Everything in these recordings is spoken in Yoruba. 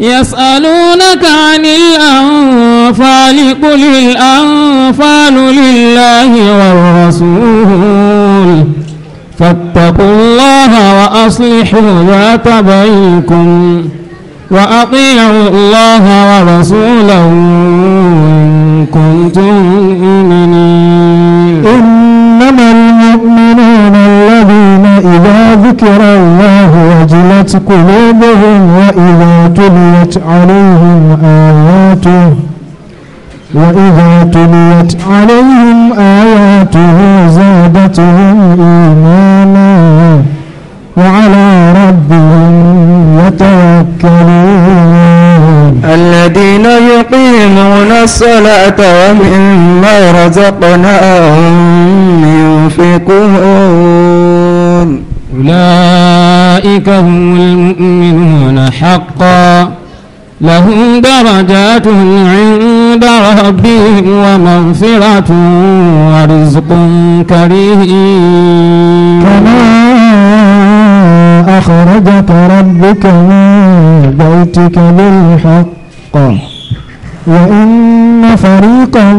يسألونك عن الأنفال قل الأنفال لله والرسول فاتقوا الله وأصلحوا ذات بينكم وأطيعوا الله ورسوله إن كنتم مؤمنين إنما المؤمنون ذكر الله وجلت قلوبهم وإذا تليت عليهم آياته وإذا تليت عليهم آياته زادتهم إيمانا وعلى ربهم يتوكلون الذين يقيمون الصلاة ومما رزقناهم ينفقون أولئك هم المؤمنون حقا لهم درجات عند ربهم ومغفرة ورزق كريم كما أخرجك ربك من بيتك بالحق وإن فريقا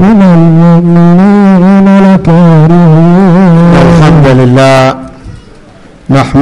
من المؤمنين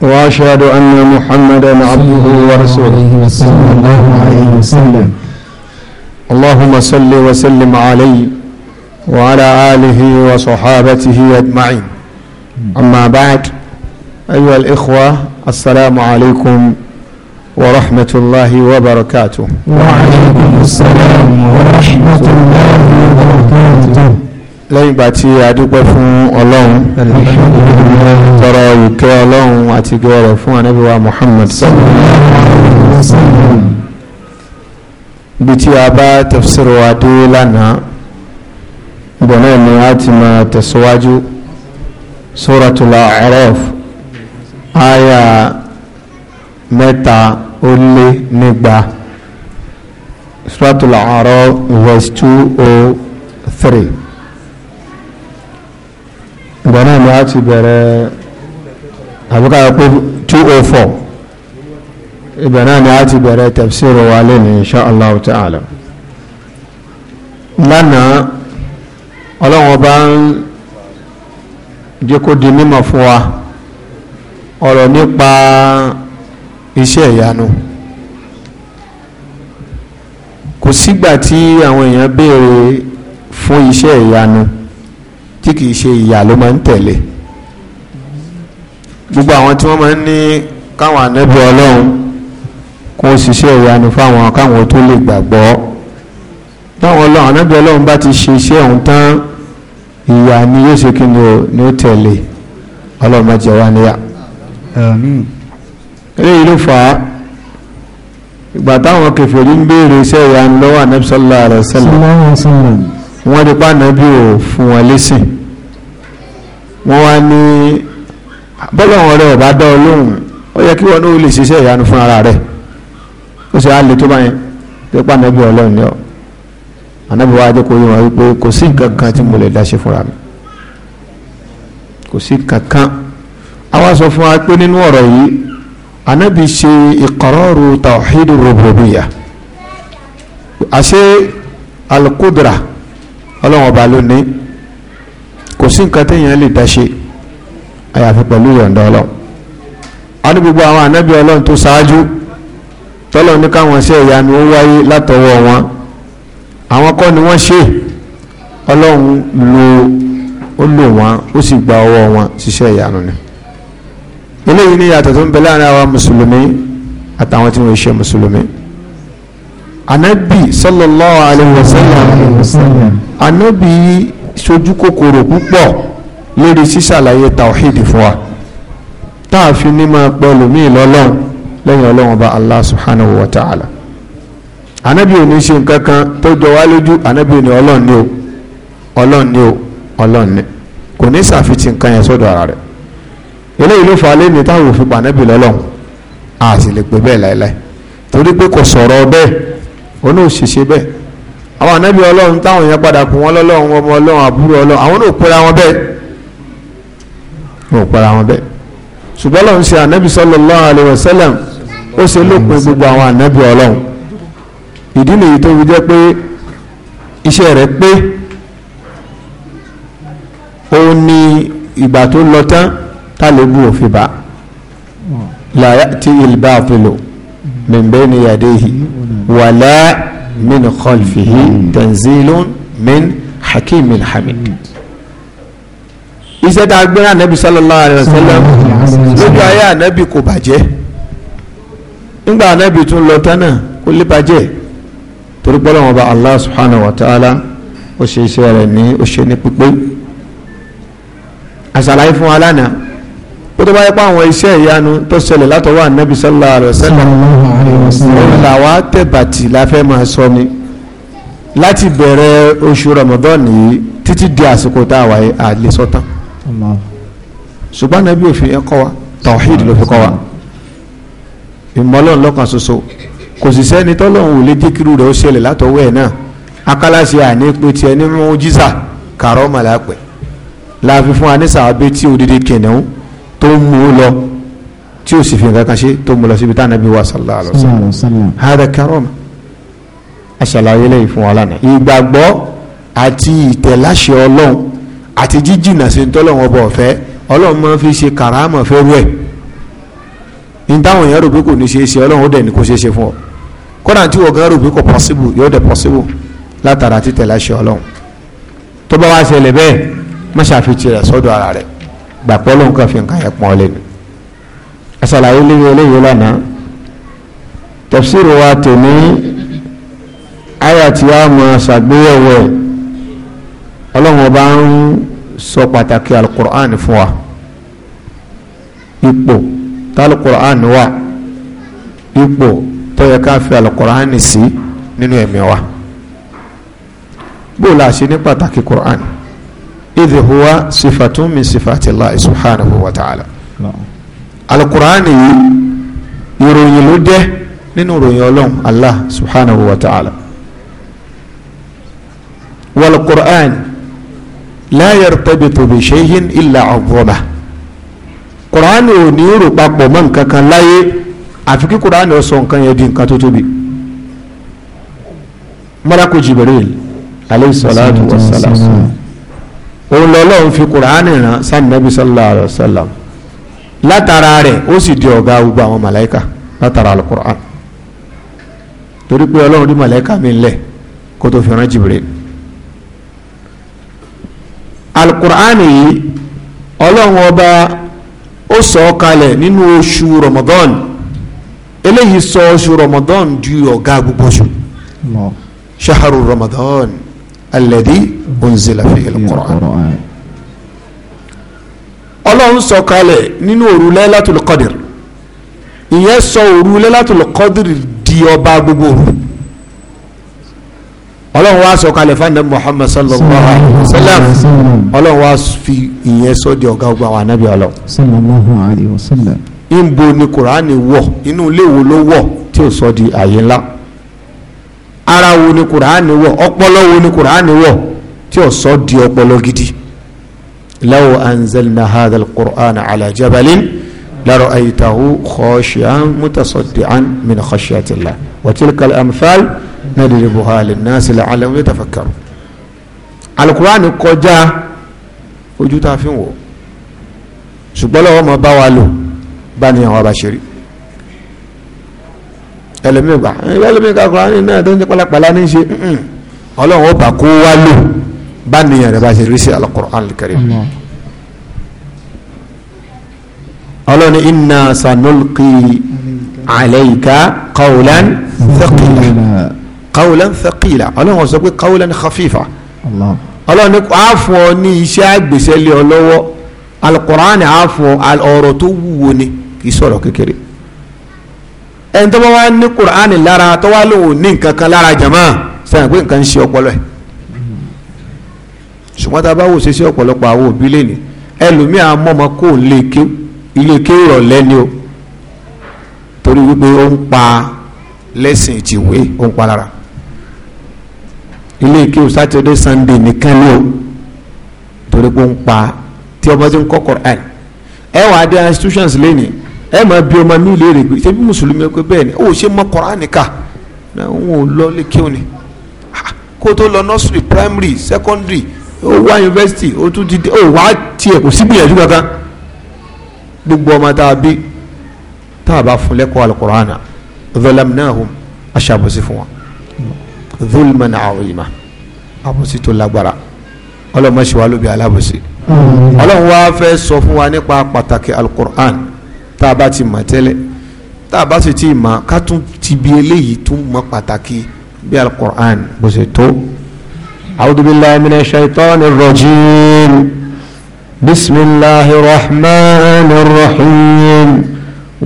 واشهد ان محمدا عبده ورسوله صلى الله عليه وسلم اللهم صل وسلم عليه وعلى اله وصحابته اجمعين اما بعد ايها الاخوه السلام عليكم ورحمه الله وبركاته وعليكم السلام ورحمه الله وبركاته lẹ́yìn ìgbà tí a dúpẹ́ fún ọlọ́run tọrọ ìkẹ́ ọlọ́run àti gọ́ọ̀rọ̀ fún anábíwá Muhammad bí tí a bá tafsir wa dé lánàá bọ̀nà ni a ti máa tẹ̀síwájú suratul A'raf aya mẹ́ta ó lé nígba suratul A'raf verse two oh three ìgbà náà ni a ti bẹ̀rẹ̀ àbúkà pé 204 ìgbà náà ni a ti bẹ̀rẹ̀ tafsiru wa lónìí insha Allah ta'ala lánàá ọlọ́wọ́n bá ń jẹ́ kó di mímọ̀ fún wa ọ̀rọ̀ nípa iṣẹ́ ìyanu kò sígbà tí àwọn èèyàn béèrè fún iṣẹ́ ìyanu tí kìí ṣe ìyà ló máa ń tẹ̀lé gbogbo àwọn tí wọ́n máa ń ní káwọn ànábì ọlọ́run kó ṣiṣẹ́ ìyanu fáwọn káwọn tó lè gbàgbọ́ táwọn ọlọ́run ànábì ọlọ́run bá ti ṣe iṣẹ́ ọ̀hún tán ìyà ni yóò ṣe kí ni ó tẹ̀lé ọlọ́run má jẹ́ wá níyà. àmín. eléyìí ló fà á ìgbà táwọn kèfèrí ń béèrè iṣẹ́ ìyanu lọ́wọ́ ànábì sallallahu alaihi wasallam wọ́n rí pa nàbí ò fún wọn lẹ́sìn wọ́n wá ní bọ́lọ̀wọ́n rẹ̀ ọ̀bá dọ́ lóhùn ó yẹ kí wọn ó lè ṣiṣẹ́ ìyanu fún ara rẹ̀ ó sì á lè tó báyẹn tó pa nàbí ọlọ́run ni ọ ànábì wa adé kò yé wọn wípé kò sí nǹkan kan tí mo lè dá ṣe fúnra mi kò sí nǹkan kan àwa sọ fún wa pé nínú ọ̀rọ̀ yìí ànábì ṣe ìkọ̀rọ̀rù tawhidu rububiyyah àṣẹ alukudra ọlọ́run ọba ló ní kò sí nǹkan téèyàn lè dá ṣe àyàfi pẹ̀lú ìyọ̀ǹda ọlọ́run a ní gbogbo àwọn ànábì ọlọ́run tó ṣáájú tọ́lọ́run ní káwọn sí ẹ̀yà ni ó wáyé látọwọ́ wọn àwọn kọ́ ni wọ́n ṣe ọlọ́run lo ó lò wọ́n ó sì gba ọwọ́ wọn ṣiṣẹ́ ìyanu ni eléyìí ní yàtọ̀ tó ń bẹ láàrin àwa mùsùlùmí àtàwọn tí wọ́n ṣe mùsùlùmí anabi sallallahu alayhi wa sallam anabi sojú kòkòrò púpọ̀ lórí sísàlàyé tawhid fún wa táàfin ní máa pẹ̀lú míì lọ́lọ́run lẹ́yìn ọlọ́run ọba allah subhanahu wa ta'ala anabi ò ní ṣe nǹkan kan tó jọ wá lójú anabi ò ní ọlọ́run ní o ọlọ́run ní o ọlọ́run ní kò ní ṣàfihàn nǹkan yẹn sọ́dọ̀ ara rẹ̀ eléyìí ló fa lẹ́nu táwọn òfin pa anabi lọ́lọ́run a sì lè pè bẹ́ẹ̀ láéláé torí pé kò sọ̀rọ̀ bẹ́ẹ̀ òun náà ṣèṣe bẹ́ẹ̀ àwọn ànábì ọlọ́run táwọn èèyàn padà kù wọ́n lọ́lọ́run ọmọ ọlọ́run àbúrò ọlọ́run àwọn náà pẹ́ra wọn bẹ́ẹ̀ wọn ò pẹ́ra wọn bẹ́ẹ̀ ṣùgbọ́n lọ́run ṣe ànábì sallallahu alaihi wasallam ó ṣe lópin gbogbo àwọn ànábì ọlọ́run ìdí nìyí tó fi jẹ́ pé iṣẹ́ rẹ̀ pé òun ni ìgbà tó lọ tán tálẹ́bù òfin bá la ya'ti il-batilu min bayni yadayhi wàlá min khalfihi tanzilun min hakimin hamid iṣẹ́ tá a gbé ànábì sallallahu alayhi wa sallam lójú ayé ànábì kò bàjẹ́ nígbà ànábì tún lọ tánà kò lè bàjẹ́ torí pé Ọlọ́hun Ọba Allah subhanahu wa ta'ala ó ṣe iṣẹ́ rẹ̀ ní ó ṣe ní pípé àṣàlàyé fún wa ó tó bá yẹ pé àwọn iṣẹ́ ìyanu tó ṣẹlẹ̀ látọwọ́ ànábì sallallahu alaihi wasallam òun làwa tẹ̀bàtì la fẹ́ máa sọ ni láti bẹ̀rẹ̀ oṣù Ramadan yìí títí di àsìkò tá a wáyé àlè sọ́tàn ṣùgbọ́n ànábì òfin yẹn kọ́ wa tawhid ló fi kọ́ wa ìmọ̀lọ́n lọ́kàn ṣoṣo kò sì sẹ́ni tọ́lọ́hún ò lè díkìrú rẹ̀ ó ṣẹlẹ̀ látọwọ́ ẹ̀ náà akálàsì àní pé tiẹ̀ ní jísà kàrọ́ màlápẹ̀ láàfin fún anísàábé tí odidi kìnìún tó ń mú lọ tí ó sì fi nǹkan kan ṣe tó mú lọ síbi tá ànábi wa sallallahu alaihi wasallam hada karama aṣàlàyé lẹ́yìn fún wa lánàá ìgbàgbọ́ àti ìtẹ̀láṣẹ ọlọ́run àti jíjìnà sí tọ́lọ́run ọba ọ̀fẹ́ ọlọ́run máa fi ṣe karama fẹ́rú ẹ̀ ní táwọn èèyàn rò pé kò ní ṣe é ṣe ọlọ́run ó dẹ̀ ní kó ṣe é ṣe fún ọ kódà tí wọ́n gan rò pé kò possible yóò dẹ̀ possible látara títẹ̀láṣẹ ọlọ́run tó bá wá ṣẹlẹ̀ bẹ́ẹ̀ má ṣàfihàn rẹ̀ sọ́dọ̀ ara rẹ̀ gbàpọ́ lóun kan fi nǹkan yẹn pọ́n lẹ́nu asàlàyé léwu eléyìí lánàá tafsiru wa tòní àyà tí a mọ̀ ṣàgbéyẹ̀wò ẹ̀ ọlọ́run ọba ń sọ pàtàkì alukur'an fún wa ipò talukur'an wà ipò tó yẹ alukur'an sí nínú ẹ̀mí wa bó la ṣe ní pàtàkì kur'an idh huwa sifatun min sifati Allah subhanahu wa ta'ala alukur'ani yìí ìròyìn ló jẹ́ nínú ìròyìn ọlọ́run Allah subhanahu wa ta'ala walukur'an la yartabitu bi shay'in illa azama kur'ani ò ní rò papọ̀ mọ́ nǹkan kan láyé àfi kí kur'ani ó sọ nǹkan yẹn di nǹkan tó tóbi malaku Jibril alayhi salatu wa salam òun lọ́lọ́run fi kùránì rán sànàbí sallallahu alayhi wa sallam látara rẹ̀ ó sì di ọ̀gá gbogbo àwọn màláìka látara alukur'an torí pé ọlọ́run ní màláìka mi lẹ̀ kó tó fi rán Jibril alukur'an yìí ọlọ́run ọba ó sọ ọ́ kalẹ̀ nínú oṣù Ramadan eléyìí sọ oṣù Ramadan di ọ̀gá gbogbo oṣù shahru Ramadan alladhi unzila fihi al-Qur'an ọlọ́run sọ̀kalẹ̀ nínú òru Laylatul Qadr ìyẹn sọ òru Laylatul Qadr di ọba gbogbo òru ọlọ́run wá sọ̀kalẹ̀ fáńdà Muhammad sallallahu alayhi wa sallam ọlọ́run wá fi ìyẹn sọ di ọ̀gá ọgbà wa nábì ọlọ́run. sallallahu alayhi wa sallam. ìbò ni kùránì wọ̀ inú ilé wo ló wọ̀ tí ò sọ di àyè ńlá ara wo ni kùránì wọ̀ ọpọlọ wo ni kùránì wọ̀ tí ó sọ di ọpọlọ gidi law anzalna hadha alqur'ana ala jabalin lara'aytahu khashi'an mutasaddian min khashyatillah wa tilka al-amthal nadribuha lin-nasi la'allahum yatafakkarun alqur'ani kọjá ojú tá a fi ń wò ṣùgbọ́n ma bá wa lò bá ní àwọn abàṣírí ẹlòmíì gbà ẹlòmíì ká kúránì náà tó ń jẹ pálapàla ní í ṣe ọlọ́run ó bà kó wá lò bá nìyẹn rẹ bá ṣe rí sí Al-Qur'anul Karim ọlọ́run ní inna sanulqi alayka qawlan thaqila qawlan thaqila ọlọ́run sọ pé qawlan khafifa ọlọ́run ní a ní iṣẹ́ àgbèsẹ́lẹ̀ ọlọ́wọ́ Al-Qur'an ni a fún ọ tó wúwo ni kì í sọ̀rọ̀ kékeré ẹni tó bá wá ní kùránì lára tó wá lòun ò ní nǹkan kan lára jàmá sẹ́yìn pé nǹkan ń ṣe ọpọlọ ẹ̀ ṣùgbọ́n tá a bá wò ṣe sí ọ̀pọ̀lọpọ̀ àwọn òbí lè ní ẹlòmíà mọ́mọ kó ilé ké ìrọ̀lẹ́ ni o torí wípé ó ń pa lẹ́sìn ìtìwé ó ń pa lára ilé ké o sátidé sannde nìkan ni o torí pé ó ń pa tí ọmọ ti ń kọ́ Quran ẹ wàá dé institutions lẹ́nìí ẹ máa bí ọmọ mi léèrè pé ṣé bí mùsùlùmí ẹ pé bẹ́ẹ̀ ni ó ṣe mọ kọ́ránì kà òun ò lọ lè kí òní ah, kó tó lọ nursery primary secondary ó wá university ó tún ti ó wá tiẹ̀ kò sí gbìyànjú kankan gbogbo ọmọ tá a bí tá a bá fún lẹ́kọ̀ọ́ alukọ́ránà zalamnahum aṣàbọ̀sí fún wọn zulman awima àbọ̀sí tó lágbára ọlọ́mọ ṣe wá lóbi alábọ̀sí ọlọ́run wá fẹ́ sọ fún wa nípa pàtàkì alukur'an tá a bá ti mọ̀ tẹ́lẹ̀ tá a bá sì ti mọ̀ ká tún ti bi eléyìí tún mọ̀ pàtàkì bí alukur'an bó ṣe tó. a'udhu billahi minash shaitanir rajim bismillahir rahmanir rahim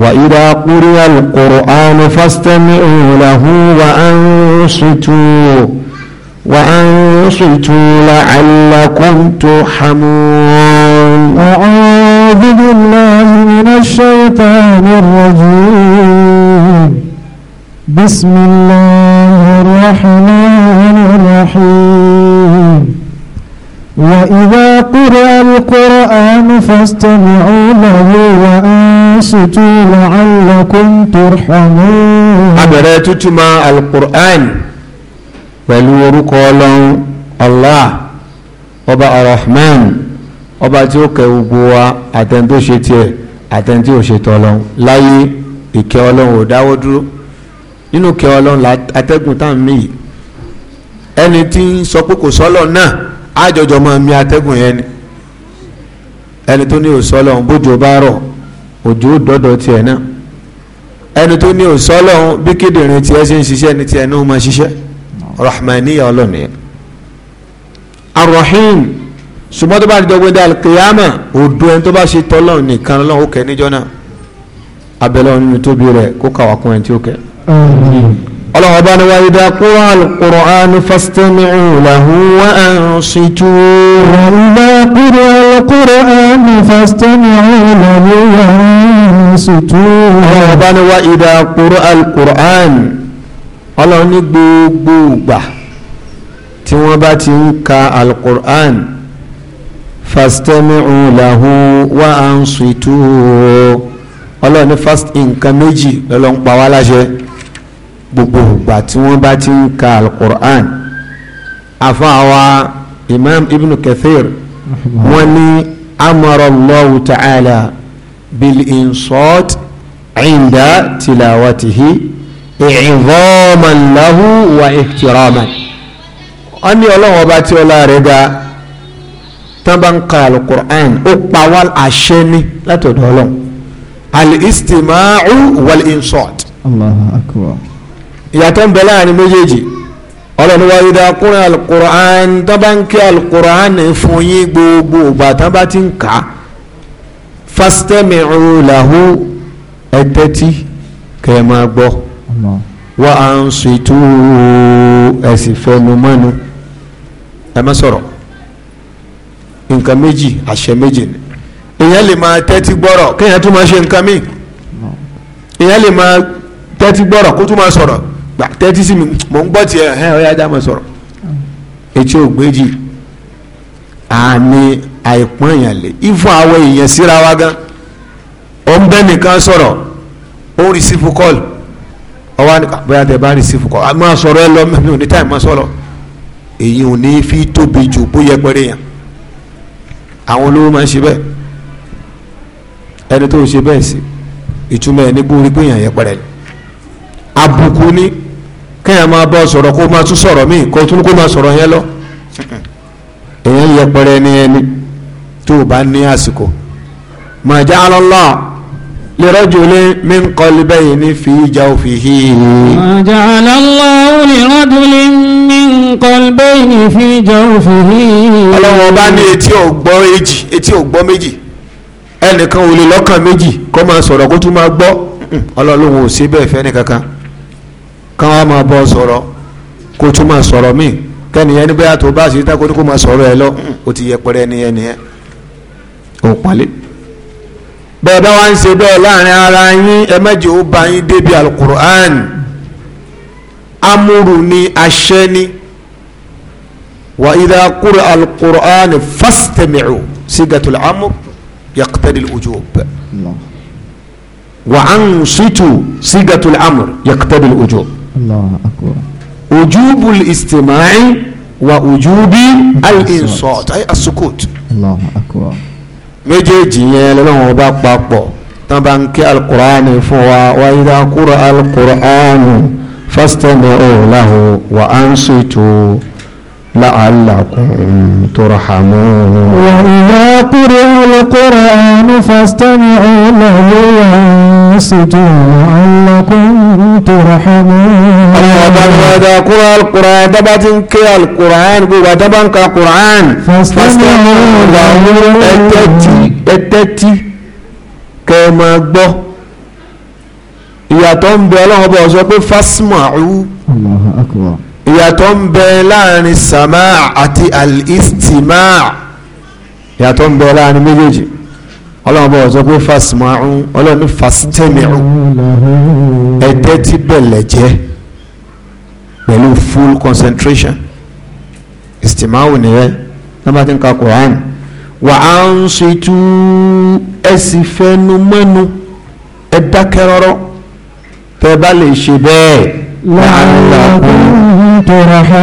wa idha quriya al-qur'an fastami'u وأنصتوا لعلكم ترحمون أعوذ بالله من الشيطان الشيطان الرجيم بسم الله الرحمن الرحيم وإذا قرأ القرآن فاستمعوا له وأنصتوا لعلكم ترحمون أبرا تتما القرآن ولورك الله أبا الرحمن أبا توكي وبوا أتندوشي تيه àtẹni tí ò ṣètò ọlọ́run láyé ìkẹ́ ọlọ́run ò dáwọ́ dúró nínú ìkẹ́ ọlọ́run atẹ́gùn tá à ń mí yìí ẹni tí ń sọ pé kò sọ́lọ̀ náà àjọjọ máa mi atẹ́gùn yẹn ni ẹni tó ní ò sọ́lọ̀ bójú bá rọ̀ òjò dọ́dọ̀ tiẹ̀ náà ẹni tó ní òsọ́lọ́ bí kíndìnrín tiẹ̀ ṣe ń ṣiṣẹ́ ní tiẹ̀ ní máa ṣiṣẹ́ rahmaniya ọlọ́nìyẹn arrahim ṣùgbọ́n tó bá di dọ́gbẹ́dẹ́ alikiyama òdo ẹni tó bá ṣe tọ́lọ́ nìkan lọ́wọ́ kẹ́ níjọ́ náà abẹ́lẹ́ nínú tóbi rẹ̀ kó kàwá kún ẹni tí ó kẹ́. ọlọ́run ọba ni wáyé dá kúrò alukur'an fastami'u lahu wa ansitu. wàlúbà kúrò alukur'an fastami'u lahu wa ansitu. ọlọ́run ọba ni wáyé dá kúrò alukur'an ọlọ́run ní gbogbo ìgbà tí wọ́n bá ti ń ka alukur'an fastami'u lahu wa ansitu ọlọ́run ní fast nǹkan méjì lọ́lọ́ ń pa wá láṣẹ gbogbo ìgbà tí wọ́n bá ti ń ka alukur'an afa wa imam ibn kathir wọ́n ní amara allahu ta'ala bil insot inda tilawatihi i'idhaman lahu wa ihtiraman wọ́n ní ọlọ́run ọba tí ọlá rẹ̀ ga tán bá ń ka alukur'an ó pa wá àṣẹ ní láti ọ̀dọ̀ ọlọ́run al-istima'u wal-insat. Allahu akbar. ìyàtọ̀ ń bẹ láàrin méjèèjì ọlọ́run wá yídá kúrẹ́ alukur'an tán bá ń kí alukur'an fún yín gbogbo ìgbà tán bá ti ń kà á fastami'u lahu ẹ̀tẹ́tí kẹ́ ẹ máa gbọ́ wa ansitu ẹ̀sìn fẹnu mọ́nu ẹ má sọ̀rọ̀ nǹkan méjì àṣẹ méjì ni èèyàn lè máa tẹ́tí gbọ́rọ̀ kéèyàn tún máa ṣe nǹkan míì èèyàn lè máa tẹ́tí gbọ́rọ̀ kó tún máa sọ̀rọ̀ gbà tẹ́tí sí mi mò ń gbọ́ tiẹ̀ ẹ̀ ọ̀yá dá máa sọ̀rọ̀ etí ògbéjì àmì àìpọ́n èèyàn lè ìfún àwọn èèyàn síra wa gan ó ń bẹ́ nìkan sọ̀rọ̀ ó ń rìsífù kọ́ọ̀lù ọwọ́ àni bóyá tẹ bá rìsífù kọ́ọ̀lù àmọ́ sọ̀rọ̀ ẹ lọ mẹ́rin ò táì máa sọ̀rọ̀ èyí ò ní fi tóbi jù bó yẹ pẹ́rẹ́ yẹn àwọn olówó máa ń ṣe bẹ́ẹ̀ ẹni tó ṣe bẹ́ẹ̀ sí ìtumọ̀ ẹni bó rí pé èèyàn yẹn pẹ̀rẹ̀ ni àbùkù ni kéèyàn máa bá ọ sọ̀rọ̀ kó máa tún sọ̀rọ̀ míì kó tún kó máa sọ̀rọ̀ yẹn lọ èèyàn yẹ pẹ̀rẹ̀ ni ẹni tó bá ní àsìkò mà ja'ala Allah li rajulin min qalbayni fi jawfihi. mà ja'ala Allah li rajulin min qalbayni fi jawfihi. ọlọ́run ọba ní etí ọ̀gbọ́ méjì etí ọ̀gbọ́ méjì ẹnìkan ò lè lọ́kàn méjì kọ́ máa sọ̀rọ̀ kó tún máa gbọ́ ọlọ́run ò ṣe bẹ́ẹ̀ fẹ́ni kankan kan wá máa bọ́ sọ̀rọ̀ kó tún máa sọ̀rọ̀ míì kẹ́niyẹn ní bẹ́ẹ̀ tó bá ṣe tá kó ní kó máa sọ̀rọ̀ ẹ lọ ó ti yẹpẹrẹ ẹniyẹn nìyẹn ò pálí bẹ́ẹ̀ bá wá ń ṣe bẹ́ẹ̀ láàrin ara yín ẹ mẹ́jọ ó bá yín débi alukur'an amúrù ni àṣẹ ni wa idha qura al-Qur'an fastami'u sigatul amr yaqtadi al-ujub wa ansitu sigatul amr yaqtadi al-ujub ujubu al-istima'i wa ujubi al-insat ay as-sukut méjèèjì yẹn lọ́wọ́ bá papọ̀ tán ń kí al fún wa wa idha qura al fastami'u lahu wa ansitu la'allakum turhamun. wa idha quri'a al-Qur'anu fastami'u lahu wa ansitu la'allakum turhamun. àwọn ọba ní ọjà kúrò al-Qur'an dábàá ti al-Qur'an gbogbo àdábà ka quran fastami'u lahu wa ansitu la'allakum turhamun ìyàtọ̀ ń bẹ ọlọ́run ọba sọ pé fasma'u ìyàtọ̀ ń bẹ láàrin sama' àti al-istima' ìyàtọ̀ ń bẹ láàrin méjèèjì ọlọ́run ọba sọ pé fasma'u ọlọ́run ní fastami'u ẹ̀dẹ́ ti bẹ̀lẹ̀ jẹ́ pẹ̀lú full concentration istima'u nìyẹn nígbà tí ń ka Qur'an wa ansitu ẹ̀sìn fẹnu mẹ́nu ẹ̀dákẹ́rọ́rọ́ tẹ́ bá lè ṣe bẹ́ẹ̀ láàrín kẹ́ ẹ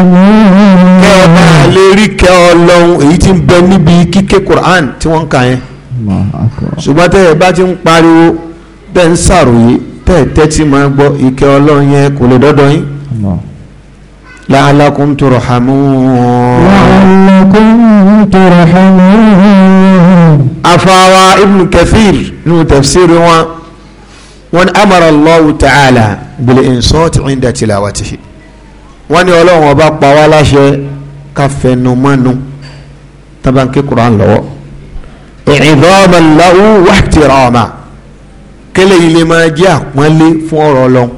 máa lè rí kẹ́ ọlọ́run èyí tí ń bẹ níbi kíké Quran tí wọ́n ń kà yẹn ṣùgbọ́n tẹ́ ẹ bá ti ń pariwo tẹ́ ń ṣàròyé tẹ́ ẹ tẹ́tí máa gbọ́ ìkẹ́ ọlọ́run yẹn kò lè dọ́dọ̀ yín la'allakum turhamun. la'allakum turhamun. afawa ibn kathir nínú tafsiri wọn wọ́n ní amara Allahu ta'ala bil insati inda tilawatihi wọ́n ní ọlọ́run ọba pa wá láṣẹ káfẹnumọ́nu tabanke Qur'an lọ́wọ́ i'idhaman lahu wa ihtirama kele ilé máa jẹ́ àpọ́nlé fún ọ̀rọ̀ ọlọ́run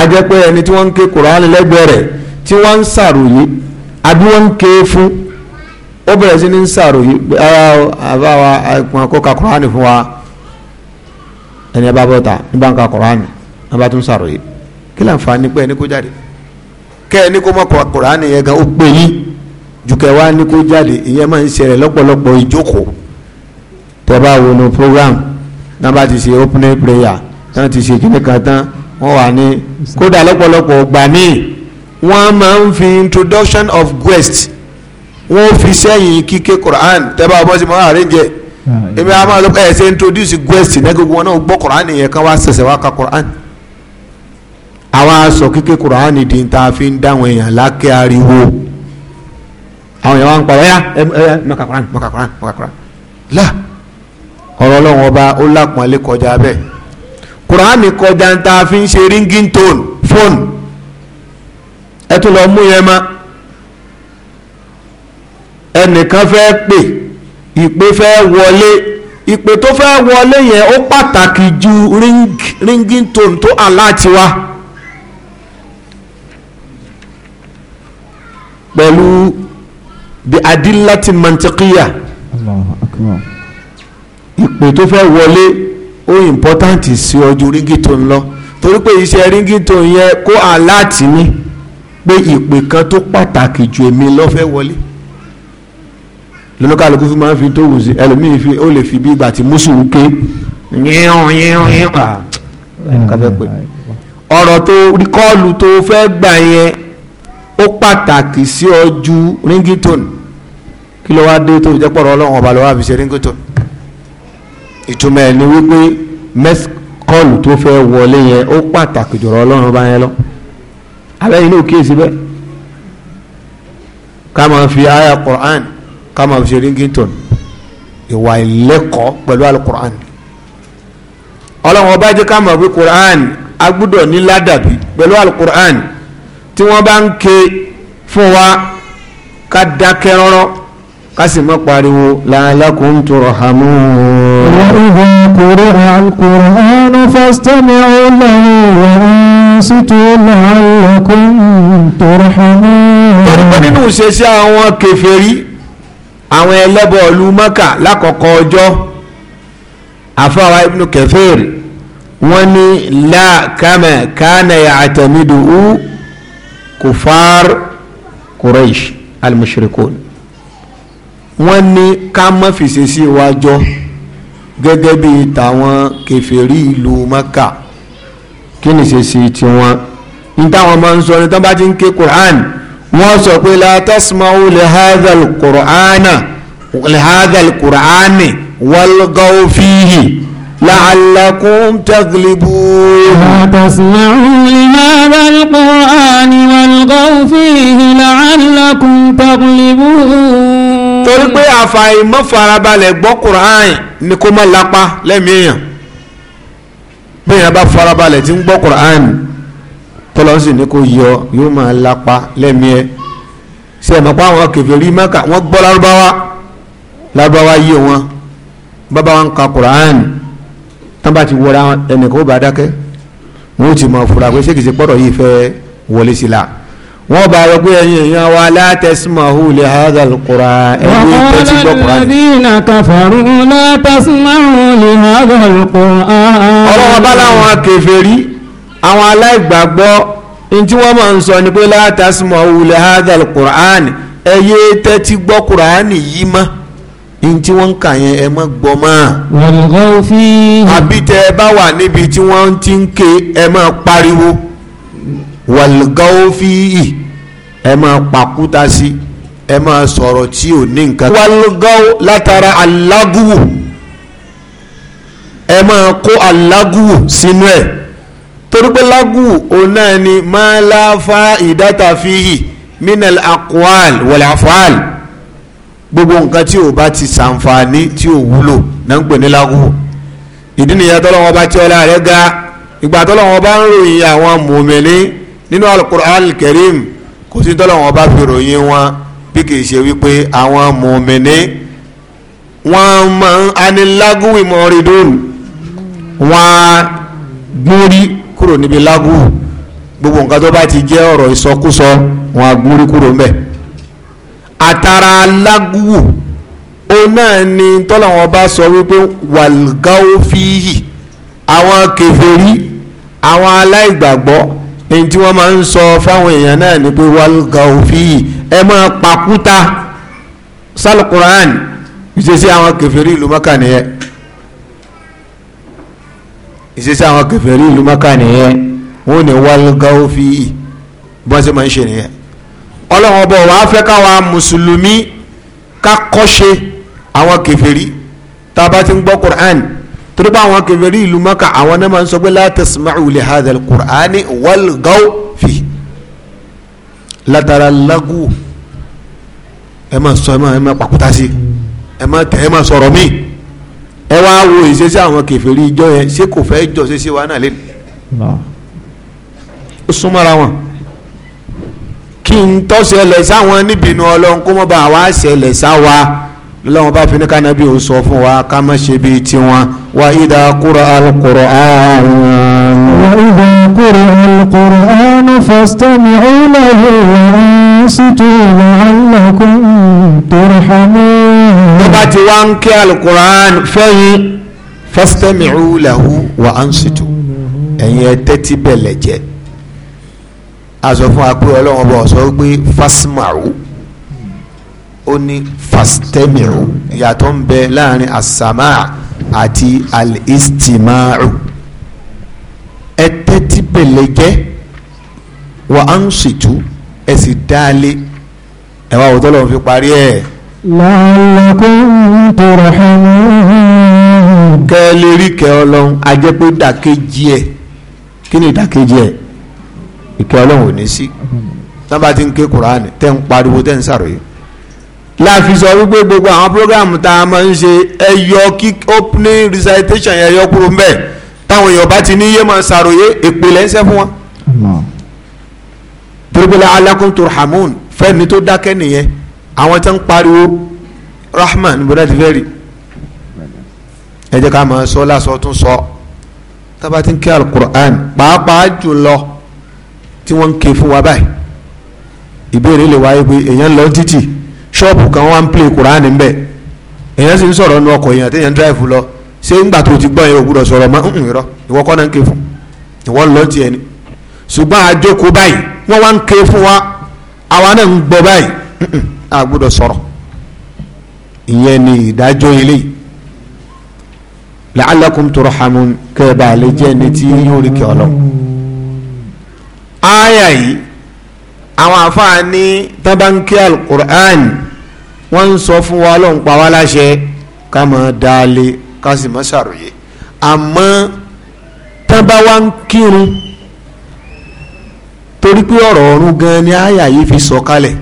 ajẹ́pẹ́ ẹni tí wọ́n ń ké Qur'an lẹ́gbẹ̀ẹ́ rẹ̀ tí wọ́n ń sàròyé àbí wọ́n ń ké fún ó bẹ̀rẹ̀ sí ní sàròyé àbáwa àìpọ̀n kó ka Qur'an fún wa ẹni ẹ bá bọ́ ta ní báńkà kọ̀ránì ẹ bá tún sàròyé kí là ń fa nípa ẹni kó jáde kẹ́ ẹni kó mọ̀ kọ̀ránì yẹn gan ó pè yín jùkẹ́ wá ní kó jáde ìyẹn máa ń ṣẹlẹ̀ lọ́pọ̀lọpọ̀ ìjókòó tẹ́ bá wo nu program náà bá ti ṣe opening prayer tán ti ṣe kíni kan tán wọ́n wà ní kódà lọ́pọ̀lọpọ̀ ọgbà míì wọ́n máa ń fi introduction of guest wọ́n fi sẹ́yìn kíké Quran tẹ́ Ah, èmi àwọn máa ẹ ṣe introduce guest náà gbogbo wọn náà gbọ́ Kùránì yẹn kan wá ṣẹ̀ṣẹ̀ wá ka Kùránì àwọn aṣọ kíké Kùránì di ta fi ń dáwọn èèyàn lákẹ́ ariwo àwọn èèyàn wá ń parọ́ ẹ ẹ ẹ mọ̀kà Kùránì mọ̀kà Kùránì mọ̀kà Kùránì là ọ̀rọ̀ Ọlọ́run ọba ó lápọ̀nlé kọjá bẹ́ẹ̀ Kùránì kọjá ń ta fi ń ṣe ringing tone phone ẹ tún lọ mú yẹn mọ́ ẹnìkan fẹ́ pè ìpè fẹ́ wọlé ìpè tó fẹ́ wọlé yẹn ó pàtàkì ju ring ringing tone tó aláàtì wa pẹ̀lú bí adílátì mantikiya ìpè tó fẹ́ wọlé ó important sí ọjọ́ ringing tone lọ torí pé iṣẹ́ ringing tone yẹn kó aláàtì ni pé ìpè kan tó pàtàkì ju èmi lọ fẹ́ wọlé lọ́lọ́kàlùkù fi máa ń fi tó wù sí ẹlòmíì fi ó lè fi bí ìgbà tí mùsùn ń ké yíyan yíyan yíyan hmm. káfẹ́ pé ọ̀rọ̀ tó rìkọ́ọ̀lù tó fẹ́ gbà yẹn ó pàtàkì sí ọ ju ringtone kí ló wá dé tó fi jẹ́ pọ̀rọ̀ ọlọ́run ọba ló wá fi ṣe ringtone ìtumọ̀ ẹ̀ ni wípé mẹ́kọ́ọ̀lù tó fẹ́ wọlé yẹn ó pàtàkì jọ̀rọ̀ ọlọ́run ọba yẹn lọ abẹ́yìn ní òkè síbẹ̀ ká máa fi àyà Qur'an ká máa fi ṣe ringington ìwà ìlẹ́kọ̀ọ́ pẹ̀lú alukur'an ọlọ́run ọba jẹ́ ká mọ̀ pé kur'an agbúdọ̀ ní ládàbí pẹ̀lú alukur'an tí wọ́n bá ń ké fún wa ká dákẹ́ rọ́rọ́ ká sì má pariwo làálàkùn tọrọ hàmú. wàhùn kúrò alukur'an fásitẹ́mi ọlọ́run wàhùn sítú làálàkùn tọrọ hàmú. torí pé nínú ìṣesí àwọn kèfèrí àwọn ẹlẹ́bọ ìlú mọ́kà lákọ̀ọ́kọ́ ọjọ́ àfáwá ibnu Kathir wọ́n ní láàkàmẹ̀ kánà àtẹ̀mídù ú kùfàr Quraysh al-mushrikun wọ́n ní ká má fèsì sí iwájọ́ gẹ́gẹ́ bí tàwọn kèfèrí ìlú mọ́kà kí ni ṣe sí tiwọn ní táwọn máa ń sọ ní tán bá ti ń ké Qur'an wọ́n sọ pé la tasma'u li hadhal qur'ana li hadhal qur'ani walgaw fihi la'allakum taglibun. la tasma'u li hadhal qur'ani walgaw fihi la'allakum taglibun. torí pé àfàìmọ̀ farabalẹ̀ gbọ́ qur'an ni kó má lapa lẹ́mìí bí èèyàn bá farabalẹ̀ ti ń gbọ́ qur'an tọ́lọ́sì ní kò yọ yóò máa lápa lẹ́mí ẹ ṣe ẹ̀mọ́ pa àwọn kèfèrí Mẹ́kà wọ́n gbọ́ lárúbáwá lárúbáwá yé wọn bàbá wọn ka Quran tán bá ti wọra ẹnìkan ó bá dákẹ́ wọn ó ti mọ̀ fura pé ṣé kìí ṣe pọ́dọ̀ yìí fẹ́ wọlé sí la wọ́n bá rọ pé ẹ̀yin èèyàn wa látẹ̀símọ̀hù lè hàzà lùkùrà ẹ̀yìn tẹ́tí gbọ́ kùrà ní. wàhálà kàfàrú látẹ̀símọ̀hù lè hàzà lùkùrà. ọlọ́wọ́ bá láwọn kèfèrí àwọn aláìgbàgbọ́ ní tí wọ́n máa ń sọ ni pé látàsímọ̀ wulẹ̀ hadal qur'an ẹ yé tẹ́tí gbọ́ qur'an yìí mọ́ ní tí wọ́n ń kà yẹn ẹ má gbọ́ mọ́. wàlúkọ́ fi. àbí tẹ ẹ bá wà níbi tí wọ́n ti ń ké ẹ máa pariwo wàlúkọ́ fi yìí ẹ máa pàkúta sí ẹ máa sọ̀rọ̀ tí ò ní nǹkan. wàlúkọ́ látara alágùwò ẹ máa kó alágùwò sínú ẹ̀ torí pé lágù òun náà ni minal aqwal wal afal gbogbo nǹkan tí o bá ti ṣàǹfààní tí o wúlò náà ń pè ní lágù ìdí nìyẹn tọ́lọ́wọ́n bá tí ọlá rẹ̀ ga ìgbà tọ́lọ́wọ́n bá ń ròyìn àwọn mùmìnì nínú alukur'an karim kò sí tọ́lọ́wọ́n bá fi ròyìn wọn bí kìí ṣe wípé àwọn mùmìnì wọ́n máa ń anilágùwìmọ̀ rìdùn wọ́n gbórí kúrò níbi lágù gbogbo nǹkan tó bá ti jẹ́ ọ̀rọ̀ ìsọkúsọ wọn agbórí kúrò ń bẹ̀ àtàrà lágùwù ó náà ni tọ́lọ́wọ́n bá sọ wípé wàlgáwó fíyì àwọn kèfèrí àwọn aláìgbàgbọ́ èyí tí wọ́n máa ń sọ fáwọn èèyàn náà ni pé wàlgáwó fíyì ẹ máa pàkúta sálùkùrán ìṣesí àwọn kèfèrí ìlú mọ́kà ìṣesí àwọn kèfèrí ìlú maka nìyẹn wọn ní wàlúgàwó fi bọ́n ṣe máa ń ṣe nìyẹn ọlọ́wọ́n bọ̀ wàá fẹ́ káwa mùsùlùmí ká kọ́ṣe àwọn kèfèrí tá a bá ti ń gbọ́ Qur'an torí pé àwọn kèfèrí ìlú maka àwọn náà máa ń sọ pé la tasma'u li hadhal Qur'ani walgaw fi látara lagu ẹ máa sọ ẹ máa pàkúta sí ẹ máa tẹ ẹ máa sọ̀rọ̀ míì ẹ wá wo ìṣesí àwọn kèfèrí ìjọ yẹn ṣé kò fẹ́ jọ ṣe ṣe wa náà lẹ́nu ó súnmọ́ra wọn kí n tó ṣẹlẹ̀ sáwọn níbinú ọlọ́run kó mọ́ bá wa ṣẹlẹ̀ sá wa lọ́wọ́n bá fi ní kánábì ó sọ fún wa ká má ṣe bíi tiwọn wa ìdá kúrò alukoro ààrùn. wa ìdá kúrò alukoro ààrùn fastami'u lahu وَأَنصِتُوا لَعَلَّكُمْ تُرْحَمُونَ tó bá ti wá ń kí alukur'an fẹ́yìn fastami'u lahu wa ansitu ẹ̀yin ẹ tẹ́tí bẹ̀lẹ̀ jẹ́ a sọ fún wa pé ọlọ́run ọba ọ̀sọ́ gbé fasimaru ó ní fastami'u yàtọ̀ ń bẹ láàrin asama àti alistimaru ẹ bẹ̀lẹ̀ jẹ́ wa ansitu ẹ sì dáálé ẹ wá òótọ́ lọ́wọ́ fi parí ẹ̀. làálàkùn tó rọ̀ hàn. kẹ́ ẹ lè rí kẹ́ ọlọ́run a jẹ́ pé dàkejì ẹ̀ kí ni dàkejì ẹ̀ ìkẹ́ ọlọ́run ò ní sí tán bá ti ń ké kuraani tẹ́ ń pariwo tẹ́ ń sàròyé. láàfin sọ wípé gbogbo àwọn programu tá a máa ń ṣe ẹ yọ kí opening recitation ẹ yọ kúrò ń bẹ̀ táwọn èèyàn bá ti ní yé máa sàròyé èpè lẹ́sẹ̀ fún wọn torípélé alákùn turhamun fẹ́mi tó dákẹ́ nìyẹn àwọn tó ń pariwo rahman bọ́dá ti fẹ́ rí ẹ jẹ́ ká máa sọ lásọ tún sọ tábà ti ń kí alukur'an pàápàá jùlọ tí wọ́n ń ké fún wa báyìí ìbéèrè lè wáyé pé èèyàn lọ títì ṣọ́ọ̀bù kan wá ń play kur'an ń bẹ̀ èèyàn sì ń sọ̀rọ̀ nu ọkọ̀ èèyàn téèyàn dráìfù lọ ṣé ńgbà tó ti gbọ́ yẹn ò gbúdọ̀ sọ̀rọ̀ mọ́ ń rọ ìwọ kọ́ náà ń ké fún ìwọ ń tiẹ̀ ni ṣùgbọ́n àjòkó báyìí wọ́n wá ń ké fún wa àwa náà ń gbọ́ báyìí a gbọ́dọ̀ sọ̀rọ̀ ìyẹn ni ìdájọ́ ilé la'allakum turhamun kẹba àlẹ jẹ́ ẹni tí yóò rí kí ọlọ. aya yìí àwọn àfáà tábàǹkì alukur'an wọ́n ń sọ fún wa ló pa wá láṣẹ ká máa dalẹ̀ ká àmọ́ tábàwá ń kírun. torí pé ọ̀rọ̀ ọ̀run gan ni àyà yìí fi sọ kalẹ̀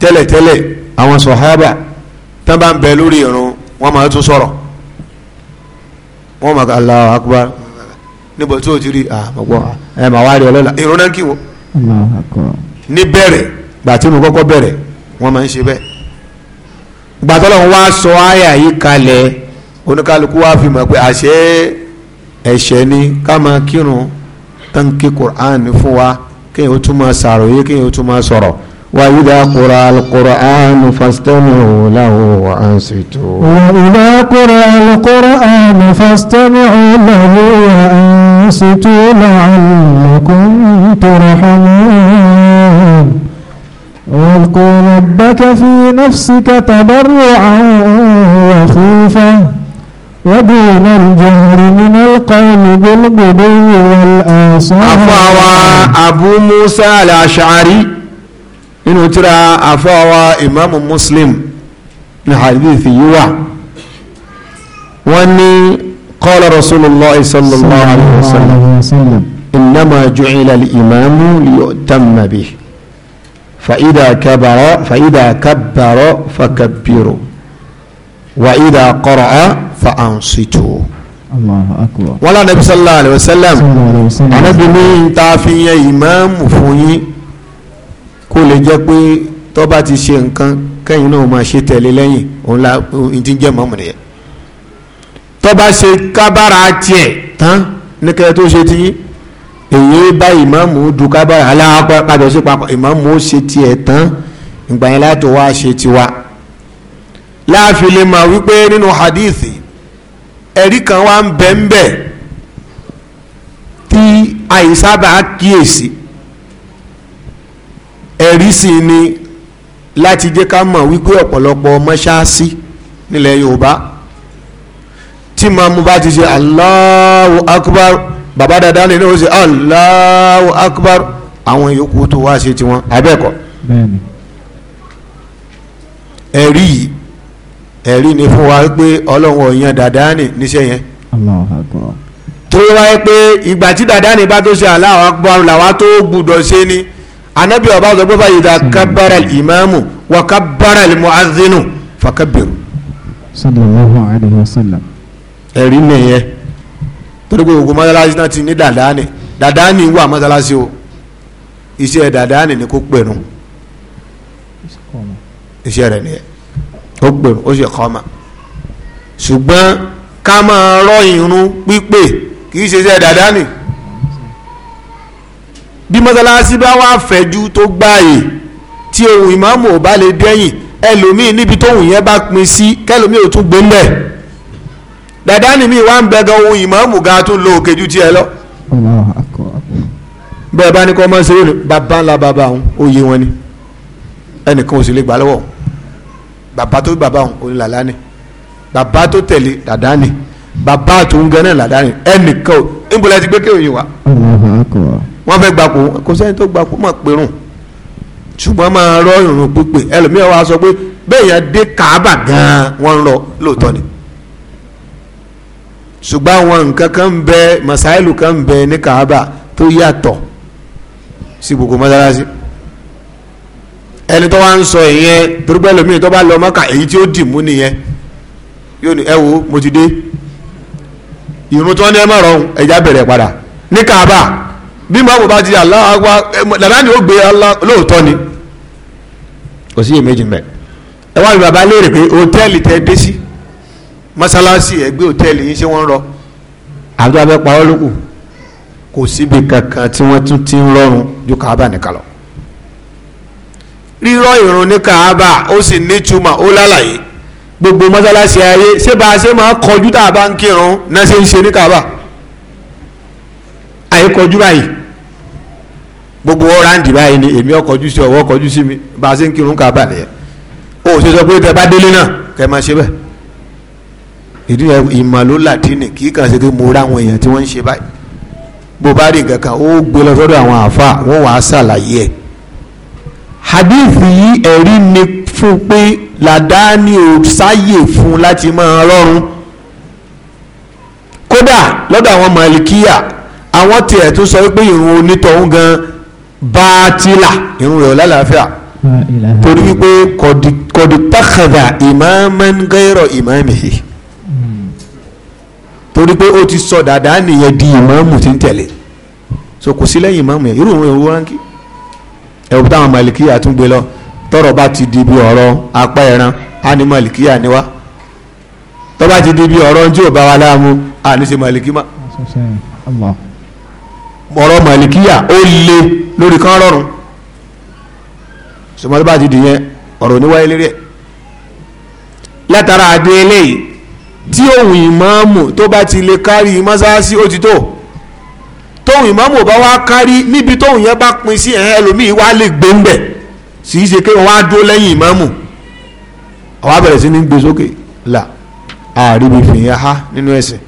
tẹ́lẹ̀tẹ́lẹ̀ àwọn sọ̀hábà tán bá ń bẹ lórí ìrun wọ́n máa tún sọ̀rọ̀ wọ́n máa Allahu akbar níbo tí o ti rí àmọ́gbọ́n ah, ah, ẹ̀ máa wá rí ìrun náà kì wọ́n ní bẹ̀rẹ̀ gbàtí mo kọ́kọ́ bẹ̀rẹ̀ wọ́n máa ń ṣe bẹ́ẹ̀ wá sọ àyà yìí kalẹ̀ oníkálukú wá tán kí Qur'an fún wa kéèyàn ó tún máa ṣàròyé kéèyàn ó tún máa sọ̀rọ̀. وإذا قرأ القرآن فاستمعوا له وأنصتوا وإذا قرأ القرآن فاستمعوا له وأنصتوا لعلكم ترحمون واذكر ربك في نفسك تضرعا وخوفا ودون الجهر من القول بالغدو والآصال أفاوى أبو موسى الأشعري إنه ترى أفاوى إمام مسلم الحديث يوع وأني قال رسول الله صلى الله عليه وسلم إنما جعل الإمام ليؤتم به فإذا كبر فإذا كبر فكبروا wà ìdá kọ́rọ̀ á fa àǹsìtò. wọ́n lọ́nà ibi sallallahu alayhi wa sallam anábìíní ta fi yẹ ìmáàmù fún yín kó lè jẹ́ pé tó bá ti ṣe nǹkan kẹ́yìn náà máa ṣe tẹ̀lé lẹ́yìn òun la ohun tí ń jẹ́ mọ́mù nìyẹn tó bá ṣe kábàrà tiẹ̀ tán ní kẹ́yìn tó ṣe ti èyí bá ìmáàmù du kábàrà aláwọ̀ pàjọ́ sí papọ̀ ìmáàmù ó ṣe tiẹ̀ tán ìgbà yẹn láti wá ṣe tiwa láàfin lè mọ̀ wípé nínú hadithi ẹ̀rí kan wá ń bẹ ń bẹ tí àìsábà kíyèsí ẹ̀rí sì ni láti jẹ́ ká mọ̀ wípé ọ̀pọ̀lọpọ̀ mọ́ṣáàsì nílẹ̀ yorùbá tí màmú bá ti ṣe Allahu akbar bàbá dada lè ní o ṣe Allahu akbar àwọn yòókù tó wá ṣe tiwọn abẹ́ẹ̀kọ́ ẹ̀rí yìí ẹ̀rí ni fún wa pé ọlọ́run ọ̀yàn dàdá nì níṣẹ́ yẹn torí wáyé pé ìgbà tí dàdá nì bá tó ṣe Allahu Akbar làwa tó gbúdọ̀ ṣe ni anabi ọba sọ pé báyìí dà kábàrà ìmáàmù wà kábàrà mu'adhdhinu fàkàbẹ̀rù. sallallahu alayhi wa sallam. ẹ̀rí nìyẹn torí pé nì ni kò pẹ̀rù iṣẹ́ rẹ̀ nìyẹn ó gbèrò ó ṣe kọ́mà ṣùgbọ́n ká máa rọ irun pípé kì í ṣe iṣẹ́ dáadáa nì bí mọ́sálásí bá wà fẹ̀jú tó gbààyè tí ohun ìmáàmù ò bá lè dẹ́yìn ẹlòmíì níbi tóhùn yẹn bá pin sí kẹlòmíì ò tún gbé ń bẹ̀ dáadáa nì mí wá ń bẹ gan ohun ìmáàmù ga tó lo òkè ju tiẹ̀ lọ bẹ́ẹ̀ bá ní kọ́ mọ́ sí bàbá ńlá bàbá òye wọn ni ẹnìkan ò sì lè gbà lọ́wọ́ òun bàbá tó bàbá òun kò ní làlá ni bàbá tó tẹ̀lé dàdá ni bàbá àtòun gan náà làdá ni ẹnìkan ò ńbọ̀lá ti gbé kéwòn yìí wá. wọ́n fẹ́ gbapò kò sẹ́ni tó gbapò mọ̀ pérùn ṣùgbọ́n máa rọ ìrùn pípé ẹlòmíràn wa sọ pé bẹ́ẹ̀ yẹn dé kàábà gan-an wọ́n ń lọ lóòótọ́ ni ṣùgbọ́n àwọn nǹkan kan ń bẹ masailu kan ń bẹ ní kàábà tó yàtọ̀ sí gbogbo mọ́sálásí. Si ẹni tó wá ń sọ ìyẹn torípé ẹlòmíì tó bá lọ mọ́kà èyí tí ó dì mú nìyẹn yóò ní ẹ wo mo ti dé ìrún tó ní ẹ mọ̀ rọrùn ẹja bẹ̀rẹ̀ padà ní kaaba bí mọ́mú bá ti Allah wa dàdá ni ó gbé Allah lóòótọ́ ni kò sí èméjì mẹ́ ẹ wá ní bàbá léèrè pé hòtẹ́ẹ̀lì tẹ dé sí mọ́sálásì ẹgbẹ́ hòtẹ́ẹ̀lì yín ṣé wọ́n ń rọ àdúrà bẹ́ẹ̀ pa ọ́ lókù kò síbi kankan tí wọ́n tún ti ń rọrùn ju kaaba nìkan lọ rírọ́ ìrun ní kaaba ó sì nítumọ̀ ó lálàyé gbogbo mọ́sálásí ayé ṣé bá a ṣe máa kọjú tá a bá ń kírun náà ṣe ń ṣe ní kaaba àyè kọjú báyìí gbogbo ọ̀ráǹdì báyìí ni èmi ọkọjú sí ọwọ́ ọkọjú sí mi bá a ṣe ń kírun kaaba nìyẹn ó ṣe sọ pé tẹ bá délé náà kẹ máa ṣe bẹ́ẹ̀ ìdí ìmọ̀ ló làtínì kì í kàn ṣe pé mo ráwọn èèyàn tí wọ́n ń ṣe báyìí bó bá rí nǹkan kan ó gbé lọ sọ́dọ̀ àwọn àáfàá wọ́n wàá ṣàlàyé ẹ̀ Hadithi yìí ẹ̀rí ni fún pé làdáni ò sáyè fún láti máa rọrùn kódà lọ́dọ̀ àwọn malikiya àwọn tiẹ̀ tó sọ pé ìrun onítọ̀hún gan bátìlà ìrun rẹ̀ ò lálàáfíà torí wípé kọ̀dìtàkàdà imaman gairo imamihi torí pé ó ti sọ dàdá nìyẹn di ìmáàmù tí ń tẹ̀lé so kò sí lẹ́yìn ìmáàmù yẹn irú òun ìwúránkì ẹ̀rù táwọn malikiya tún gbé lọ tọrọ bá ti di bí ọ̀rọ̀ apá ẹran á ní malikiya níwá tọ́ bá ti di bí ọ̀rọ̀ tí ò bá wa láàmú á ní ṣe maliki má. ọ̀rọ̀ malikiya ó le lórí kan rọrùn sọmọdé bá ti dìyẹn ọ̀rọ̀ níwáyé lérí ẹ̀ látara àdé eléyìí tí òun ìmáàmù tó bá ti lè kárí mọ́sáàsì ó ti tó tóun ìmáàmù bá wá kárí níbi tóun yẹn bá pin sí ẹ̀hẹ́ ẹlòmíì wá lè gbé ń bẹ̀ sì í ṣe pé wọ́n á dúró lẹ́yìn ìmáàmù àwa bẹ̀rẹ̀ sí ní gbé sókè là àríbi fìyà ha nínú ẹ̀sìn.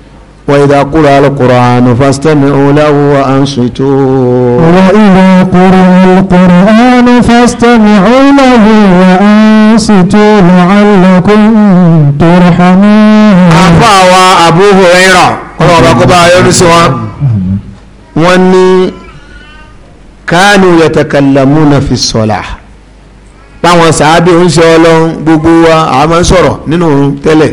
وإذا قرأ القرآن فاستمعوا له وأنصتوا وإذا قرأ القرآن فاستمعوا له وأنصتوا لعلكم ترحمون أفا وأبو wa. قرأ بقبا يونس wọ́n ní kánú yatakallamuna fi sọ̀là báwọn sàábì ń ṣe ọlọ́run gbogbo wa àwọn máa ń sọ̀rọ̀ nínú òun tẹ́lẹ̀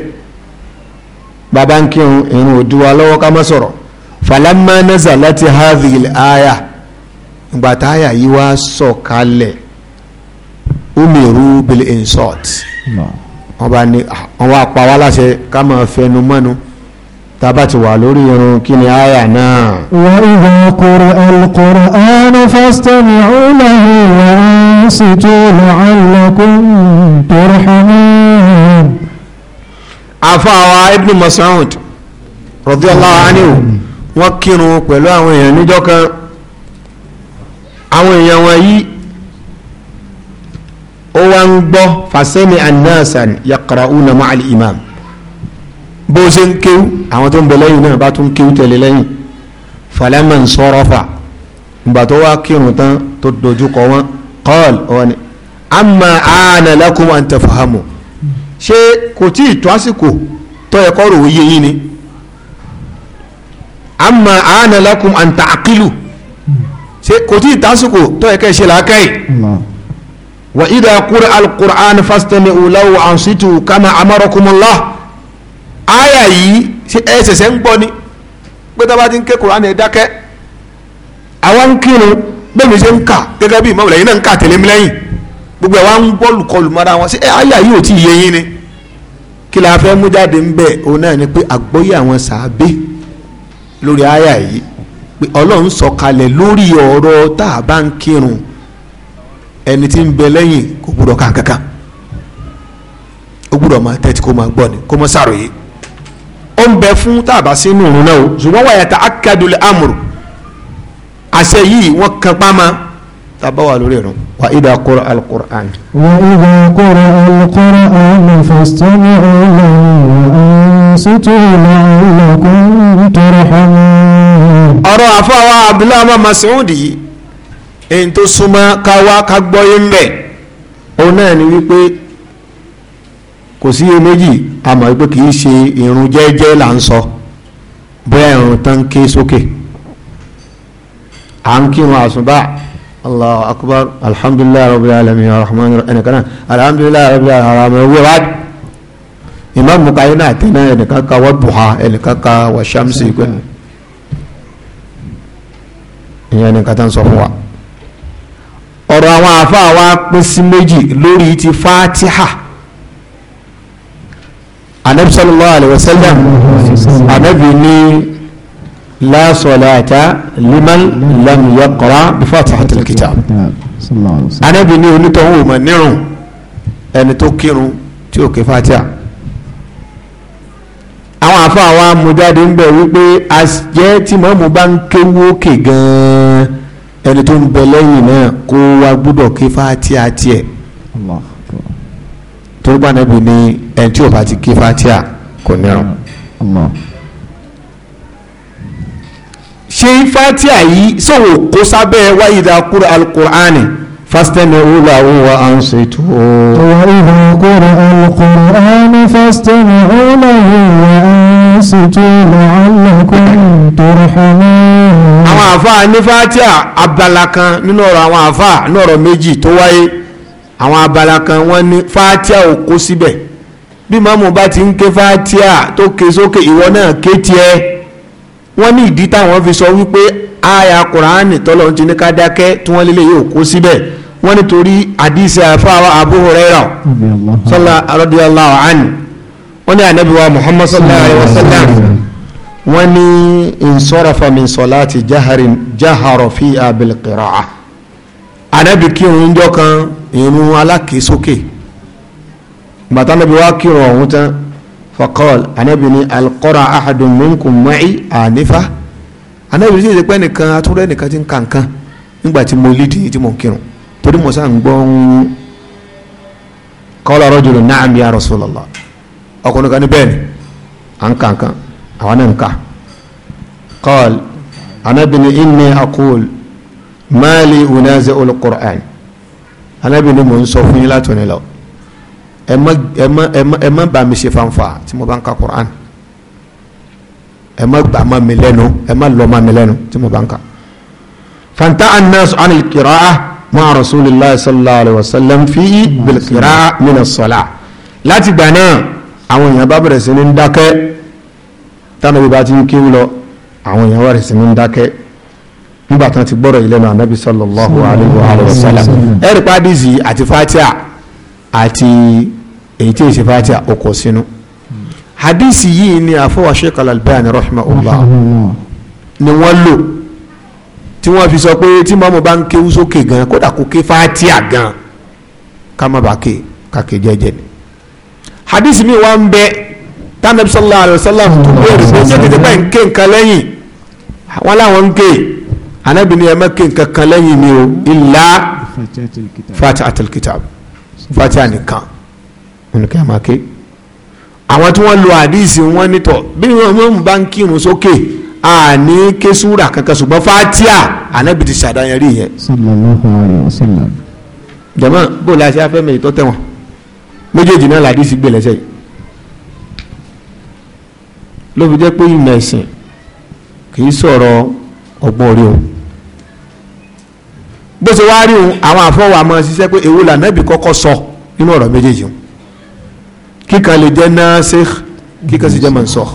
bàbá ń kírun ìrun òdu wa lọ́wọ́ ká má sọ̀rọ̀ falamma nazalati hadhihi aya ìgbà táyà yìí wá sọ̀kalẹ̀ umiru bil insult wọ́n bá ní ah, wọ́n wá pa wá láṣẹ ká máa fẹnu mọ́nu. No tàbá ti wà lórí irun kí ni àyà náà. wa idha quri'a al-Qur'anu fastami'u lahu wa ansitu la'allakum turhamun. àfàwà ibn Mas'ud radiyallahu anhu wọ́n kírun pẹ̀lú àwọn èèyàn níjọ́ kan ó wá ń gbọ́ fasami'a an-nasan yaqra'una ma'al imam bó ṣe ń kéwú àwọn tó ń bẹ lẹ́yìn náà bá tún kéwú tẹ̀lé lẹ́yìn falẹ́mọ̀ ń sọ̀rọ̀ fà ìgbà tó wá kírun tán tó dojú kọ wọn kọ́ọ̀lù ọ̀wọ́n ni amma àánà lakum an tafahamu ṣé kò tí ì tó àsìkò tó ẹ̀kọ́ rò wòye yín ni amma àánà lakum an ta'qilu ṣé kò tí ì tó àsìkò tó ẹ̀kẹ́ ṣe làákàyè wa idha quri'a al-Qur'an fastami'u lahu wa kama amarakumullah àyà yìí ẹ ṣẹ̀ṣẹ̀ ń gbọ́ ni pé tó bá ti ń ké Kùránì ẹ dákẹ́ àwa ń kírun bẹ́ẹ̀ni ṣe ń kà gẹ́gẹ́ bí ìmọ̀wùlẹ̀ yìí náà ń kà tẹ̀lé mi lẹ́yìn gbogbo ẹ̀ wá ń bọ́ọ̀lù kọlù mọ́ra wọn sí àyà yìí ò tí ì yé yín ni kí la fẹ́ mú jáde ń bẹ̀ òun náà ni pé àgbọ́yé àwọn sàábé lórí àyà yìí pé ọlọ́run sọ̀kalẹ̀ lórí ọ̀rọ̀ tá a bá ń kírun ẹni tí ń bẹ lẹ́yìn kò gbúdọ̀ kàn ó gbúdọ̀ máa tẹ́tí kó máa gbọ́ ni kó máa ṣàròyé ó ń bẹ fún tàbá sínú òun náà o ṣùgbọ́n wà yàtà akadulẹ̀ amúrò àṣẹ yìí wọ́n kan pamọ́ tàbá wà lórí ẹ̀rọ wà ìdá kọ́ra alukur'an. wà ìdá kọ́ra alukur'an fàstọ́nà ọ̀la sọ́tò ìlà ìlà kún tọrọ hàmú. ọ̀rọ̀ àfọwọ́ abdullahi masoudi èyí tó súnmọ́ káwá ká gbọ́ bẹ̀ òun náà ni wípé kò sí iyèméjì a mọ̀ pé kì í ṣe irun jẹ́ẹ́jẹ́ là ń sọ bóyá irun tán ké sókè à ń kírun àsùnbà allahu akbar alhamdulilayi rabbil alamin arahman ẹnìkan alhamdulilayi rabbil alamin wíwá imaamu kayi náà tẹ̀lé wà duha ẹnìkan wà shamsi gbẹ̀nu ìyẹn ẹnìkan tán sọ fún wa ọ̀rọ̀ àwọn afa wa pín sí méjì lórí ti fatiha anabi sallallahu alayhi wa sallam anabi ní la salata liman lam yaqra bi fatihatil kitab anabi ní onítọ̀hún òmà nírun ẹni tó kírun tí ó ké fatiha àwọn àfa àwọn amújáde ń bẹ̀ wípé àjẹ́ tí mọ́mú bá ń kéwú òkè gan-an ẹni tó ń bẹ lẹ́yìn náà kó wa gbúdọ̀ ké fatiha tó gbà nẹ́bi ní ẹni tí ò bá ti kí fatia kò ní ọ̀run. ṣé fatia yìí sọ̀wọ́ kó sábẹ́ wáyé dàkúrò alukur'ani fastami'u lahu wa ansitu. wa idha quri'a al-Qur'anu fastami'u lahu wa ansitu la'allakum turhamun. àwọn àfa ní fatia abala kan nínú ọ̀rọ̀ àwọn àfa nínú ọ̀rọ̀ méjì tó wáyé àwọn abala kan wọ́n ní fatia ò kó síbẹ̀ bí mọ́mú bá ti ń ké fatia tó ké sókè ìwọ náà ké tiẹ̀ wọ́n ní ìdí táwọn fi sọ wípé aya kuraani tọ́lọ́ ti ní ká dákẹ́ tí wọ́n lélẹ̀ yóò kó síbẹ̀ wọ́n nítorí àdìsí àfáwà Abu Huraira sọlá radiyallahu anhu wọ́n ní anabiwa Muhammad sallallahu alayhi wọ́n ní insarafa min salati jaharin jaharo fi abil anabi kírun ńjọ́ kan irun alákè sókè gbàtà anabi wa kírun ọ̀hún tán fakọl anabi ni alqara ahadun minkum ma'i anifa anabi sì ti pẹ́ nìkan atúrẹ́ nìkan ti ń ka nǹkan nígbà tí mo lídìí tí mo kírun torí mo sá ń gbọ́ ń kọ́lá rajulun na'am ya rasulallah ọkùnrin kan ní bẹ́ẹ̀ ni à ń ka nǹkan àwọn náà ń ka kọ́l anabi ni inni aqul máàlì onáze olùkọ́rán anábì ni mò ń sọ fún yín látọ̀ ní lọ ẹ má ẹ má ẹ má ẹ má bá mi ṣe fanfa tí mo bá ń ka Qur'an ẹ má gbà má mi lẹ́nu ẹ má lọ má mi lẹ́nu tí mo bá ń ka. fanta anas anil qira'ah ma rasulillah sallallahu alayhi wa sallam fi bil qira'ah min as-salah láti gbà náà àwọn èèyàn bá bẹ̀rẹ̀ sí ní ti ń kí ń lọ àwọn èèyàn bá bẹ̀rẹ̀ nígbà tí wọ́n ti gbọ́rọ̀ ìlẹ́nu anabi sallallahu alayhi wa sallam ẹ̀rí pàdísì àti fatia àti èyí tí èsì fatia ọkọ̀ sínú hadisi yìí ni àfọwà sheikh al-albani rahimahullah ni wọ́n lò tí wọ́n fi sọ pé tí mọ́mọ́ bá ń kéwú sókè gan kódà kó ké fatia gan ká má bàa ké kàké jẹ́jẹ́ ni hadisi mi wá ń bẹ tánàbí sallallahu alayhi wa sallam tó bẹ̀rẹ̀ pé ṣé tètè báyìí ń ké nǹkan lẹ́yìn wọn láwọn ń ké anabi ni ẹ má kí nǹkan kan lẹ́yìn mi o ilà fatiha atalkitab fatiha nìkan oníkẹ́ máa ké àwọn tí wọ́n lo àdìsí wọn nítọ̀ bí wọ́n mọ̀ bá ń kírun sókè àní ké súra kankan ṣùgbọ́n fatiha anabi ti ṣàdáyẹrí yẹn. sallallahu jama bó la ṣe afẹ́mi ìtọ́ tẹ̀wọ̀n méjèèjì náà làdìsí gbé lẹ́sẹ̀ yìí ló fi jẹ́ pé ìmọ̀ kì í sọ̀rọ̀ ọgbọ́n orí òun bó ṣe wá rí òun àwọn àfọwọ́ àmọ́ ṣiṣẹ́ pé èwo lànàbì kọ́kọ́ sọ nínú ọ̀rọ̀ méjèèjì òun kíkan lè jẹ́ nasikh kíkan sì jẹ́ mansukh.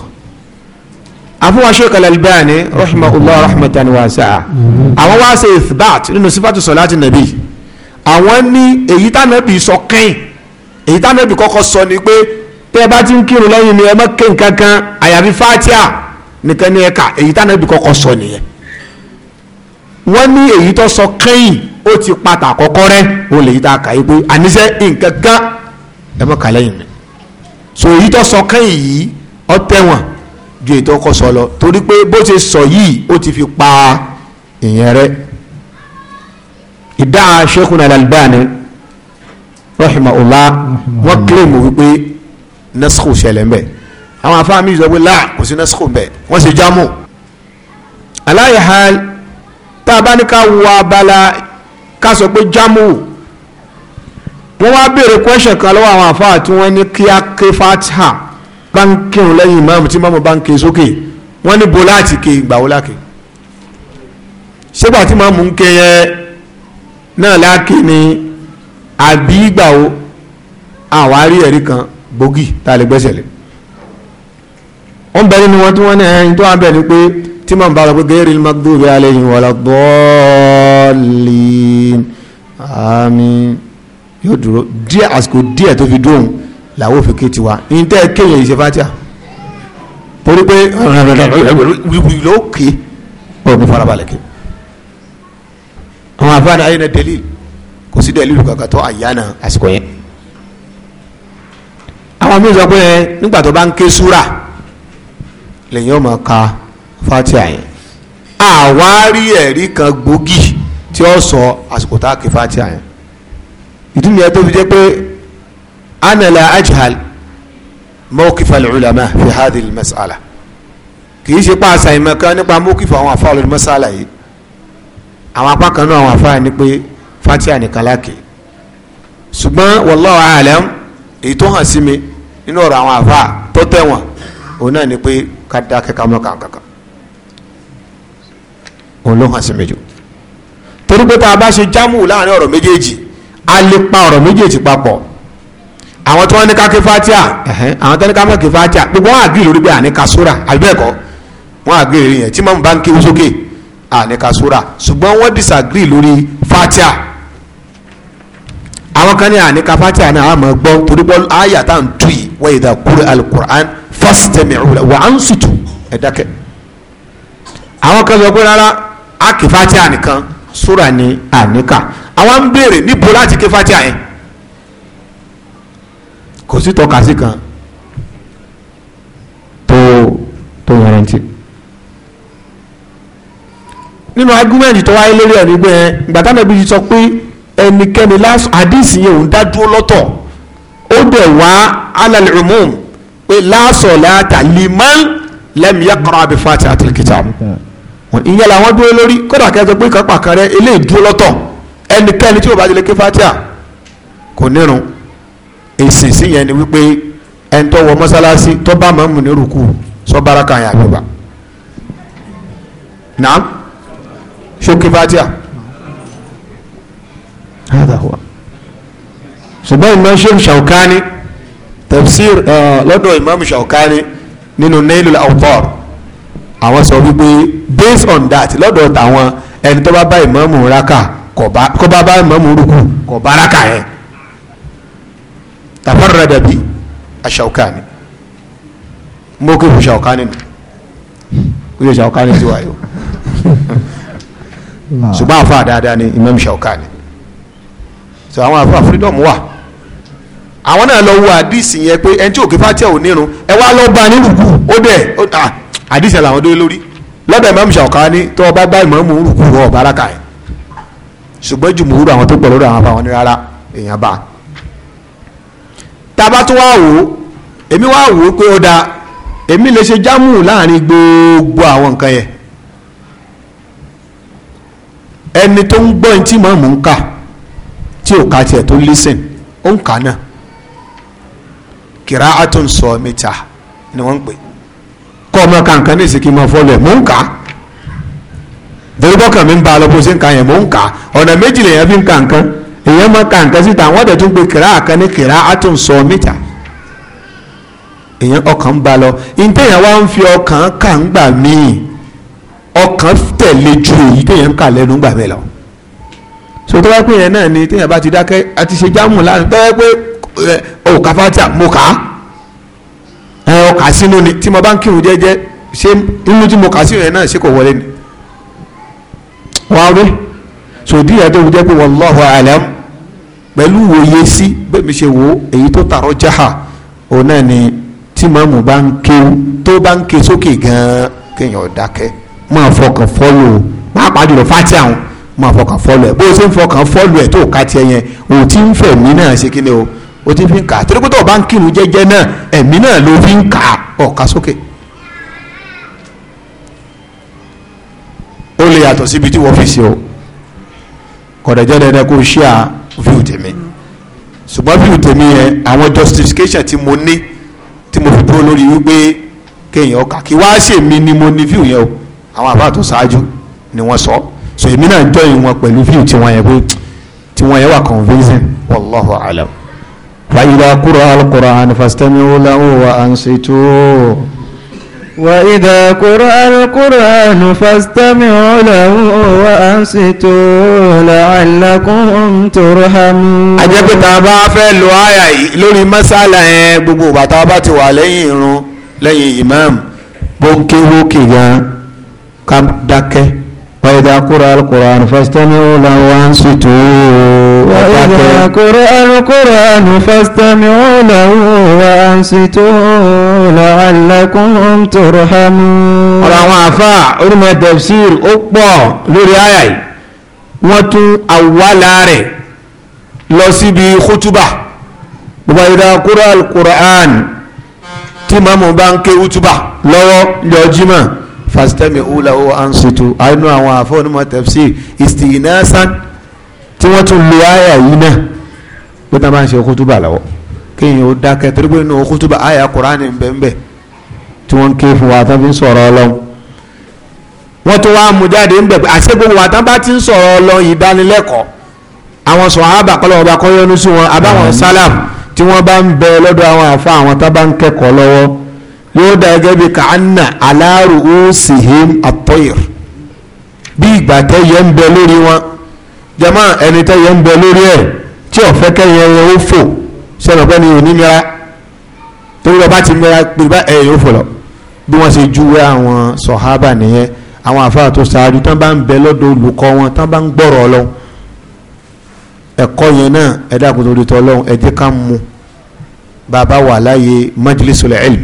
àfọwọ́ Sheikh Al-Albani rahimahullah rahmatan wasi'a àwọn wá ṣe ithbat nínú sifatu salati nàbì àwọn ní èyí tànàbì sọ kẹ́yìn èyí tànàbì kọ́kọ́ sọ ni pé tẹ́ ẹ bá ti ń kírun lẹ́yìn mi ẹ má ké nǹkan àyàfi Fatiha nìkan ní ẹ̀ka èyí tànàbì kọ́kọ́ sọ nìyẹn wọ́n ní èyí tó sọ kẹ́yìn ó ti pata àkọ́kọ́ rẹ̀ ó lè yí ta kà pé àníṣe nǹkan kan ẹ mọ̀ kàlẹ́yìn mi so èyí tó sọ kẹ́yìn yìí ó tẹ̀wọ̀n ju èyí tó kọ́ sọ lọ torí pé bó ṣe sọ yìí ó ti fi pa ìyẹn rẹ̀ ìdá Sheikhuna Al-Albani rahimahullah wọ́n kílèmù wípé naskhu ṣẹlẹ̀ mbẹ́ àwọn afáàmì ìjọba láà kò sí naskhu mbẹ́ wọ́n ṣe jámù aláyàhálì tá a bá ní ká wo abala ká sọ pé jámù wọ́n wá béèrè question kan lọ́wọ́ àwọn àfáà tí wọ́n ní kí á ké fatiha bá ń kírun lẹ́yìn tí mọ́mọ́ bá ń ké sókè wọ́n ní bo láti ké ìgbà láké ṣégbà tí mọ́mọ́ ń ké yẹn náà láké ni àbí ìgbà wo àwárí ẹ̀rí kan bógì tá a lè gbẹ́sẹ̀ lé wọ́n bẹ nínú wọn tí wọ́n ní ẹyin tó wà bẹ̀ ni pé tí màá bá gbé gẹ́rì magdubi alayhim wala dọ́ọ̀lìn àmín yóò dúró díẹ̀ àsìkò díẹ̀ tó fi dóhùn làwọn òfin kéètì wa ní tẹ́ kéèyàn ìṣe fatia torí pé ló ké ọ̀rọ̀ mi farabalẹ̀ ké àwọn afáàdà ayé na dẹ́líl kò sí dẹ́líl kankan tó àyà náà àsìkò yẹn àwọn míì sọ pé nígbà tó bá ń ké súrà lèyìn ọmọ ká fatiha yẹn àwárí ẹ̀rí kan gbòógì tí ó sọ àsìkò tá a kí fatiha yẹn ìdí nìyẹn tó fi jẹ́ pé ana la ajhal mawqif al-ulama fi hadhihi al-mas'ala kì í ṣe pa àṣà ìmọ̀ kan nípa mawqif àwọn àfa al-mas'ala yìí àwọn apá kan náà àwọn àfa ni pé fatiha nìkan láàkì ṣùgbọ́n wallahu a'lam èyí tó hàn sí mi nínú ọ̀rọ̀ àwọn àfa tó tẹ̀wọ̀n òun náà ni pé ká kankan òun ló hàn sí mi jù torí pé tá a bá ṣe jámù láàrin ọ̀rọ̀ méjèèjì a lè pa ọ̀rọ̀ méjèèjì papọ̀ àwọn tí wọ́n ní ká ké fatia àwọn tí wọ́n ní ká má ké fatia gbogbo wọn àgírí lórí bí àní ká sóra àbí bẹ́ẹ̀ kọ́ wọn àgírí rí yẹn tí mọ̀mú bá ń kéwú sókè àní sóra ṣùgbọ́n wọ́n disagree lórí fatia àwọn kan ní àní fatia náà àwọn máa gbọ́ torí bọ́ àyà tá à ń tu yìí wọ́n yìí dá kúrò alukur'an fásitẹ̀mẹ̀ wà á ń sùtù ẹ̀dákẹ́ àwọn kan sọ pé rárá akifatia nìkan sura ni àníkà àwa ń béèrè níbo láti ké fatia yẹn kò sí tọ́ka sí kan tó tó yẹrẹntì nínú agúmẹ̀ntì tó wáyé lórí ẹ̀rí gbé yẹn gbàtà nàbí ti sọ pé ẹnikẹ́ni lásán àdìsí yẹn òun dá dúró lọ́tọ̀ ó dẹ̀ wá alàlẹ́ ìmú pé lásán láta liman lam yaqra bi fatihatil kitab. Okay ìyẹn làwọn dúró lórí kódà kẹsàn pé ìkápá kan rẹ ilé ìdúró lọ́tọ̀ ẹnikẹ́ni tí ò bá jẹ́ ké fatia kò nírun èsì sí yẹn ni wípé ẹni tó wọ mọ́sálásí tó bá máa ń mú ní rúkú sọ baraka yẹn àbíbá naam ṣó ké fatia ṣùgbọ́n ìmọ̀ ṣe ṣàwùkání tafsir eh, lọ́dọ̀ ìmọ̀ ṣàwùkání nínú Nailul Awtar àwọn sọ wípé based on that lọ́dọ̀ tàwọn ẹni tó bá bá ìmáàmù raka kò bá bá ìmáàmù rúkú kò bá raka yẹn tafarrada bi aṣaukani mọ́kìfù ṣaukani nù oye ṣaukani ti wáyé ṣùgbọ́n àfa dáadáa ni imam ṣaukani so àwọn àfa freedom wà àwọn náà lọ wo àdìsí yẹn pé ẹni tí òkè fàtíà ò nírun ẹ wá lọ bá nírùkù ó dẹ̀ ó dà ah, àdìsí ẹ̀ làwọn dúró lórí lọ́dọ̀ ìmọ̀mù ṣàwọ̀ká ní tó ọba bá ìmọ̀mù rúkú wọ ọ̀bá ara kàì ṣùgbọ́n jù mùúrù àwọn tó pọ̀ lọ́dọ̀ àwọn afáwọn ní rárá èèyàn bá tá a bá tún wá wò ó èmi wá wò ó pé ó dáa èmi lè ṣe jámù láàrin gbogbo àwọn nǹkan yẹn ẹni tó ń gbọ́ ẹni tí mọ̀mù ń kà tí ò ka tiẹ̀ tó lísìn ó ń kà náà kìrá àtúnṣọ mẹ́ta ni wọ́n ń pè é kọ́ ọmọ kankan ní ìsìnkì mọ̀ fọlẹ̀ mò ń kà á dorúkọ̀kàn mi ń ba lọ́pọ̀ sí nǹkan yẹn mò ń kà á ọ̀nà méjì lèèyàn fi ń ka nǹkan èèyàn máa ka nǹkan síta àwọn ọ̀dẹ̀ tún pe kìrá àkan ní kìrá átùn sọ mítà èèyàn ọkàn ń ba lọ ìtẹ̀yàn wá ń fi ọkàn kà ń gbà míì ọkàn tẹ̀lé ju èyí téèyàn ń kà lẹ́nu gbà mí lọ so tó bá pè yẹn náà ni téèyàn bá ti dákẹ́ àti ṣe jámù láàrin tó bá pé òkà ẹ ọkà sínú ni tí mo bá ń kírun jẹ́jẹ́ ṣé inú tí mo kà yẹn náà ṣe kò wọlé ni wàá rí sòdí yẹn tó jẹ́ pé wallahu alam pẹ̀lú òye sí bẹ́ẹ̀mi ṣe wò ó èyí tó tààrọ̀ jáhà òun náà ni tí màmú bá ń ké tó bá ń ké sókè gan-an kéèyàn dákẹ́ máa fọkàn fọ́lù pàápàá jùlọ fátí àwọn máa fọkàn fọ́lù ẹ̀ bó o ṣe ń fọkàn fọ́lù ẹ̀ tó ká tiẹ̀ yẹn òun ti ń fẹ̀mí náà ṣe kí ni o o ti fi ń kà á torí pé tó o bá ń kírun jẹ́jẹ́ náà ẹ̀mí náà ló fi ń kà á ọ̀ka sókè. ó lè yàtọ̀ síbi tí wọ́n fi ṣe o kọ̀dẹ̀jẹ́ dandan kó o ṣí à fíù tèmi ṣùgbọ́n fíù tèmi yẹn àwọn justification tí mo ní tí mo fi dúró lórí wípé kéèyàn ọkà kí wá ṣe mí ni mo ní fíù yẹn o àwọn àbá tó ṣáájú ni wọ́n sọ so èmi náà ń jọyìn wọn pẹ̀lú fíù tiwọn yẹn pé tiwọn convincing wallahu alam. فإذا قرأ القرآن فاستمعوا له وأنصتوا وإذا قرأ القرآن فاستمعوا له وأنصتوا لعلكم ترحمون ajẹ́ pé tá a bá fẹ́ lo àyà yìí lórí mọ́sálà yẹn gbogbo ìgbà tá a bá ti wà lẹ́yìn وإذا قرأ القرآن فاستمعوا له وأنصتوا. وإذا قرأ القرآن فاستمعوا له وأنصتوا لعلكم ترحمون ọ̀rọ̀ àwọn àfáà orímọ̀ tafsir ó pọ̀ lórí àyà yìí wọ́n tún àwálà rẹ̀ lọ síbi kútúbà bàbá ìdá kúrò al-Qur'an tí màmú bá ń ké kútúbà lọ́wọ́ lọ́jímọ̀ fastami'u lahu wa ansitu àìnú àwọn àfọ́ onímọ̀ tafsir istinasan tí wọ́n tún lo àyà yìí náà pé tá a máa ń ṣe kútúbà lọ́wọ́ kéèyàn ó dákẹ́ torí pé nínú kútúbà àyà kùránì ń bẹ́ẹ̀ bẹ́ẹ̀ tí wọ́n ń ké fún wa tán fi ń sọ̀rọ̀ ọlọ́run wọ́n tún wá mú jáde ń bẹ̀ pé àṣẹ gbogbo wa tán bá ti ń sọ̀rọ̀ ọlọ́run ìdánilẹ́kọ̀ọ́ àwọn sọ̀hábà kọ́lọ́wọ́ bá kọ́yọ́nú sí wọn àbáwọn sálàm tí wọ́n bá ń bẹ lọ́dọ̀ àwọn àfa àwọn tá bá ń kẹ́kọ̀ọ́ lọ́wọ́ yóò dà gẹ́gẹ́ bí kàánà aláàrú ó sì hìm àtọ́yìr bí ìgbà tẹ́ yẹ ń bẹ lórí wọn jama ẹni tẹ́ yẹn ń bẹ lórí ẹ̀ tí ọ̀fẹ́ kẹ́yẹ yẹn ó fò sẹ́nu ọ̀pẹ́ ni ò ní mìíràn torí ọba ti mìíràn pé bá ẹ̀ yóò fò lọ bí wọ́n ṣe júwe àwọn sọ̀hábà nìyẹn àwọn àfáà tó ṣáájú tán bá ń bẹ lọ́dọ̀ olùkọ́ wọn tán bá ń gbọ́rọ̀ ọlọ́run ẹ̀kọ́ yẹn náà ẹ dákun torí tọ́ ọlọ́run ẹ jẹ́ ká mú bàbá wà láyé majlisul ilm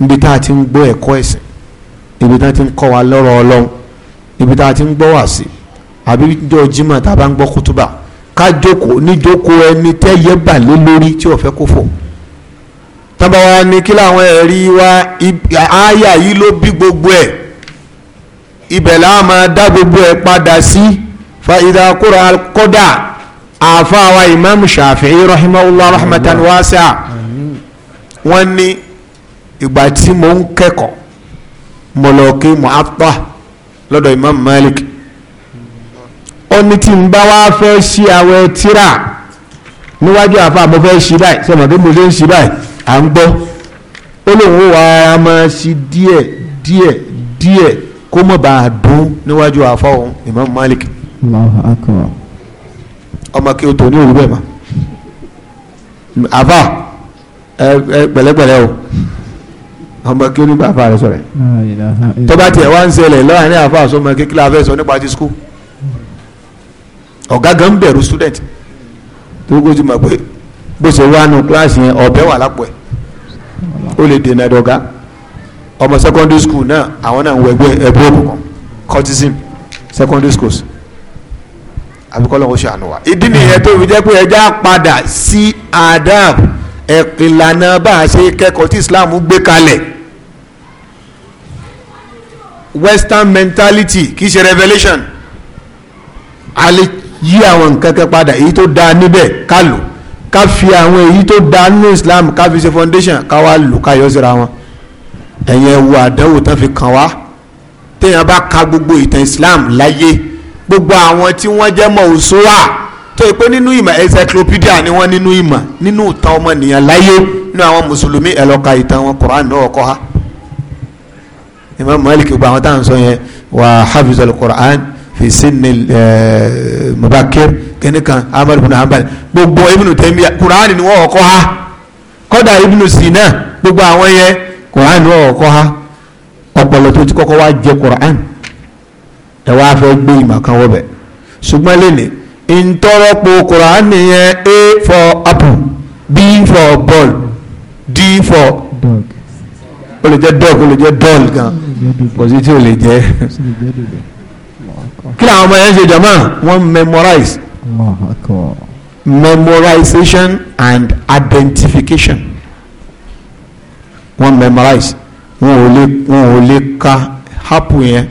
níbi tá a ti ń gbọ́ ẹ̀kọ́ ẹ̀sìn ibi tá a ti ń kọ́ wa lọ́rọ̀ ọlọ́run ibi tá a ti ń gbọ́ wà sí i àbí jọ jimá tá a bá ń gbọ́ kútúbà ká jókòó níjókòó ẹni tẹ́ yẹ bà lé lórí tí ò fẹ́ kó fò tábà wa ni kí làwọn ẹ̀rí wa àyà yìí ló bí gbogbo ẹ̀ ibẹ̀ là á máa dá gbogbo ẹ̀ padà sí fa idha qura al àfa wa imam shafi'i rahimahullah rahmatan wasi'a wọ́n ní ìgbà tí mo ń kẹ́kọ̀ọ́ mo lọ kí lọ́dọ̀ imam malik ó ní tí n bá wá fẹ́ ṣí àwọn tíra níwájú àfa mo fẹ́ ṣí báyìí ṣe mọ̀ pé mo ṣe ń ṣí báyìí à ń gbọ́ ó lóun ó wà á máa ṣí díẹ̀ díẹ̀ díẹ̀ kó mọ̀ bá a dún níwájú àfa òun Imam Malik ọmọ kí o tò ní òru bẹ́ẹ̀ ma àfa ẹ pẹ̀lẹ́pẹ̀lẹ́ o ọmọ kí o ní bá àfa rẹ sọ̀rọ̀ tó bá tiẹ̀ wá ń ṣẹlẹ̀ lọ́wọ́ ní àfa àsọmọ kékeré afẹ́ sọ nípa ti skul ọ̀gá gan bẹ̀rù student tó gbójú mọ̀ pé bó ṣe wá nu kíláàsì yẹn ọ̀bẹ wà lápò ẹ̀ ó lè dènà ẹ̀dọ̀gá ọmọ secondary school náà àwọn náà ń wọ ẹgbẹ́ ẹgbẹ́ òkùnkùn cultism secondary schools àbíkọ́lọ́ oṣù ànúwà. ìdí nìyẹn tó fi jẹ́ pé ẹja padà sí adab ìlànà bá a ṣe kẹ́kọ̀ọ́ tí Islam gbé kalẹ̀ western mentality kì í ṣe revelation yí àwọn nǹkan kan padà èyí tó dáa níbẹ̀ ká lò ká fi àwọn èyí tó dáa nínú Islam ká fi ṣe foundation ká wá lò ká yọ síra wọn ẹ̀yẹn wo àdánwò tán fi kàn wá téèyàn bá ka gbogbo ìtàn Islam láyé gbogbo àwọn tí wọ́n jẹ́ mọ̀ òṣùwà tó yẹ pé nínú ìmọ̀ encyclopedia ni wọ́n nínú ìmọ̀ nínú ìtàn ọmọnìyàn láyé nínú àwọn mùsùlùmí ẹ lọ ka ìtàn wọn Quran náà kọ́ ha Imam Malik gba àwọn táwọn sọ yẹn wà hafizul Quran fi sinni ẹẹ eh, mubakir kẹnìkan amadu bin hanbal gbogbo ibnu tẹmiya kuraani ni wọn kọ ha kódà ibnu sina gbogbo àwọn yẹn kuraani ni wọn kọ ha ọpọlọ tó ti kọ́kọ́ wá jẹ kuraani ẹ wá fẹ́ gbé ìmọ̀ wọbẹ ṣùgbọ́n lẹni ntọrọpọ kuraani yẹn a for apple b for ball d for dog ó dog ó lè jẹ́ doll gan kò tí ó lè jẹ́ kí làwọn ọmọ yẹn ṣe jama wọ́n memorize memorization and identification wọ́n memorize wọn ò lè wọn ò lè ka hapu yẹn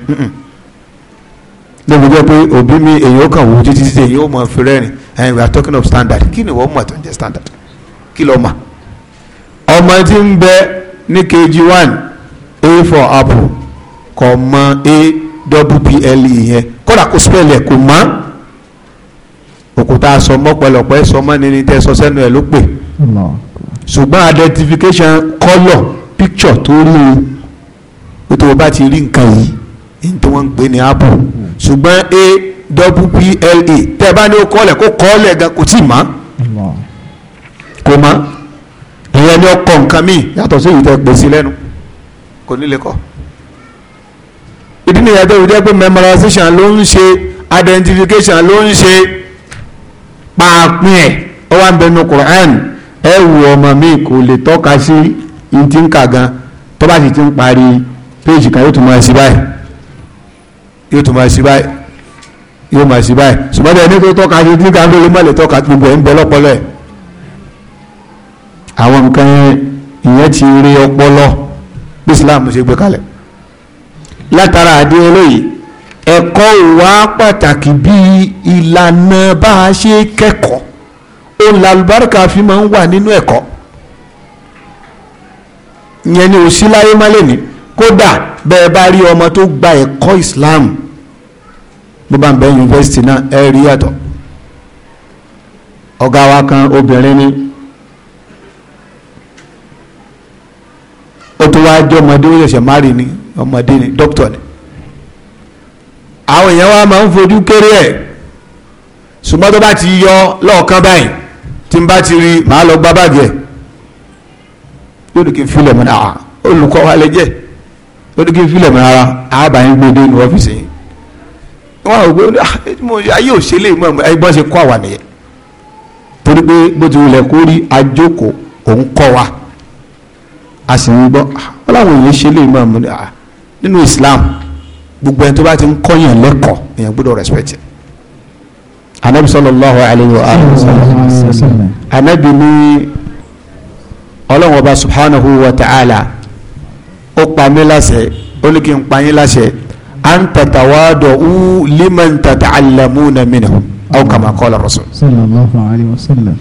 lóbi jẹ́ pé òbí mi èyí ó kàn wò títí títí èyí ó mọ̀ fi rẹ́rìn and we are talking of standard kí ni wọ́n mọ̀ tó ń jẹ́ standard kí ló mà ọmọ tí ń bẹ ní kg one a for apple kò mọ a double ple yẹn kódà kó spẹ́ẹ̀lì ẹ̀ kò mọ́ òkúta sọmọ pẹlọpẹ sọmọ nínú tẹ sọ sẹ́nu ẹ̀ ló pè ṣùgbọ́n identification colour picture tó rí o tó o bá ti rí nǹkan yìí ní tí wọ́n ń pè ní apple ṣùgbọ́n a wpla tẹ́ ẹ bá ní o kọ́ ọ̀lẹ̀ kó kọ́ ọ̀lẹ̀ gan kò tí ì mọ́ kò mọ́ ìyẹn ni ọkọ̀ nǹkan míì yàtọ̀ sí ìyí tẹ́ pèsè lẹ́nu kò ní kọ́ ìdí nìyẹn tó fi jẹ́ pé memorization ló ń ṣe identification ló ń ṣe pàápín ẹ̀ ó wà ń bẹnu Quran ẹ wù ọmọ mi kò lè tọ́ka sí ìtì ń kà gan tó bá sì ti ń parí péjì kan yóò tún máa sí báyìí yóò tún máa sí báyìí yóò máa sí báyìí ṣùgbọ́n bẹ́ẹ̀ ní tó tọ́ka sí ìtì ń lórí má tọ́ka gbogbo ẹ̀ ń bẹ lọ́pọlọ ẹ̀ àwọn nǹkan ìyẹn ti rí ọpọlọ bí Islam ṣe gbé kalẹ̀ látara àdé eléyìí ẹ̀kọ́ wa pàtàkì bíi ìlànà bá a ṣe kẹ́kọ̀ọ́ ó làlùbáríkà fi máa ń wà nínú ẹ̀kọ́ yẹn ni ò sí láyé má lè ní kódà bẹ́ẹ̀ bá rí ọmọ tó gba ẹ̀kọ́ Islam bó bá ń bẹ yunifásitì náà ẹ rí yàtọ̀ ọ̀gá wa kan obìnrin ni ó tó wáá jẹ́ ọmọdé ó ṣẹ̀ṣẹ̀ márì ni ọmọdé ni dókítà ni àwọn èèyàn wa máa ń fojú kéré ẹ̀ ṣùgbọ́n tó bá ti yọ lọ́ọ̀kan báyìí tí n bá ti rí màá lọ gbá báàgì ẹ̀ yóò ní kí n filẹ̀ mọ́ náà ah, olùkọ́ wa lè jẹ́ yóò ní mọ́ náà àbá yín gbé ọ́fíìsì yìí wọ́n á gbé ah, ayé òṣèlè mọ́ ẹgbọ́n ṣe kọ́ àwa nìyẹn torí pé bó ti wulẹ̀ kó àjókòó òun kọ́ wa a sì ń gbọ́ wọn làwọn èèyàn ṣe lè máa mú nínú Islam gbogbo ẹni tó bá ti ń kọ́yàn lẹ́kọ̀ọ́ èèyàn gbọ́dọ̀ respect it anabi sallallahu alayhi wa sallam anabi ni ọlọ́run ọba subhanahu wa ta'ala ó pa mí láṣẹ ó ní kí n pa yín láṣẹ an tatawado u liman tata'allamuna minhu aw kama qala rasul sallallahu alayhi wa sallam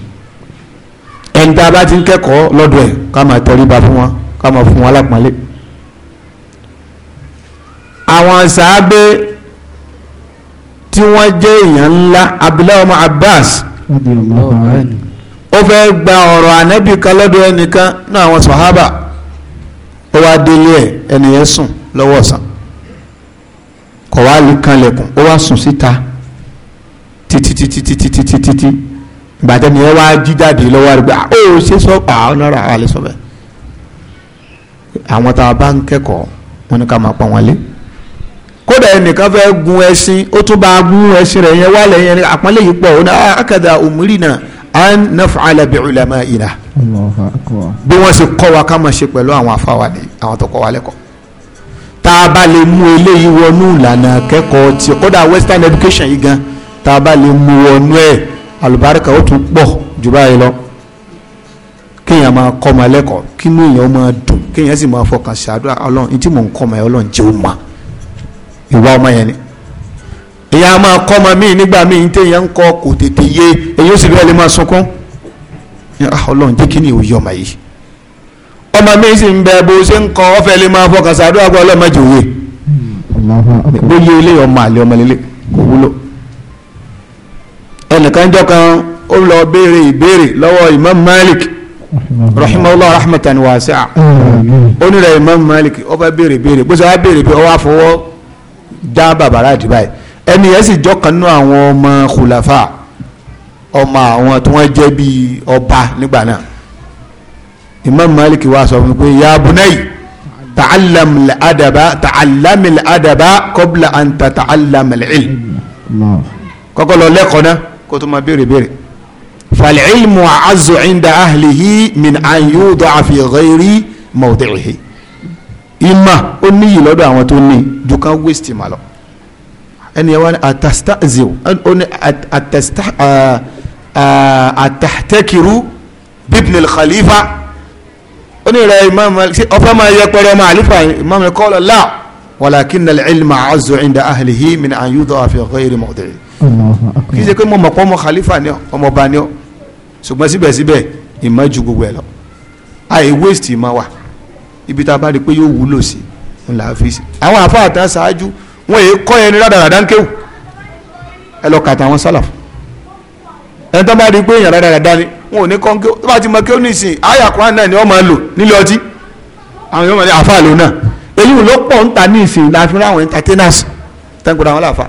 ẹni tá a bá ti ń kẹ́kọ̀ọ́ lọ́dọ̀ ẹ̀ ká máa tẹríba fún wọn ká máa fún wọn lápọ́nlé. àwọn sàábé tí wọ́n jẹ́ èèyàn ńlá Abdullahi ọmọ Abbas ó fẹ́ gba ọ̀rọ̀ ànábì kan lọ́dọ̀ ẹnìkan náà àwọn sàhábà ó wá délé ẹ̀ ẹnìyẹn sùn lọ́wọ́ ọ̀sán kọ̀ wá lè ó wá sùn síta títítítítítítítítí gbàtẹ́ni ẹ wá jíjáde lọ́wọ́ àrùgbà ah, ó ṣe sọ àwọn náírà wà lè sọ bẹ́ẹ̀ àwọn tá a bá ń kẹ́kọ̀ọ́ wọn ni ká máa pọ́n wọn lé kódà ẹnìkan fẹ́ gun ẹṣin ó tún bá gun ẹṣin rẹ̀ yẹn wálẹ̀ yẹn àpọ́nlé yìí pọ̀ ó ní ah, akadà umrina an naf'ala bi ulamaina bí wọ́n ṣe kọ́ wa ká máa ṣe pẹ̀lú àwọn afáwa ni àwọn tó kọ́ wa lẹ́kọ̀ọ́ tá a bá lè mú eléyìí wọnú ìlànà kẹ́kọ̀ọ́ tí kódà western education yìí gan tá a bá lè mú wọnú ẹ̀ Alubarika ó tún pọ̀ jù báyìí lọ kéèyàn máa kọ́ ọmọ ẹlẹ́kọ̀ọ́ kí inú èèyàn máa dùn kéèyàn sì máa fọkàn ṣàdúrà ọlọ́run ní tí mò ń kọ́ ọmọ yẹn ọlọ́run jẹ́ òun mà ìwà ọmọ yẹn ni èyàn á máa kọ́ ọmọ míì nígbà míì téèyàn ń kọ́ kò tètè yé èyí ó sì bẹ́ẹ̀ lè máa sunkún ah, ọlọ́run jẹ́ kí ni òye ọmọ yìí ọmọ míì sì ń bẹ bó ṣe ń kọ́ ọ́fẹ́ lè máa fọkàn ṣàdúrà pé ọlọ́run òye hmm. bóyá ilé ọmọ àlè ọmọ lélẹ̀ kò wúlò kan jọ kan ó lọ béèrè ìbéèrè lọ́wọ́ imam malik rahimahullah rahmatan wasi'a onírẹ̀ imam malik ó fẹ́ béèrè béèrè bó ṣe wá béèrè pé ó wá fọwọ́ já bàbàrà àdìbà yìí ẹni yẹn sì jọ kan nínú àwọn ọmọ khulafa ọmọ àwọn tí wọ́n jẹ́ bíi ọba nígbà náà imam malik wa sọ fún mi pé ya bunayi ta'allam adaba ta'allam adaba qabla an tata'allam al-ilm lọ lẹ́kọ̀ọ́ náà kó tó máa béèrè béèrè. fal-ilmu a'azzu 'inda ahlihi min an yuda'a fi ghairi mawdi'ihi. ìmọ̀ ó níyì lọ́dọ̀ àwọn tó ní ju ká wéṣítì mà lọ. ẹni ẹ wá ní atastazil ó ní atahtakiru uh, uh, bibni al-khalifa ó ní ìrẹ̀ imam ọ̀fẹ́ máa yẹ pẹ̀rẹ̀ ọmọ àlífà imam qala la walakinna al-ilma a'azzu 'inda ahlihi min an yuda'a fi ghairi mawdi'ihi kì í ṣe pé mo mọ̀ pọ́ ọmọ khalifa ni ọmọ ọba ni ọ ṣùgbọ́n síbẹ̀síbẹ̀ ìmọ̀ ju gbogbo ẹ̀ lọ àì waste ìmọ̀ wa ibi tá a bá rí i pé yóò wúlò sí ńlá fi sí àwọn àfáà a ṣáájú wọn èyí kọ́ ẹni rádaràdá ń kéwù ẹ lọ kàtà àwọn sálàfù ẹni tó bá rí i pé èèyàn rádaràdá ni wọn ò ní kọ́ kéwù tó bá ti mọ kéwù nísìnyí àyà kan náà ni wọ́n máa lò nílé ọtí àwọn yóò máa ní àfáà lò náà èyí ló pọ̀ ń ta ní ìsìn láàfin ráwọn entertainers tẹ́ńkù ra wọn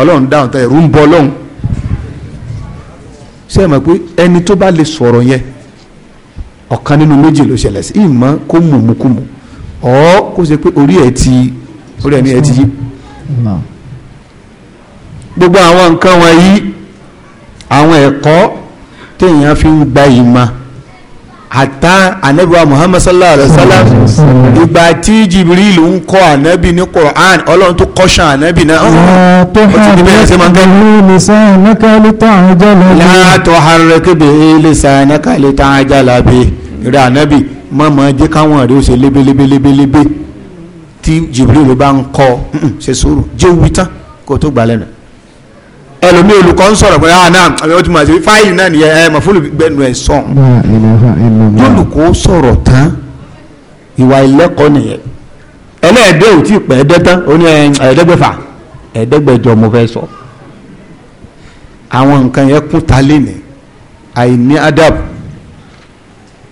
ọlọ́run dáhùn tán ẹ̀rù ń bọ ọlọ́run ṣé ẹ mọ̀ pé ẹni tó bá lè sọ̀rọ̀ yẹn ọ̀kan nínú méjì ló ṣẹlẹ̀ sí ìmọ̀ kó mú mú kú mú ọ̀ kó ṣe pé orí ẹ̀ ti orí ẹ̀ ni ẹ̀ ti yí gbogbo àwọn nǹkan wọ̀nyí àwọn ẹ̀kọ́ téèyàn fi ń gba ìmọ̀ àtà anabiwa muhammad sallallahu alaihi wa sallam ìgbà tí jibril ń kọ́ anabi ní quran ọlọ́run tó kọ́ṣán anabi náà ó ti di bẹ́ẹ̀ ṣe máa ń kẹ́. látọ̀ harakebe lisa nakali tá a jala bi rẹ anabi mọ̀mọ́ jẹ́ káwọn rẹ ó ṣe lébélébélébélébé tí jibril bá ń kọ́ ṣe sùúrù jẹ́ wí tán kó tó gbà lẹ́nu ẹlòmí olùkọ́ ń sọ̀rọ̀ pé ah náà àbí wọ́n ti mọ̀ sí fáìlì náà nìyẹn ẹ̀ mọ̀fúlù gbẹnu ẹ̀ sàn. olùkọ́ sọ̀rọ̀ tán ìwà ìlẹ́kọ̀ọ́ nìyẹn ẹlẹ́ẹ̀dẹ́ ò tí ì pẹ́ ẹ̀dẹ́ tán ó ní eh, ẹ̀ẹ́dẹ́gbẹ̀fà ẹ̀ẹ́dẹ́gbẹ̀jọ mo fẹ́ sọ. àwọn nǹkan yẹn kún ta lénìí àìní adab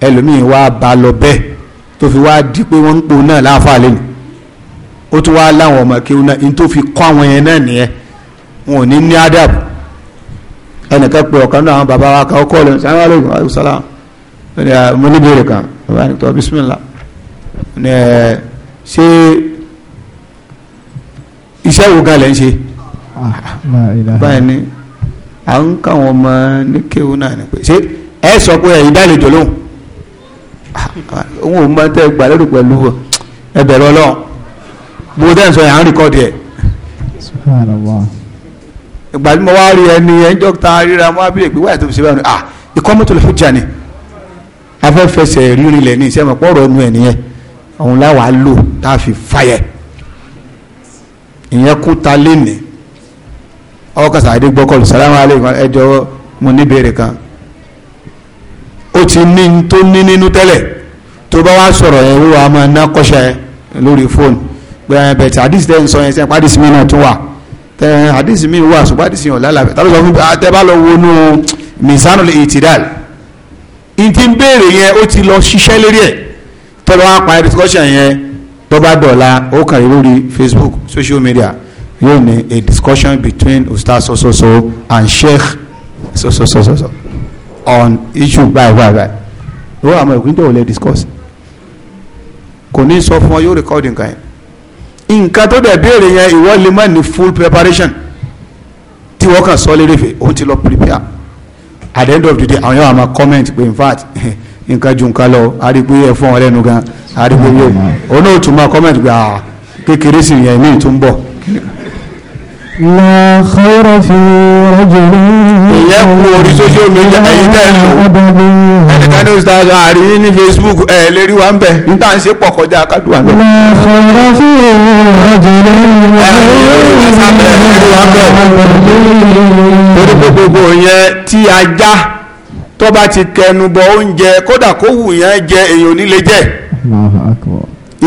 ẹlòmíì wá ba lọ bẹ́ẹ̀ tó fi wá di pé wọ́n ń po náà láàfáà lénìí ó tún wá láwọn ọmọ kéwọn náà wọn ò ní ní adab ẹnìkan pé ọ̀kan náà àwọn bàbá wa kan kọ́ lónìí sàmúlò aleykum aleykum salaam ní mo ní béèrè kan bàbá ní tọ́ bisimilá ní ẹ ṣé iṣẹ́ wo gan lẹ̀ ń ṣe báyìí ni à ń káwọn ọmọ ní kéwù náà ni pé ṣé ẹ sọ pé ẹ̀yin dálejò lóhùn òun ò mọ tẹ́ gbà lérò pẹ̀lú ẹ ọlọ́run bó dẹ́n sọ yẹn à ń rìkọ́dì ẹ̀ ìgbà tí mo wá rí ẹni ẹjọ́ ta ríra mo wá bí wáyà tó fi ṣe báyìí ah ikọ́ mọ́tò lè fújà ni afẹ́fẹsẹ̀ rírin lẹ̀ ní ìṣẹ́mọ̀ pọ̀rọ̀ ọ̀nù ẹ̀ nìyẹn òun láwàá lò tá a fi fàyẹ̀ ìyẹn kú ta lénìí ọwọ́ kàṣà àdé gbọ́kọ̀lù sàlámù aláìkùm ẹjọ́ mo ní béèrè kan ó ti ní tó ní nínú tẹ́lẹ̀ tó bá wá sọ̀rọ̀ ẹ̀ wíwá máa ná kọ́ṣẹ́ lórí fóònù gbẹ̀rẹ̀ tẹ hadith mi wà ṣùgbọ́n hadith yàn lálàbẹ̀ tàbí sọ fún mi ah, tẹ bá lọ wọnú mizanul itidal n ti béèrè yẹn ó ti lọ ṣiṣẹ́ lérí ẹ̀ tọ́lọ́ wá pa discussion yẹn tó bá dọ̀la ó kàn lórí Facebook social media yóò ní a discussion between ustaz sososo and sheikh sososososo on issue báyìí báyìí báyìí lọ́wọ́ àwọn ìpínlẹ̀ ò lè discuss kò ní sọ fún ọ yóò record nǹkan yẹn nǹkan tó dẹ̀ béèrè yẹn ìwọ lè má ní full preparation tí wọ́n kàn sọ lérè fè òun ti lọ prepare at the end of the day àwọn yóò máa comment pé in fact nǹkan ju nǹkan lọ arígbé ẹ̀fọn ọ̀rẹ́nu gan arígbé yóò òun náà tún máa comment pé ah kékeré sì yẹn ní ìtún bọ̀. La khayra fi rajulin. Ìyẹn kú orí sójú omi ẹ̀yin tẹ́ ẹ lò ẹni oṣù tààtà àrí ní Facebook ẹ lérí wa ń bẹ n tà ń ṣe pọ̀ kọjá kádùá lọ. ọ̀sọ̀rọ̀ fún òun ọ̀jọ̀ lẹ́yìn wọn. ẹ̀rọ yóò ń sábẹ̀ lérí wa ń bẹ̀. torí gbogbo yẹn tí ajá tó bá ti kẹnu bọ oúnjẹ kódà kó wù yẹn jẹ èèyàn nílé jẹ.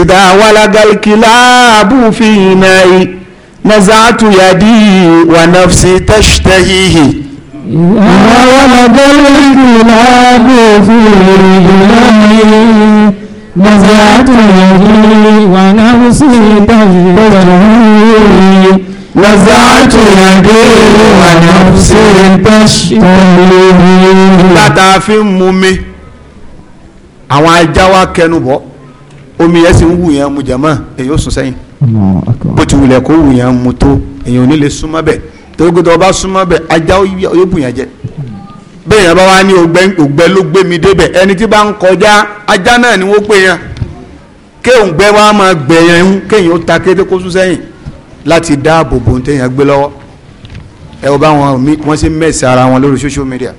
ìdá wàlágàlkìláàbù fi ìnà nazatu yadi wa nafsi tashtahihi. إذا ولد الكلاب في رجليه نزعت يدي ونفسي تشتهي نزعت يدي ونفسي تشتهي látà fi ń mumi àwọn ajá wa kẹnu bọ omi yẹn sì ń wù yẹn mu jẹmọ èyí ó sùn sẹ́yìn bó ti wulẹ̀ kó wù yẹn mu tó èyí ò ní lè súnmọ́ bẹ́ẹ̀ torí pé tó bá súnmọ́ bẹ̀ ajá yóò bùn yẹn jẹ bẹ́ẹ̀ yẹn bá wá ní ògbẹ́ ló gbé mi débẹ̀ ẹni tí bá ń kọjá ajá náà ni wọ́n pè yẹn kéwọn gbẹ wá máa gbẹ yẹn ń kéèyàn ó ta kété kó sún sẹ́yìn láti dáàbò bò ń téèyàn gbé lọ́wọ́ ẹ wọ́n bá wọn wọ́n sì mẹ́sì ara wọn lórí social media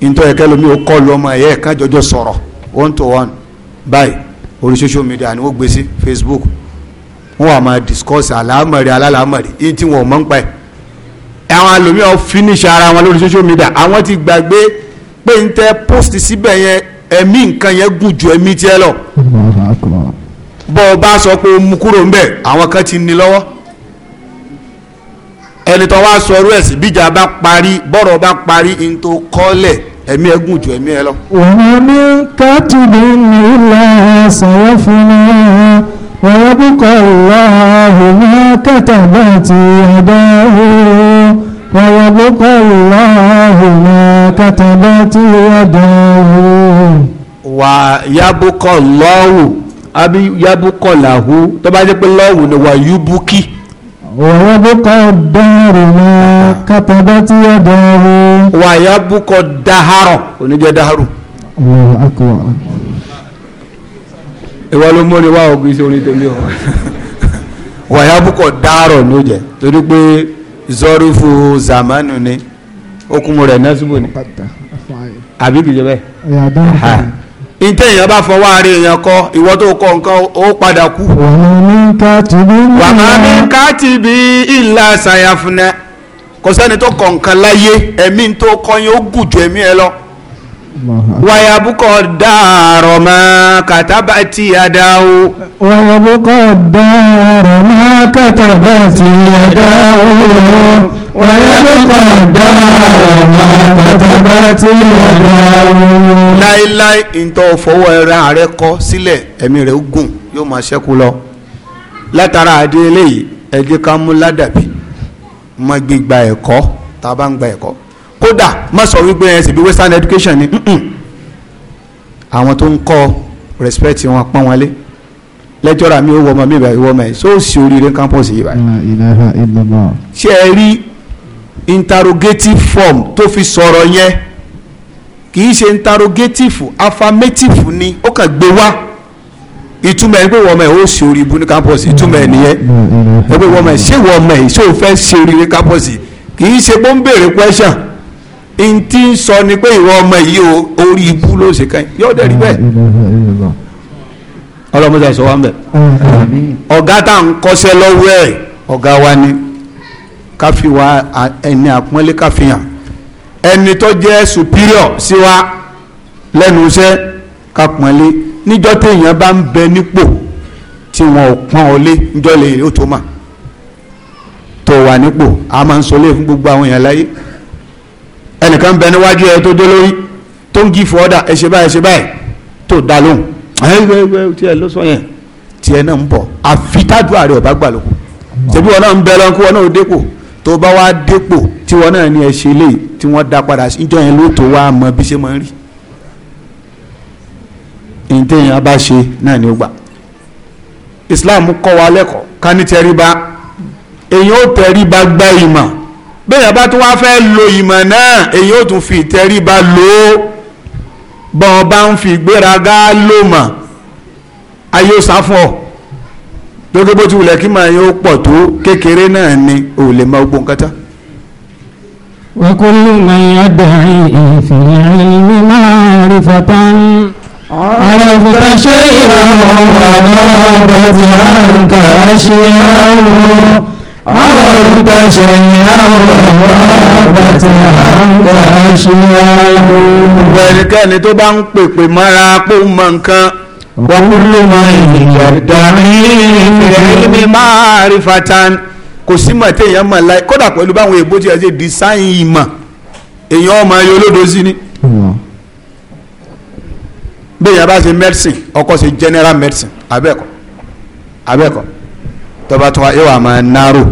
ntọ́ ẹ̀kẹ́ lomi ó kọ́ lu ọmọ ẹ̀yẹ́ ẹ̀ka sọ̀rọ̀ one to one báyìí orí social media ni wọ́n gbé sí Facebook wọ́n wà máa discuss àlámọ̀rí alálàmọ̀rí èyí tí wọ́n mọ̀ ń pa ẹ̀ àwọn àlòmíọ̀ finish ara wọn lórí social media àwọn ti gbàgbé pé n tẹ post síbẹ̀ yẹn ẹ̀mí nǹkan yẹn gùn ju ẹ̀mí tiẹ̀ lọ bọ́ ọ bá sọ pé o mú kúrò ń bẹ̀ àwọn kan ti ní lọ́wọ́ ẹni tó wá sọ ọrú ẹ̀sìn bíjà bá parí bọ́rọ̀ bá parí n tó kọ́lẹ̀ ẹ̀mí ẹ̀gùn ju ẹ̀mí ẹ lọ. wọ́n mi kàtìbí nílẹ̀ ṣàyẹ̀fọ́ náà. ويبقى الله ما كتبت يداه ويبقى الله ما كتبت يداه ويبقى الله àbí yábùkọ̀ làhú tó bá jẹ́ pé lọ́wù ni wà yúbùkì. wà yábùkọ̀ dáhàrọ̀ ni kàtàbá tí yà dáhàrọ̀. ìwọ ló mórí wá isi sí orin tèmi wàyábùkọ̀ dárọ̀ ló jẹ torí pé zọrífù zamanu ni okun rẹ̀ násìbò ni àbí kìí jẹ bẹ́ẹ̀ ntẹ yẹn bá kọ ìwọ tó kọ nǹkan ó padà kú. wàmà mi ká ti bí ìlà ṣàyàfúnẹ kò sẹ́ni tó kọ nǹkan láyé ẹ̀mí tó kọ́ yẹn ó gùn ju lọ. ويبقى الدار ما كتبت يداه ويبقى الدار ما كتبت يداه ويبقى الدار ما كتبت يداه láíláí ìtọ́ fọwọ́ ẹran ààrẹ kọ sílẹ̀ ẹ̀mí rẹ̀ gùn yóò máa ṣẹ́kù lọ látara àdé eléyìí ẹ ká mú ládàbí mọ́ gbígba ẹ̀kọ́ tá a bá ń gba ẹ̀kọ́ kódà má sọ wípé ẹ sì bí western education ni àwọn tó ń kọ́ respect wọn pọ́n wọn lé lẹ́jọ́ra mi ò wọ́n ma mi ìbá ìwọ́n ma ẹ̀ so sì oríire campus yìí báyìí. ṣé ẹ rí interrogative form tó fi sọ̀rọ̀ yẹn kì í ṣe interrogative affirmative ni ó kàn gbé wá ìtumọ̀ ẹni pé wọ́n ma ẹ̀ ó sì orí ibu ní campus ìtumọ̀ ẹ̀ nìyẹn ẹ pé wọ́n ma ẹ̀ ṣé wọ́n ma ẹ̀ ṣé o fẹ́ ṣe oríire campus kì í ṣe pé ń béèrè question n tí ń sọ ni pé ìwọ ọmọ yìí o orí ibú ló ṣe kàn yóò dẹ̀ rí bẹ́ẹ̀ ọlọ́mọdé sọ wá ń bẹ̀ ọ̀gá tá à ń kọ́ṣẹ́ lọ́wọ́ ẹ̀ ọ̀gá wa ni ká fi wá ẹni àpọ́nlé ká fi hàn ẹni tó jẹ́ superior sí wa lẹ́nu iṣẹ́ ká pọ́nlé níjọ́ téèyàn bá ń bẹ nípò tí wọn ò pọ́n ọ lé níjọ́ lè yóò tó mà tó wà nípò a máa ń sọ lé fún gbogbo àwọn èèyàn láyé ẹnìkan bẹ níwájú ẹ tó dé lórí tó ń gífù ọ́dà ẹ ṣe báyìí ẹ ṣe báyìí tó dá lóhùn ẹgbẹ́gbẹ́ tiẹ̀ ló sọ yẹn tiẹ̀ náà ń bọ̀ àfitádùá rẹ̀ ọ̀bá gbà lóko ṣebí wọn náà ń bẹ lọ kí wọn náà dépò tó bá wá dépò tí wọn náà ní ẹ ṣe tí wọn dá padà níjọ yẹn ló tó wá mọ bí ṣe máa ń rí ìdẹ́yìn abáṣe náà ni ó gbà Islam kọ́ wa lẹ́kọ̀ọ́ ká ní tẹríba èèyàn ó tẹríba gbá ìmọ̀ bẹ́ẹ̀ bá tún wá fẹ́ lo ìmọ̀ náà èyí ó tún fi ìtẹríba lò ó bọ́n bá ń fi ìgbéraga lò mọ̀ ayé ó sá fún ọ gbogbo bó ti wulẹ̀ kí màá yóò pọ̀ tó kékeré náà ni ò lè máa gbó nǹkan tá. wa kullu man yadda'i fil ilmi ma'rifatan عرفت شيئا وغضبت عنك أشياء Àwọn ìtàṣẹ ìyàwó àbàtì àǹkà ṣíyàwó. Gbogbo ẹnikẹ́ni tó bá ń pèpè mọ́ra pé ó mọ nǹkan. Wọ́kúlù máa ìyà dárí. Ìrẹ̀lẹ́ mi máa rí fatan. Kò sí mọ̀ tí èèyàn mọ̀ láì. Kódà pẹ̀lú báwọn èèbó ti ṣe dísáìn ìmọ̀. Èèyàn ọmọ ayé olódo sí ni. Bí èèyàn bá ṣe medicine, ọkọ ṣe general medicine, abẹ́ẹ̀kọ́. Abẹ́ẹ̀kọ́ tọba tó wa yóò wà máa náró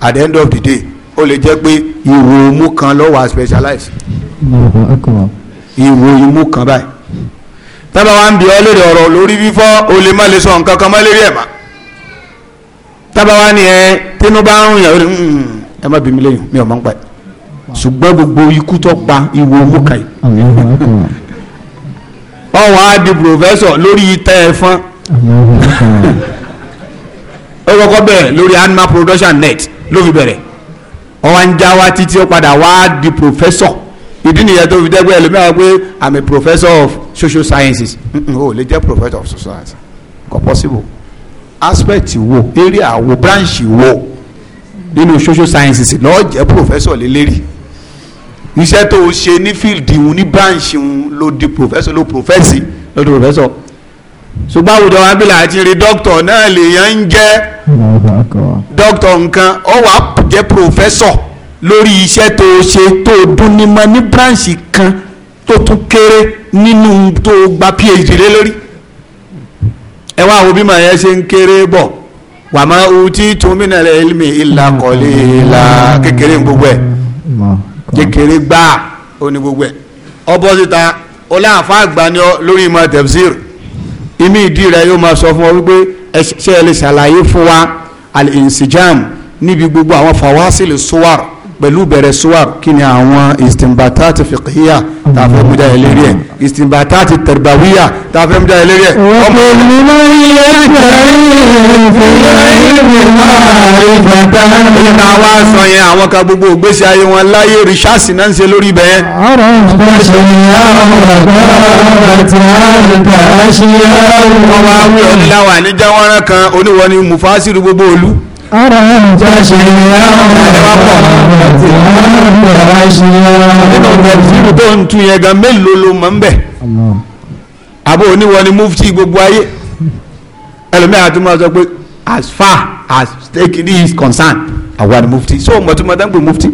at the end of the day ó lè jẹ́ pé ìwò imú kan ló wà specialize ìwò imú kan báyìí tọ́ba wa ń bi ọ́ lórí ọ̀rọ̀ lórí fífọ́ o lè má lè sọ nǹkan kan má lérí ẹ̀ má tọ́ba wa ni ẹ tínú bá ń yàn hmm, ẹ má bí mi lẹ́yìn mi ò mọ̀ ń pa ẹ̀ ṣùgbọ́n gbogbo ikú tó pa ìwò imú kan yìí ọ̀wọ́n á di pòfẹ́sọ̀ lórí ìtẹ́ ẹ̀fọn ó kọ́kọ́ bẹ̀rẹ̀ lórí animal production net ló fi bẹ̀rẹ̀ ọwọ́ ń já wa títí ó padà wá di professor ìdí nìyẹn tó fi dẹ́gbẹ́ ẹlòmíràn pé i'm a professor of social sciences o lè jẹ́ professor of social sciences kò possible aspect wo area wo branch wo nínú social sciences lọ́ọ́ jẹ́ professor lélẹ́rìí iṣẹ́ tó o ṣe ní field ìhun ní branch ìhun ló di professor ló professor ló professor ṣùgbọ́n àwùjọ wa bílà àti rí dókítà náà lèèyàn ń jẹ́ dókítà nǹkan ó wà jẹ́ pòfẹ́sọ̀ lórí iṣẹ́ tó ṣe tó dúnnímọ̀ ní bírànṣì kan tó tún kéré nínú tó gba phd lé lórí ẹ wá àwọn bímọ yẹn ṣe ń kéré bọ̀ wà má utí túnmínà ilmi ìlà kọ̀lé ìlà kékeré gbogbo ẹ̀ kékeré gbáà ó ní gbogbo ẹ̀ ọ bọ́ síta ó láǹfà lórí ìmọ̀ tafsir ìmí ìdí rẹ̀ yóò máa sọ fún ọ wípé ṣé ẹ lè ṣàlàyé fún wa al-insijam níbi gbogbo àwọn fawasili suwar pẹ̀lú bẹ̀rẹ̀ suwar kí ni àwọn istinbatati fiqhiya tá a fẹ́ mú jáde lérí ẹ̀ istinbatati tarbawiya tá mú jáde lérí ẹ̀. ọmọ ìlú ilé ìfẹ́ ta wá sọ yẹn àwọn kan gbogbo ògbésí ayé wọn láyé rìṣáàsì náà ń ṣe lórí bẹ́ẹ̀. ọ̀rọ̀ ìgbésẹ̀ ọ̀rọ̀ ìgbésẹ̀ ọ̀rọ̀ ìgbésẹ̀ nínú tẹ̀síìrù tó ń tún yẹn gan mélòó ló mọ̀ ń bẹ̀ àbó oníwọ ni mufti gbogbo ayé ẹlòmíà tó sọ pé as far as taking is concerned àwa ni mufti so mọ̀ tó máa dán pé mufti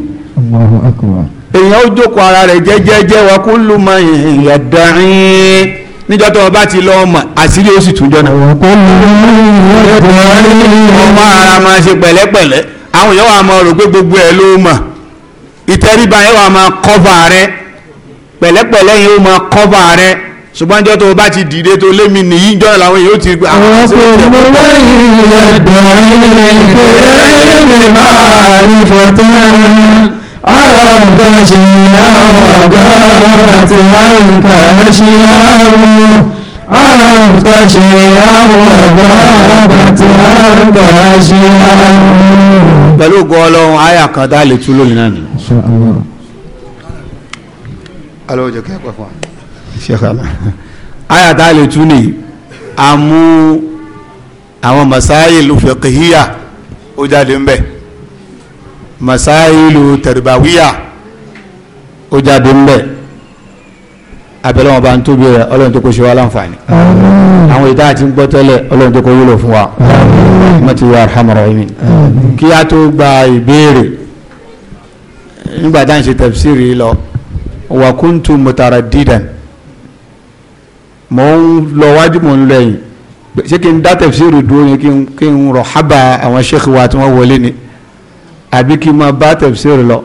èèyàn ó jókòó ara rẹ̀ jẹ́jẹ́jẹ́ wa kó ló máa yẹ̀dá yín níjọ́ tó o bá ti lọ mọ̀ àṣírí ó sì tún jọ náà. ọmọ ara máa ṣe pẹ̀lẹ́pẹ̀lẹ́ àwọn èèyàn wà máa rò pé gbogbo ẹ̀ ló mọ̀ ìtẹríba yẹn wà máa kọ́bà rẹ pẹ̀lẹ́pẹ̀lẹ́ yẹn ó máa kọ́bà rẹ ṣùgbọ́n níjọ́ tó o bá ti dìde tó lémi nìyí ń jọ́ làwọn èèyàn ó ti gbà. àwọn kò mọ lẹ́yìn ẹ̀dọ̀ ilé ìfẹ́ ẹ̀yẹ́ mi máa rí fọ́tán. عرضتنا وقامت عنك أشياء عرفت أشياء وقامت عنك أشياء pẹ̀lú ògo ọlọ́run àyà kan dá lè tú lónìí náà ni. alo jẹ kẹ́kọ̀ọ́ fún wa. ṣèkàlà. àyà dá lè tú ni a mú àwọn masáyìlú fiqhiyya ó jáde ń bẹ̀ masailu tarbawiya ó jáde ń bẹ̀ abẹ́lẹ́ wọn bá ń tóbi rẹ̀ ọlọ́run tó kó ṣe wá láǹfààní àwọn ìdá àti ń gbọ́ tẹ́lẹ̀ ọlọ́run tó kó wúlò fún wa mọ́tí wa alhamdulilayi kí a tó gba ìbéèrè nígbà tá à ń tafsiri lọ wa kuntu mutaraddidan mò ń lọ wájú mò ń lọ ẹ̀yìn n dá tafsiri dúró ni n rọ̀ hábà àwọn sheikh wa tí wọ́n ni àbí kí n máa bá tafsir lọ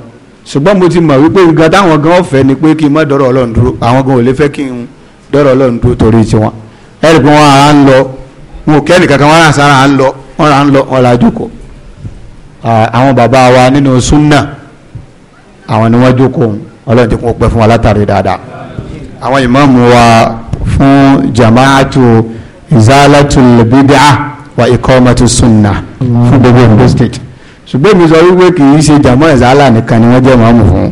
ṣùgbọ́n mo ti mọ̀ wípé nǹkan táwọn gan ọ̀fẹ́ ni pé kí n má dọ́rọ̀ ọlọ́run dúró àwọn gan ò lè fẹ́ kí n dọ́rọ̀ ọlọ́run dúró torí tiwọn ẹ̀rì pé wọ́n á ń lọ wọn ò kẹ́ni kankan wọ́n á ń lọ wọ́n á ń lọ wọ́n á jókòó àwọn bàbá wa nínú súnà àwọn ni wọ́n jókòó ọlọ́run ti kún pẹ́ fún wa látàrí dáadáa àwọn ìmáàmù wa fún jamaatu izalatul bid'ah wa iqamatu sunna fún gbogbo Ondo state ṣùgbọ́n mi sọ wípé kì í ṣe jàmọ́ ìsálà nìkan ni wọ́n jẹ́ ìmáàmù fún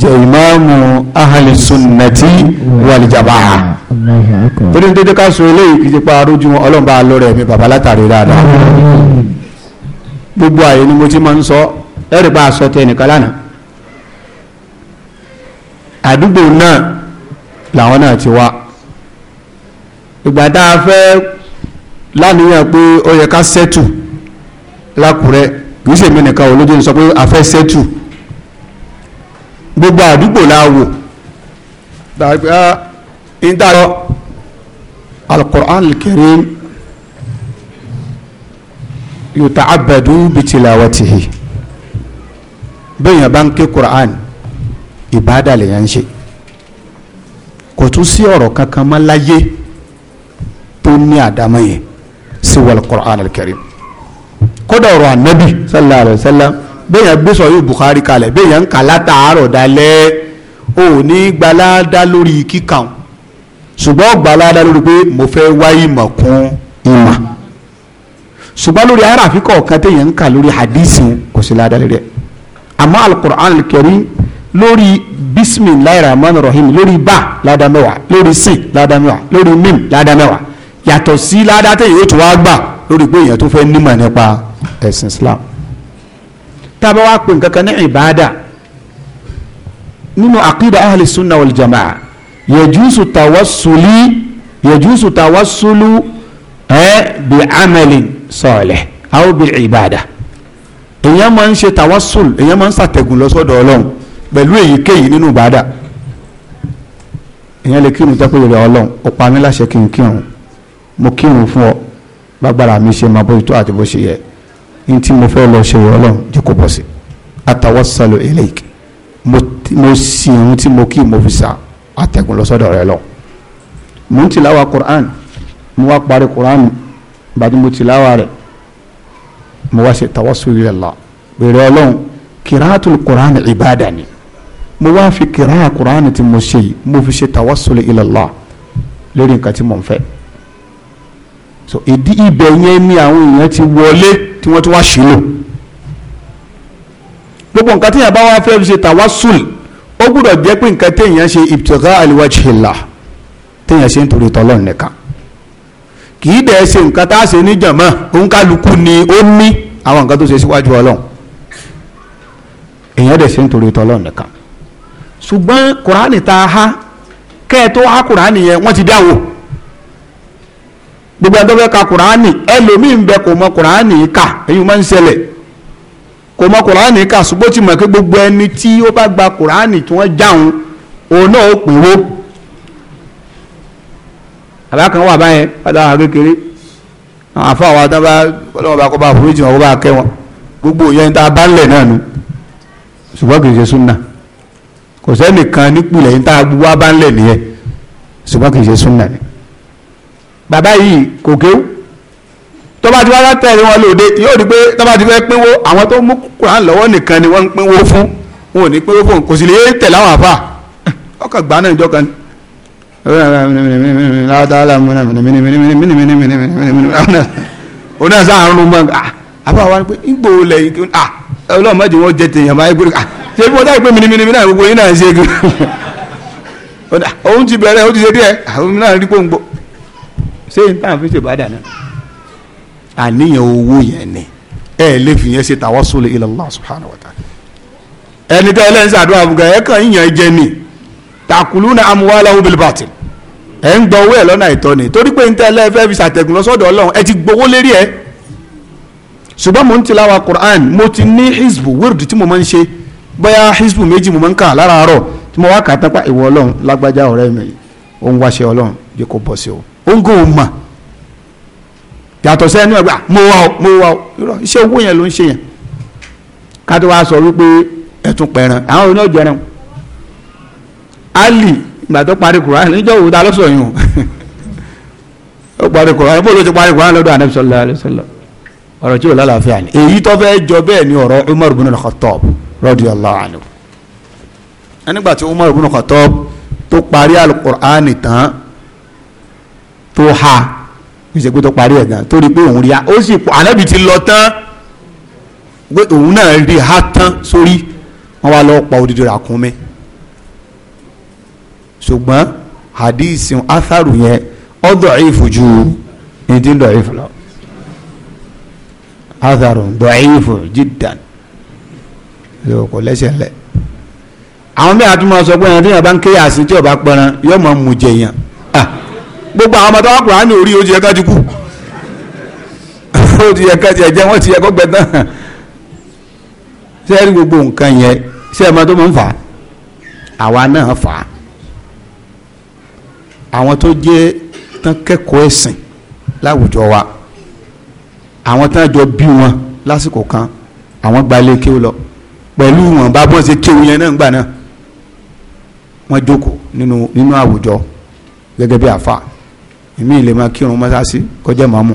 jẹ́ ìmáàmù ahàlìsùnàtì wàlìjàmbá torí ní dédé ká sọ eléyìí kì í ṣe pa arójú wọn ọlọ́run bá lọ́rẹ̀ mi bàbá látàrí dáadáa gbogbo àyè ni mo ti máa ń sọ ẹ̀rì bá a sọ tẹ ẹnìkan lánàá àdúgbò náà làwọn náà ti wá ìgbà tá a fẹ́ láníyàn pé ó yẹ ká sẹ́tù lákùrẹ́ kì í ṣèmi nìkan ò lójú sọ pé afẹ́ sẹ́tù gbogbo àdúgbò la wò dàgbà ìdájọ́ ah, al-Qur'an al-Karim yuta'abbadu bitilawatihi bẹ́ẹ̀yàn bá ń ké Qur'an ìbáàdà lèyàn ń ṣe kò tún sí ọ̀rọ̀ kankan mọ́ láyé tó ní àdámọ́ yẹn sí wàl Qur'an kódà ọ̀rọ̀ ànábì sallallahu alaihi wasallam bẹ́ẹ̀yàn gbé sọ yóò Bukhari kalẹ̀ bẹ́ẹ̀yàn ń kà látàárọ̀ dalẹ́ ò ní gbalada lórí kíkàn ṣùgbọ́n gbalada lórí pé mo fẹ́ wá ìmọ̀ kún ìmọ̀ ṣùgbọ́n lórí aráàfin kọ̀ọ̀kan téèyàn ń kà lórí hadisi kò sí ládàá lórí ẹ̀ àmọ́ alukur'an al-karim lórí bisimilayi rahman rahim lórí ba ládàá mẹ́wàá lórí sin ládàá mẹ́wàá lórí mim ládàá mẹ́wàá yàtọ̀ sí ládàá téèyàn yóò tún wá gbà lórí pé èèyàn tó fẹ́ nímọ̀ nípa ẹ̀sìn Islam tá a bá wá pè nǹkan kan ní ìbáàdà nínú àkídà ahli sunna wal jamaa yajusu tawassuli yajusu tawassulu ẹ bi amalin salih aw bi ìbáàdà èèyàn máa ń ṣe tawassul èèyàn máa ń ṣàtẹ̀gùn lọ́sọ̀dọ̀ ọlọ́run pẹ̀lú èyíkéyìí nínú ìbáàdà èèyàn lè kírun tẹ́kọ̀ọ́ yẹrẹ ọlọ́run ó pa mí láṣẹ kí n kírun mo kírun fún ọ bágbára mi ṣe máa bó tó àti bó ṣe yẹ n tí mo fẹ́ lọ ṣe wọ́n lọ jẹ́ kó bọ̀ sí atawassalu ilayk mo sì ń tí mo kí mo fi sa atẹ̀kùn lọ́sọ̀dọ̀ rẹ lọ. mo ń tìláwa Qur'an mo wá parí Qur'an bàtí mo tìláwa rẹ mo wá ṣe tawassul ila Allah bẹ̀rẹ̀ ọlọ́run kiraatul Qur'an ibada ni mo wá fi kiraa Qur'an tí mo ṣe yìí mo fi ṣe tawassul ila Allah lórí nǹkan tí mo ń fẹ́ so ìdí ibẹ̀ yẹn ni àwọn èèyàn ti wọlé tí wọ́n ti wá ṣìlò gbogbo nǹkan tí èèyàn bá wá fẹ́ ṣe tàwásùl ó gbúdọ̀ jẹ́ pé nǹkan téèyàn ṣe ìbùtọ̀ká àlùwájìlá téèyàn ṣe ń torí tọ́lọ́ nìkan kì í dẹ̀ ṣe nǹkan tá a ṣe níjàmọ́ òǹkálukú ni ó ní àwọn nǹkan tó ṣe síwájú ọlọ́run èèyàn dẹ̀ ṣe ń torí tọ́lọ́ nìkan ṣùgbọ́n kùránì tá a há tó há kùránì yẹn wọ́n ti dáwọ́ gbogbo adọ́fẹ́ ka kùránì ẹlòmíín bẹ kò mọ kùránì kà èyí máa ń ṣẹlẹ̀ kò mọ kùránì kà ṣùgbọ́n ti mọ̀ pé gbogbo ẹni tí ó bá gba kùránì tí wọ́n jáun òun náà ó pòwó àbákan wà báyẹn padà wà kékeré àwọn afọ àwọn adábá ọlọ́wọ́ bá kọ́ bá foríjì wọn kó bá kẹ́ wọn gbogbo ìyẹn tá a bá lẹ̀ náà nu ṣùgbọ́n kì í ṣe súnà kò sẹ́nìkan nípìnlẹ̀ yìí tá a gbogbo wa bá lẹ̀ nìyẹn ṣùgbọ́n kì í ṣe súnà ni bàbá yìí kò kéwú tó bá ti wá látẹ̀rí wọn lóde yóò rí pé tó bá ti fẹ́ pínwó àwọn tó mú kuran lọ́wọ́ nìkan ni wọ́n ń pínwó fún wọn ò ní pínwó fún kò sì lè tẹ̀ láwọn àfa ọkọ̀ gbà náà ìjọ kan onáà sáà ń rún mọ́ ah, àbá wa ni pé ìgbò lẹ̀ ah ọlọ́run má jẹ́ wọ́n jẹ tèèyàn báyìí gbé ah ṣé bí wọ́n dáhùn pé mìnìmìnì náà gbogbo yín náà ń ṣe é gbé òun ti bẹ̀rẹ̀ òun ti ṣe díẹ̀ àwọn náà rí pòǹgbò ṣé n tàn fi ṣe ìbádà náà àníyàn owó yẹn ni ẹ lè fi yẹn ṣe tawassul ila Allah subhanahu wa ta'ala ẹni tẹ́ ẹlẹ́yìn sàdúrà fúnka ẹ kàn yíyan jẹ ni takuluna amwalahu bil batil ẹ ń gbọ́ owó ẹ lọ́nà àìtọ́ ni torí pé n tẹ́ ẹlẹ́yìn fẹ́ fi ṣàtẹ̀gùn lọ́sọ̀dọ̀ Ọlọ́run ẹ ti gbowó lérí ẹ ṣùgbọ́n mo ń tilawa Qur'an mo ti ní hizbu wíìrìdì tí mo máa ń ṣe bóyá hizbu méjì mo máa ń kà láràárọ̀ tí mo wá òǹkò ò mà yàtọ̀ sẹ́nu ẹgbà mo wà ó mo wà ó irọ́ iṣẹ́ owó yẹn ló ń ṣe yẹn ká tó wá sọ wípé ẹ̀tún pẹ̀ràn àwọn oní ọ̀jẹ̀rẹ̀ wọn ali ìgbà tó parí Kùránì níjọ́ òwúta lọ́sọ̀ yìí ó parí Kùránì bó ló ti parí Kùránì lọ́dọ̀ Ànábì sallallahu alaihi wasallam ọ̀rọ̀ tí ò lálàáfíà ni èyí tó fẹ́ jọ bẹ́ẹ̀ ni ọ̀rọ̀ Umar ibn al-Khattab radiyallahu anhu tó ha ìṣe pé tó parí ẹ̀ gan torí pé òun rí ha ó sì ànábì ti lọ tán pé òun náà rí ha tán sórí wọn wá lọ pa odidi ràkúnmí ṣùgbọ́n hadith atharu yẹn ọdọ ìfù ju ìdí lọ ìfù lọ atharu dọ̀ìfù jiddan lọ kò lẹ́sẹ̀ lẹ̀ àwọn bí a tún máa sọ pé ẹni tí yẹn bá ń kéyà sí tí ọba pẹran yóò máa mú jẹyàn gbogbo àwọn ọmọ tó wà kùránì orí ó ti yẹ ká ti kú ó ti yẹ ká ti ẹ̀jẹ̀ wọ́n ti yẹ kó gbẹ tán ṣé ẹ rí gbogbo nǹkan yẹn ṣé ẹ máa tó máa ń fà á àwa náà fà á àwọn tó jẹ́ tán kẹ́kọ̀ọ́ ẹ̀sìn láwùjọ wa àwọn tán jọ bí wọn lásìkò kan àwọn gba ilé kéwù lọ pẹ̀lú wọn bá bọ́n ṣe kéwù yẹn náà ń gbà náà wọ́n jókòó nínú nínú àwùjọ gẹ́gẹ́ bí àfa èmi ìlè máa kírun mọ́sáàsì kọjá màmú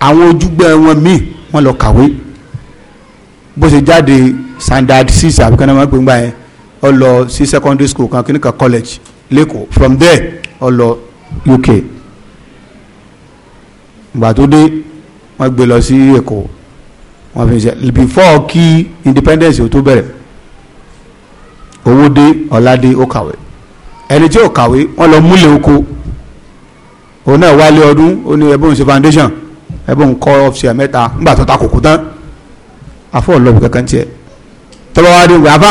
àwọn ojúgbẹ́ wọn míì wọ́n lọ kàwé bó ṣe jáde standard six àbíkánná máa gbóngbà yẹn ọ lọ sí secondary school kan kíníkà college lẹ́kọ̀ọ́ from there ọ lọ UK ìgbà tó dé wọ́n gbé lọ sí Èkó wọ́n fi ṣe before kí independence ó tó bẹ̀rẹ̀ owó dé ọlá dé ó kàwé ẹni tí ó kàwé wọ́n lọ múlẹ̀ oko òun náà wálé ọdún ó ní ẹbí òun ṣe foundation ẹbí òun kọ́ ọ̀fṣẹ́ mẹ́ta ńgbà tó ta kòkó tán afọ́ ọ̀lọ́bù kankan tiẹ̀ tọ́lọ́ wa dé ìwé àbá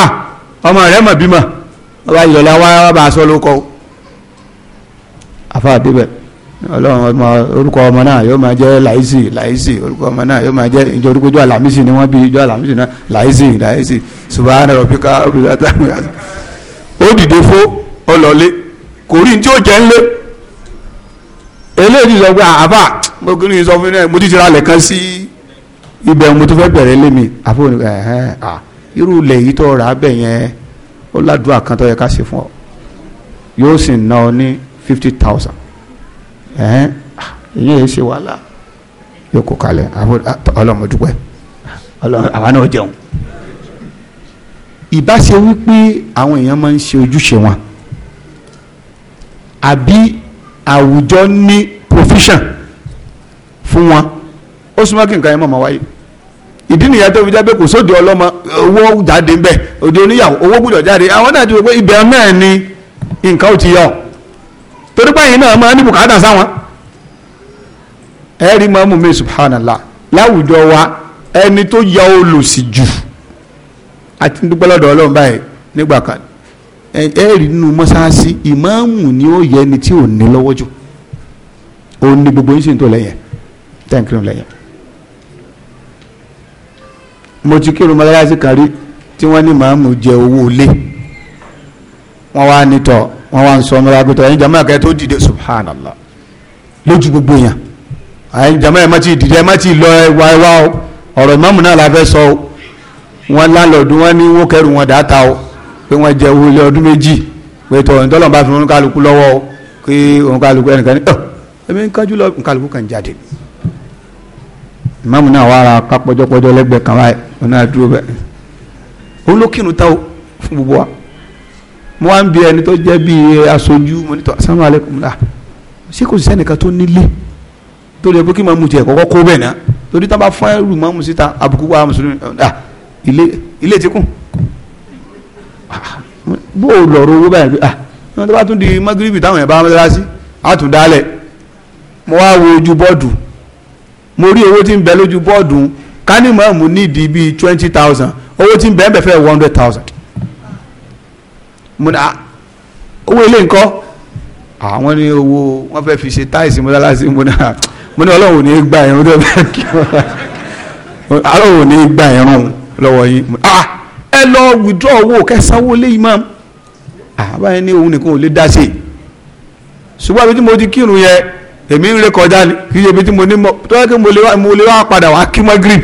ọmọ rẹ̀ mọ̀ bímọ ọba ìlọ́lá wa bá a sọ ló kọ́ afọ́ àdébẹ̀ ọlọ́run orúkọ ọmọ náà yóò máa jẹ́ láìsì láìsì orúkọ ọmọ náà yóò máa jẹ́ ìjọ orúkọ ìjọ àlàmísì ni wọ́n bí ìjọ àlàmísì náà láìsì láìsì subahana rọ̀bíkà ó dìde fó ọlọ́lé kò rí ní tí ó jẹ́ ńlẹ́ eléyìí sọ pé ah, àbá mo kí ni sọ fún ẹ mo ti tira lẹ̀kan sí ibẹ̀ mo tún fẹ́ bẹ̀rẹ̀ lémi àbó ẹ̀hẹ́n à ah, irú ilẹ̀ yìí tó rà bẹ̀ yẹn ó ládùúgbà kan yẹ ká ṣe fún ọ yóò sì ná ọ ní fifty thousand ẹ̀hẹ́n ìyẹn ah, yìí ṣe wàhálà yóò kó kalẹ̀ àbó ọlọ́mọ dúpẹ́ àwa náà jẹun ìbáṣe wípé àwọn èèyàn máa ń ṣe ojúṣe wọn àbí àwùjọ ní provision fún wọn ó súnmọ́ kí nǹkan yẹn mọ̀ máa wáyé ìdí nìyẹn tó fi jẹ́ pé kò sóde ọlọ́mọ owó jáde ń òde oníyàwó owó gbúdọ̀ jáde àwọn náà ti rò pé ibẹ̀ náà ni nǹkan ò ti yọ torí pé yìí náà máa ní bùkátà sáwọn ẹ̀rí máa mú mi subhanallah láwùjọ wa ẹni tó ya olùsí jù àti dúpẹ́ lọ́dọ̀ ọlọ́run báyìí nígbà kan e nínú mọ́sáàsì ìmáàmù ni ó yẹ ni tí ò ní lọ́wọ́ jù ó ní gbogbo yín sì ń tò lẹ́yìn tẹ́ǹkìrìn lẹ́yìn. mo ti kírun mọ́sáàsì kan rí tí wọ́n ní màámù jẹ owó ilé wọ́n wá nítọ̀ wọ́n wá ń sọ ọmọ agbẹ́tọ̀ ẹ̀yin jàmáà kẹ́ tó dìde subhanallah lójú gbogbo yẹn ẹ̀yin jàmáà ẹ̀ má ti dìde ẹ̀ ti lọ ẹwà ẹwà ọ̀rọ̀ ìmáàmù náà la fẹ́ sọ wọn lálọ́ọ̀dún wọn ní wọn kẹrù pé wọ́n jẹ owó ilé ọdún méjì pé tọ̀ ǹdọ́lọ́n bá fi wọn kálukú lọ́wọ́ pé wọn kálukú ẹnìkan ní ẹ̀mí ń kájú lọ kálukú kan jáde ìmáàmù náà wàá ra ká pọ́jọ́pọ́jọ́ lẹ́gbẹ̀ẹ́ kan báyìí wọn náà dúró bẹ́ẹ̀ olókìnnú táwọn fún gbogbo wa mo wá ń bi ẹni tó jẹ́ bíi aṣojú mo ní tọ́ assalamu alaikum la ah, ṣé kò sí ẹnìkan ah, ilé ilé ti kún bó o lọ̀rọ̀ owó báyìí ah wọ́n tó bá tún di magrebi táwọn yẹn bá mọ́tàlásí àtúndálẹ̀ mo wá wo ojú bọ́ọ̀dù mo rí owó tí ń bẹ lójú bọ́ọ̀dù kánìmọ̀ọ́mù nídìí bíi twenty thousand owó tí ń bẹ ń bẹ fẹ́ one hundred thousand mo ní ah, owó ilé nǹkan ah, àwọn ní owó wọ́n fẹ́ fi ṣe táìsì mọ́tàlásí mo ní ah, mo ní ọlọ́run ò ní gba ẹ̀rún tó bẹ́ẹ̀ kí ọlọ́run ò ní gba ẹ̀rún lọ́wọ́ yín ah ẹ lọ withdraw owó kẹsànwó lé imam àbáyé ní òun nìkan ò lè dá sí i ṣùgbọ́n ibi tí mo ti kírun yẹn èmi ń ré kọjá ni kì í ṣe ibi tí mo ní mọ tó yẹ kí mo lè wá padà wá kí magrib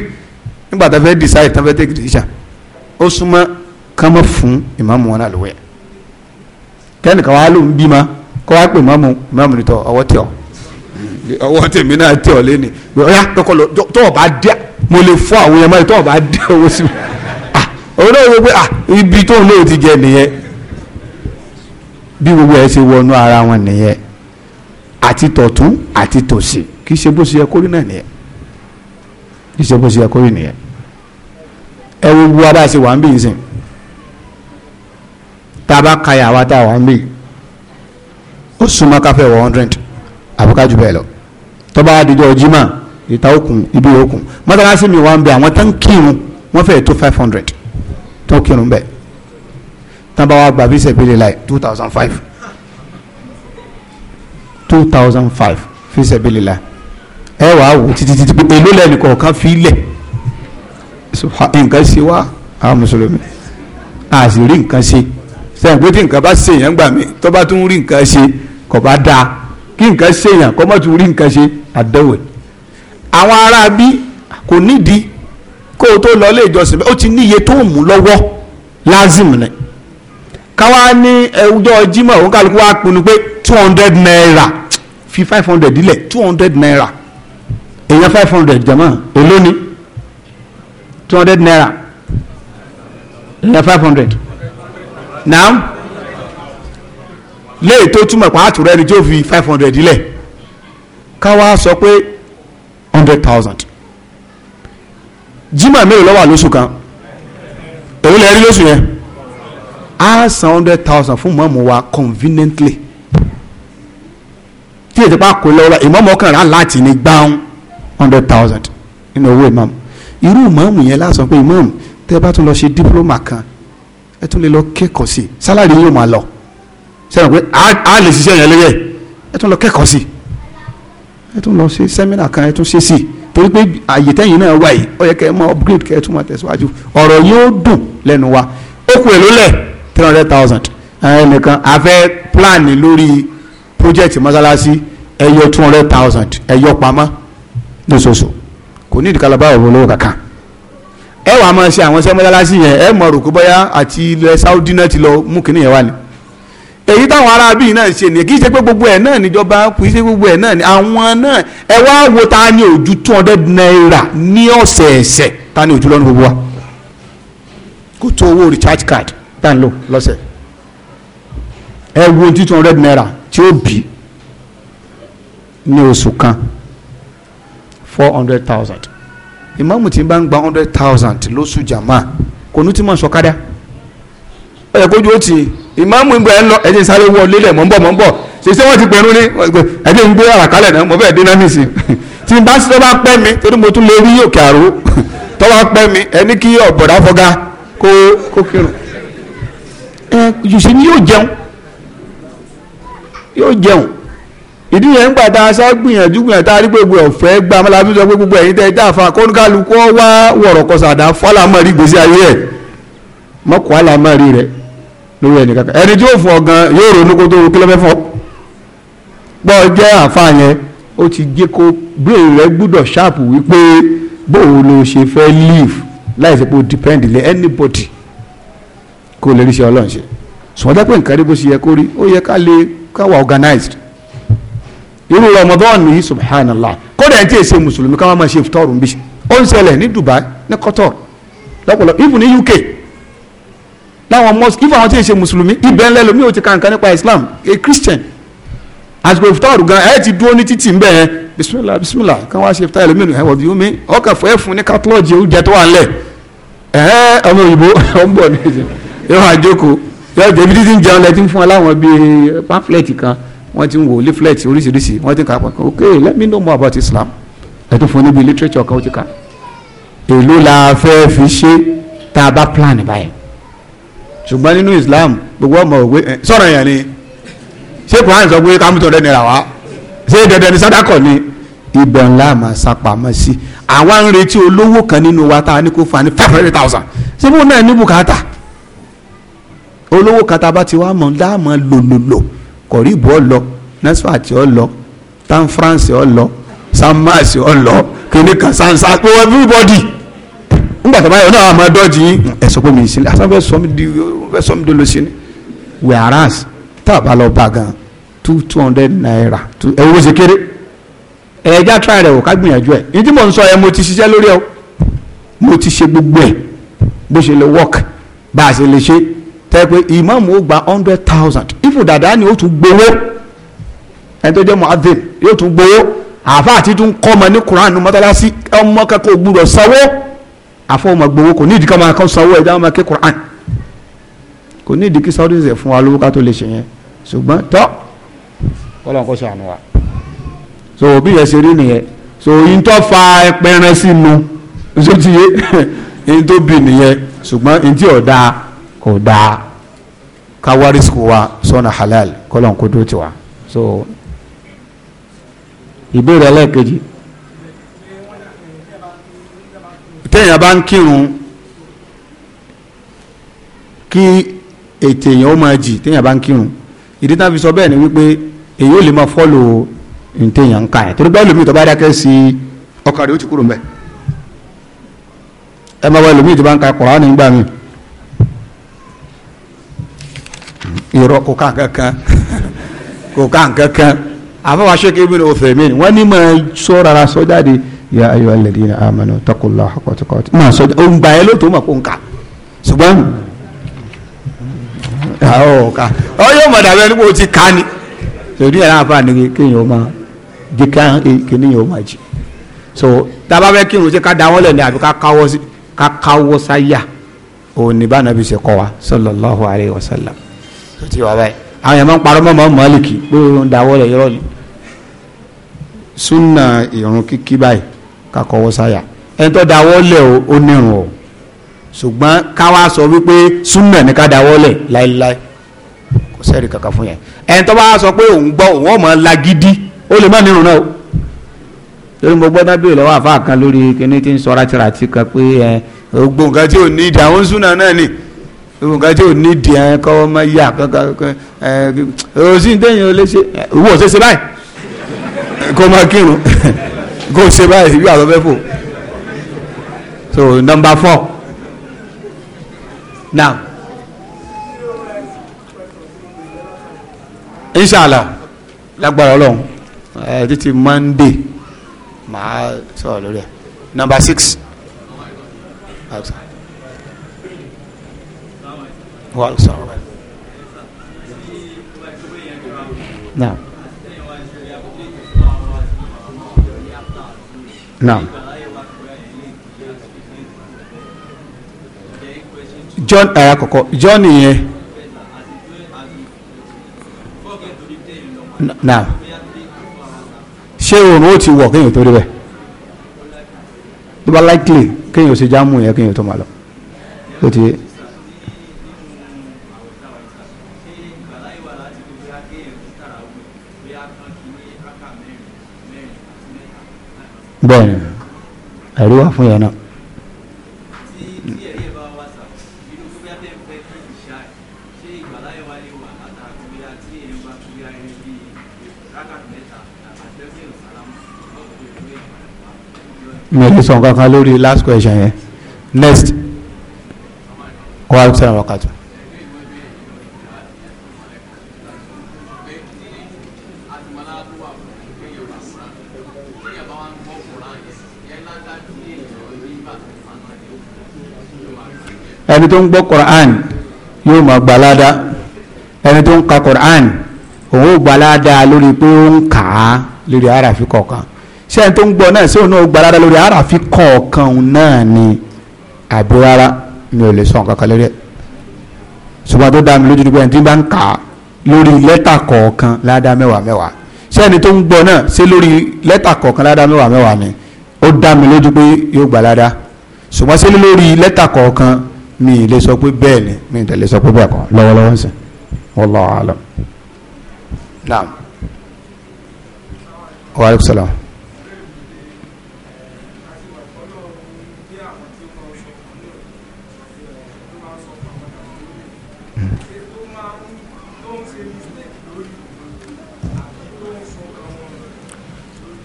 nígbà tá a fẹ́ decide tá a fẹ́ take decision ó súnmọ́ ká mọ̀ fún ìmáàmù wọn àlùwẹ̀ kẹ́nìkan wá ló ń bí ma kọ́ wá pè ìmáàmù ìmáàmù nìtọ̀ ọwọ́ tẹ̀ ọ́ ọwọ́ tèmi náà tẹ̀ ọ́ lé ní ọ̀yà tó o bá dẹ́ mo lè fọ́ àwọn yẹn mọ́ ẹ̀ tó o bá dẹ́ owó sí mi òun náà wọ́n pé à ah, ibi tó ń lò ti jẹ nìyẹn bí gbogbo ẹ̀ ṣe wọnú ara wọn nìyẹn àti tọ̀tún àti tòsì kì í ṣe bó ṣe yẹ kórìí náà nìyẹn kì í ṣe bó ṣe yẹ kórìí nìyẹn ẹ wo gbogbo abá ṣe wà ń bì í sìn tá a bá ka yà tá a wà ń bì í ó súnmọ́ káfẹ́ wọ hundred àbúkájú bẹ́ẹ̀ lọ tọ́ba àdìjọ jimá ìta òkun ibi òkun mọ́tàlásí mi wà ń bẹ àwọn tán kírun wọ́n fẹ́ẹ́ tó five hundred tó kírun bẹ́ẹ̀ tán bá la gba two thousand five two thousand five fi sẹ́bílẹ̀ láì ẹ wàá wò títí títí èló lẹ́nu kọ̀ọ̀kan fi lẹ̀ nǹkan ṣe wá àwọn mùsùlùmí a sì rí nǹkan ṣe sẹ́yìn pé tí nǹkan bá ṣèyàn gbà mí tó bá tún rí nǹkan ṣe kò bá dáa kí nǹkan ṣèyàn kó má tún rí nǹkan ṣe àdéhùn àwọn ará bí kò kó o tó lọ ilé ìjọsìn ó ti níye tó mú lọ́wọ́ lazim ni káwa ní ẹjọ́ Jímọ̀ òun kálukú wa pinnu pé two hundred naira fi five hundred dílẹ̀ two hundred naira èèyàn five hundred jẹ̀mọ́ èló two hundred naira èèyàn five hundred naam léè tó túmọ̀ pa àtúrẹ́ni tí ó fi five hundred dílẹ̀ káwa sọ pé hundred thousand jimá mélòó lọ́wọ́ àlóṣù kan òun lè rí lóṣù yẹn á san hundred thousand fún mọ́mọ́ wa conveniently tí ètò bá kó lọ́wọ́ ìmọ̀mọ́ kan rà láti ní gbáhùn hundred thousand nínú owó ìmọ̀mù irú ìmọ̀mù yẹn lásán pé ìmọ̀mù tẹ́ bá tún lọ ṣe dípúlọ́mà kan ẹ tún lè lọ kẹ́kọ̀ọ́ sí sálárì yóò máa lọ sẹ́wọ̀n pé a lè ṣiṣẹ́ yẹn lẹ́yẹ ẹ tún lọ kẹ́kọ̀ọ́ sí ẹ tún lọ ṣe sẹ́mínà kan ẹ tún ṣe sí i torí pé àyè tẹ́yìn náà wà yìí yẹ kẹ́ ẹ mọ upgrade kẹ́ ẹ tún máa tẹ̀síwájú ọ̀rọ̀ yóò dùn lẹ́nu wa ó kù èlò lẹ̀ three hundred thousand ẹnìkan a fẹ́ plan lórí project mọ́sálásí ẹ yọ two hundred thousand ẹ yọ pamọ́ lóṣooṣù kò ní ìdíkàlàbà ọ̀rọ̀ olówó kankan ẹ wàá máa ṣe àwọn iṣẹ́ mọ́sálásí yẹn ẹ mọ̀ rò àti ilẹ̀ Saudi náà ti lọ mú kinní yẹn wá ni èyí táwọn arábí náà ṣe nìyẹn kì í ṣe pé gbogbo ẹ̀ náà níjọba kì í ṣe gbogbo ẹ̀ náà ni àwọn náà ẹ wá wo ta ni ojú two hundred naira ní ọ̀sẹ̀ẹ̀sẹ̀ ta ni ojú lọ́nu gbogbo wa kó tó owó recharge card tá n lò lọ́sẹ̀ ẹ wo tí two hundred naira tí ó bì ní oṣù kan four hundred thousand ìmáàmù tí bá ń gba hundred thousand lóṣù jàmá kò ní tí mò ń sọ kádà ẹ kójú ó tì ìmáàmù ìgbà ẹ lọ ẹ̀jẹ̀ sáré wọ lélẹ̀ mọ́ ń bọ̀ mọ́ ń bọ̀ ṣèṣe wọ́n ti pẹ̀rún ní ẹ̀jẹ̀ ń gbé àràkálẹ̀ náà mo fẹ́ dínamísì tí n bá sí tó bá pẹ́ mi torí mo tún lè rí òkè àrò tó bá pẹ́ mi ẹni kí ọ̀bọ̀dá fọ́gá kó kó kírun ẹ yùsí ni yóò jẹun yóò jẹun ìdí yẹn ń gbà tá a sá gbìyànjú gbìyànjú tá a rí gbogbo ọ̀fẹ́ gba amálàbí sọ pé gbogbo ẹ̀yin tẹ́ ẹ dáàfa kónúkálukú wá wọ̀rọ̀ kọsàdá gbèsè ayé ẹ̀ mọ́kọ́ àlámọ́ rẹ̀ lórí ẹnì kankan ẹni tí ó fún ọ gan yóò ronú kó tó kí ló fẹ́ fọ́ jẹ́ àáfàá ó ti jẹ́ kó brain rẹ gbúdọ̀ ṣáàpù wípé bóun ló ṣe fẹ́ live láì fi pé depend lé anybody kó lè rí iṣẹ́ ọlọ́run ṣe sùnwọ́n jẹ́ pé nǹkan rí bó ṣe yẹ kó rí ó yẹ ká lè ká wà organized irú Ramadan yìí subhanallah kódà ẹni tí èsè mùsùlùmí ká má máa ṣe tọrùn bí ó ń ṣẹlẹ̀ ní Dubai ní Qatar lọ́pọ̀lọpọ̀ even ní UK láwọn mosque even àwọn tí ì ṣe mùsùlùmí ibẹ̀ ńlẹ́ lomi ò ti ka nǹkan nípa Islam a Christian àsìkò ìfitárù gan ẹ ti dúró ní títì ń bẹ̀ ẹ bisimilah bisimilah kan wá ṣe ìfitárù lómi ẹ wọ̀ bí omi ọkà fún ẹ fún ní kátólọ́ọ̀jì oúnjẹ tó wà ńlẹ̀ ẹ ọmọ òyìnbó ọmọ bọ̀ ní ìṣẹ̀ yóò wá jókòó yóò débi títí ń jẹun lẹ́tí fún ẹ bíi pamphlet kan wọ́n ti ń wò leaflet oríṣiríṣi wọ́n ti kà pọ̀ ok let me know more about Islam ẹ tún fún níbi literature kan ó ti kà èló la fẹ́ fi ṣe tá a bá plan báyìí ṣùgbọ́n nínú Islam gbogbo ọmọ òwe sọ̀rọ̀ yẹn ni ṣé Quran sọ pé kámútọ̀ rẹ nira wa ṣé dandan ni sádàkọ̀ ni ibẹ̀ ńlá máa sapamọ́ sí àwa ń retí olówó kan nínú wa tá a ní kó fa ní five hundred thousand ṣé bó náà ní bùkátà olówó kan tá a bá ti wá mọ̀ dáàmọ́ lòlòlò kọ̀ríbù ọ̀ lọ nẹ́sàtì ọ̀ lọ tan France ọ̀ lọ san mars ọ̀ lọ kìnìkan san san everybody nígbà tó bá yọ náà àmọ́ dọ́ọ̀jì yín ẹ̀ sọ pé mi ìsinmi àti fẹ́ sọ mi di fẹ́ sọ mi di lọ sí ni whereas tá a bá lọ bá gan two two hundred naira ẹ wo ṣe kéré ẹ̀ẹ́dá tíra rẹ̀ wò ká gbìyànjú ẹ̀ ní mò ń sọ ẹ mo ti ṣiṣẹ́ lórí ẹ o mo ti ṣe gbogbo ẹ̀ bó ṣe lè work bá a ṣe lè ṣe tẹ́ pé ìmáàmù ó gba hundred thousand ifu dàda ni ó tún gbowó ẹni tó jẹ́ muhammed yóò tún gbowó àáfàá àti tún kọ́ ọmọ ní Quran mọ́tálásí ọmọ kẹ́kọ̀ọ́ gbúdọ̀ sanwó àfọwọ́mọ gbowó kò ní ìdí ká máa kọ́ sanwó ẹ̀dá máa ké Quran kò ní ìdí kí Saudi ṣe fún wa lówó ká tó lè ṣe yẹn ṣùgbọ́n tọ́ kọ́lọ́n kó ṣàánú wa so òbí yẹn ṣe rí nìyẹn so yín tó fa ẹpẹrẹ sínú ṣó ti yé yín tó bì nìyẹn ṣùgbọ́n yín tí ò dáa kò dáa ká wá wa sọ́nà halal kọ́lọ́n kó dó tiwa so ìbéèrè ẹlẹ́ẹ̀kejì. téèyàn bá ń kírun kí ètè èèyàn ó máa jì téèyàn bá ń kírun ìdí tá a fi sọ bẹ́ẹ̀ ni wípé èyí ò lè máa fọ́lò ní ń ka ẹ̀ torí tó bá dákẹ́ sí ó ti kúrò mbẹ́ ẹ máa wá lómi tó bá ń ka kò ká kò ya Ayo alladina amanu taqullaha haqqa tuqati náà sọ ọ ń gbà ẹ lóòótọ́ mà kó ń kà ṣùgbọ́n ọ ká ọ yóò mọ̀ dàbí ẹni pé o ti ká ni torí ẹ̀ náà fà ní kéèyàn máa jẹ ká kéèyàn máa jì so tábà fẹ́ kírun ṣe ká da wọ́n lẹ̀ ní àbí ká káwọ́ sí ká káwọ́ sáyà òun ní bá nàbí ṣe kọ́ wa sallallahu alaihi wasallam. sallam tó ti wà báyìí àwọn yẹn máa ń parọ́ mọ́ mọ́ mọ́lìkì pé da wọ́n lẹ̀ yọ̀rọ̀ ni sunna ìrun kíkí báyìí kakọwọ́ sáyà ẹni tó dáwọ́ lẹ̀ ó nírun o ṣùgbọ́n káwá sọ wípé súnà ní ká dáwọ́ lẹ̀ láéláé kò sẹ́ẹ̀rì kankan fún yẹn ẹni tó bá sọ pé òun gbọ́ òun ọmọ lagidi ó lè má nírun náà o lórí mo gbọ́dọ̀ bí ìlọ́wọ́ àfa kan lórí kíní tí ń sọ rátiràti kan pé ẹ gbogbo nǹkan tí ò ní ìdí àwọn súnà náà ni gbogbo nǹkan tí ò ní ìdí ẹ kọ́ ọmọ yà kankan ẹ òsì ń tẹ̀yìn ó léṣe owó ọ̀sẹ̀ ṣe báyìí kó máa kírun. Go o ṣe báyìí bí àtọ́ fẹ́ so number four now inshallah lágbára ọlọ́run ẹ eh, títí monday màá sọ̀rọ̀ lórí ẹ̀ number six. Well, sorry. Now. Naam. John aya kọ̀kọ́ John yẹn. Naam. Ṣé oòrùn ó ti wọ̀ kéèyàn tó rí bẹ́ẹ̀? Tó bá likely kéèyàn ó ṣe jámù yẹn kéèyàn tó máa lọ. Ó bẹ́ẹ̀ ni ẹ̀rí wà fún yẹn náà. mi lè sọ nǹkan kan lórí last question yẹn next wa sẹ́yìn wákàtí. ẹni tó ń gbọ́ Qur'an yóò máa gbà ládàá ẹni tó ń ka Qur'an òun ò gbà ládàá lórí pé ó ń kà á lórí àràfi kọ̀ọ̀kan ṣé ẹni tó ń gbọ́ náà ṣé òun náà gbà ládàá lórí àràfi kọ̀ọ̀kan náà ni àbí rárá mi ò lè sọ nǹkan kan lórí ẹ̀ ṣùgbọ́n tó dá mi lójú nígbà tí n bá ń kà á lórí lẹ́tà kọ̀ọ̀kan ládàá mẹ́wàá mẹ́wàá ṣé ẹni tó ń gbọ́ náà ṣé lórí lẹ́tà kọ̀ọ̀kan ládàá mẹ́wàá mẹ́wàá ni ó dá mi lójú pé yóò gbà ládàá ṣùgbọ́n sí lórí lẹ́tà kọ̀ọ̀kan mi ì lè sọ pé bẹ́ẹ̀ ni mi ì lè sọ pé bẹ́ẹ̀ kọ́ lọ́wọ́lọ́wọ́ ń sìn wallahu alam naam wa aleykum salaam.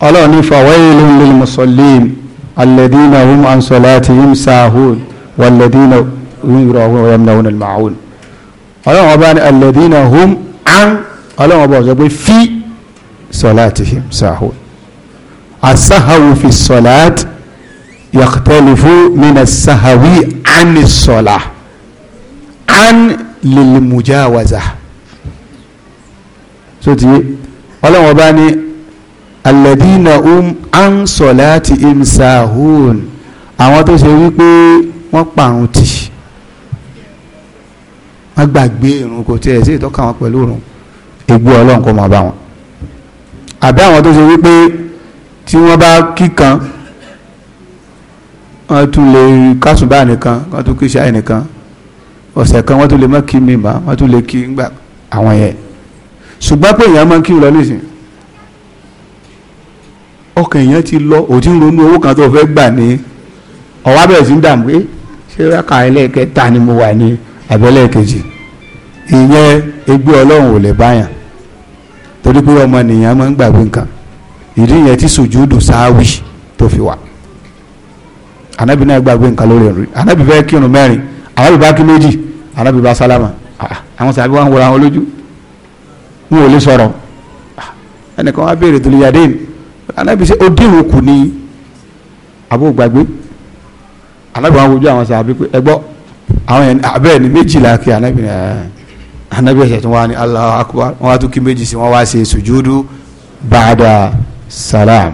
ọlọ́run ní fawailun lil musallin alladhina hum an salatihim sahun walladhina hum yamna'un al-ma'un ọlọ́run ọba ní alladhina hum an ọlọ́run ọba ọ̀sọ́ pé fi salatihim sahun as-sahawu fi salati yakhtalifu mina sahawi ani sola an lilimujawaza so ti ọlọ́wọ́n bá ní alẹ́dínà um ansola ti imsahun àwọn tó ṣe wípé wọ́n parun tì wọ́n gbàgbé irun kò tiẹ̀ sí ìtọ́ka wọn pẹ̀lú irun egbò ọlọ́run kò máa bá wọn àbí àwọn tó ṣe wípé tí wọ́n bá kíkan wọ́n tún lè kásùnbà nìkan wọ́n tún kí ṣáì nìkan ọ̀sẹ̀ kan wọ́n tún lè má kí mi bá wọ́n tún lè kí gbà àwọn yẹn ṣùgbọ́n pé èèyàn máa ń kí lọ nísìnyí ọkàn èèyàn ti lọ ò ti ń ronú owó kan tó fẹ́ gbà ní ọ̀wá bẹ̀rẹ̀ sí ń dààmú pé ṣé rákà ẹlẹ́ẹ̀kẹta ni mo wà ní abẹ́lẹ̀ kejì ìyẹn ẹgbẹ́ ọlọ́run ò lè báyàn torí pé ọmọ nìyẹn máa ń gbàgbé nǹkan ìdí yẹn ti sùjúdù sáwì tó fi wà anabi náà gbàgbé nǹkan lórí ẹ̀rí anabi fẹ́ kírun mẹ́rin anabi bá kí méjì anabi bá sálámà ah, àwọn sàbí wa wọra wọn lójú wọn ò lè sọ̀rọ̀ ah, ẹnìkan wá béèrè tó lè yàdé mi anabi ṣe ó dìrò kù ní abó gbàgbé anabi wọn wojú àwọn sàbí pé ẹgbọ́ àwọn yẹn abẹ́ẹ̀ ni méjìlá kí anabi ẹ̀ anabi ẹ̀ṣẹ̀ tí wọ́n wá ní Allahu akbar wọ́n wá tún kí méjì sí wọ́n wá ṣe sùjúdú bàdà salam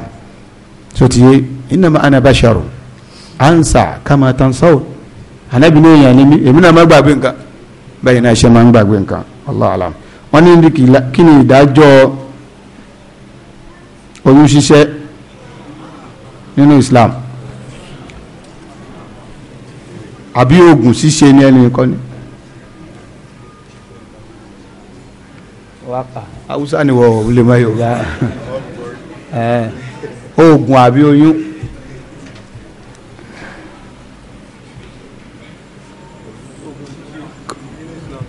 tó ti yé innama ana basharu ansa kama tansaw anabi ní èèyàn ní mi èmi náà má gbàgbé nǹkan bẹ́ẹ̀ náà ṣe máa gbàgbé nǹkan Allahu alam wọ́n ní kí ni ìdájọ́ oyún ṣíṣẹ́ nínú Islam àbí oògùn ṣíṣe ní ẹni nìkan ni. wákà. haúsá ni wọ́n ò lè má yọ. Eh. oògùn àbí oyún.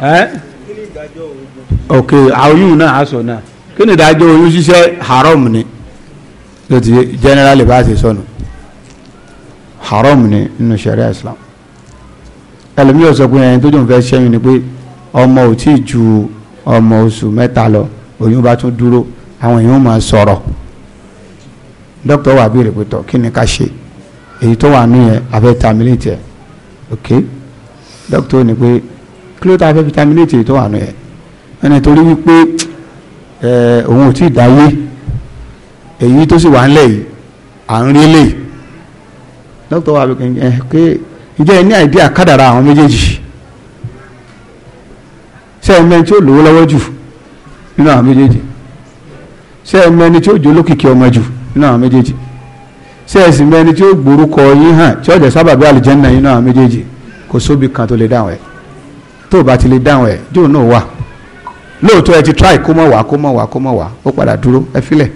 Eh? ok oyún náà aṣọ náà kí ni ìdájọ́ oyún ṣíṣe haram ni ló ti generally bá ti sọnù haram ni nínú sharia islam ẹlòmí ò sọ pé ẹni tó dùn fẹ́ ṣẹ́yìn ni pé ọmọ ò tí ju ọmọ oṣù mẹ́ta lọ oyún bá tún dúró àwọn èèyàn máa sọ̀rọ̀ dókítà wà bí rèpétọ̀ kí ni ká ṣe èyí tó wà nù yẹn abẹ́ tàmílẹ̀tì ẹ̀ ok dókítà ni pé kí ló ta fẹ́ fi tàmílẹ̀tì tó wà nù yẹn ẹni torí wípé ẹ̀ òun ò tí ì dáyé èyí tó sì wà ńlẹ̀ yìí à ń rí lè dókítà wa bìkan ẹ pé ìjẹ́ ẹ ní àìdí àkádàrà àwọn méjèèjì ṣé ẹ mẹ́ni tí ó lówó lọ́wọ́ jù nínú àwọn méjèèjì ṣé ẹ mẹ́ni tí ó jó lókìkí ọmọ jù nínú àwọn méjèèjì ṣé ẹ sì mẹ́ni tí ó gbórúkọ yín hàn tí ọ̀jẹ̀ sábàbí àlùjànnà nínú àwọn méjèèjì kò sóbi kan tó lè dáhùn ẹ̀ tó bá ti lè dáhùn ẹ̀ jóò náà wà lóòótọ́ ẹ ti try kó mọ̀ wá kó mọ̀ wá kó mọ̀ wá ó padà dúró ẹ filẹ̀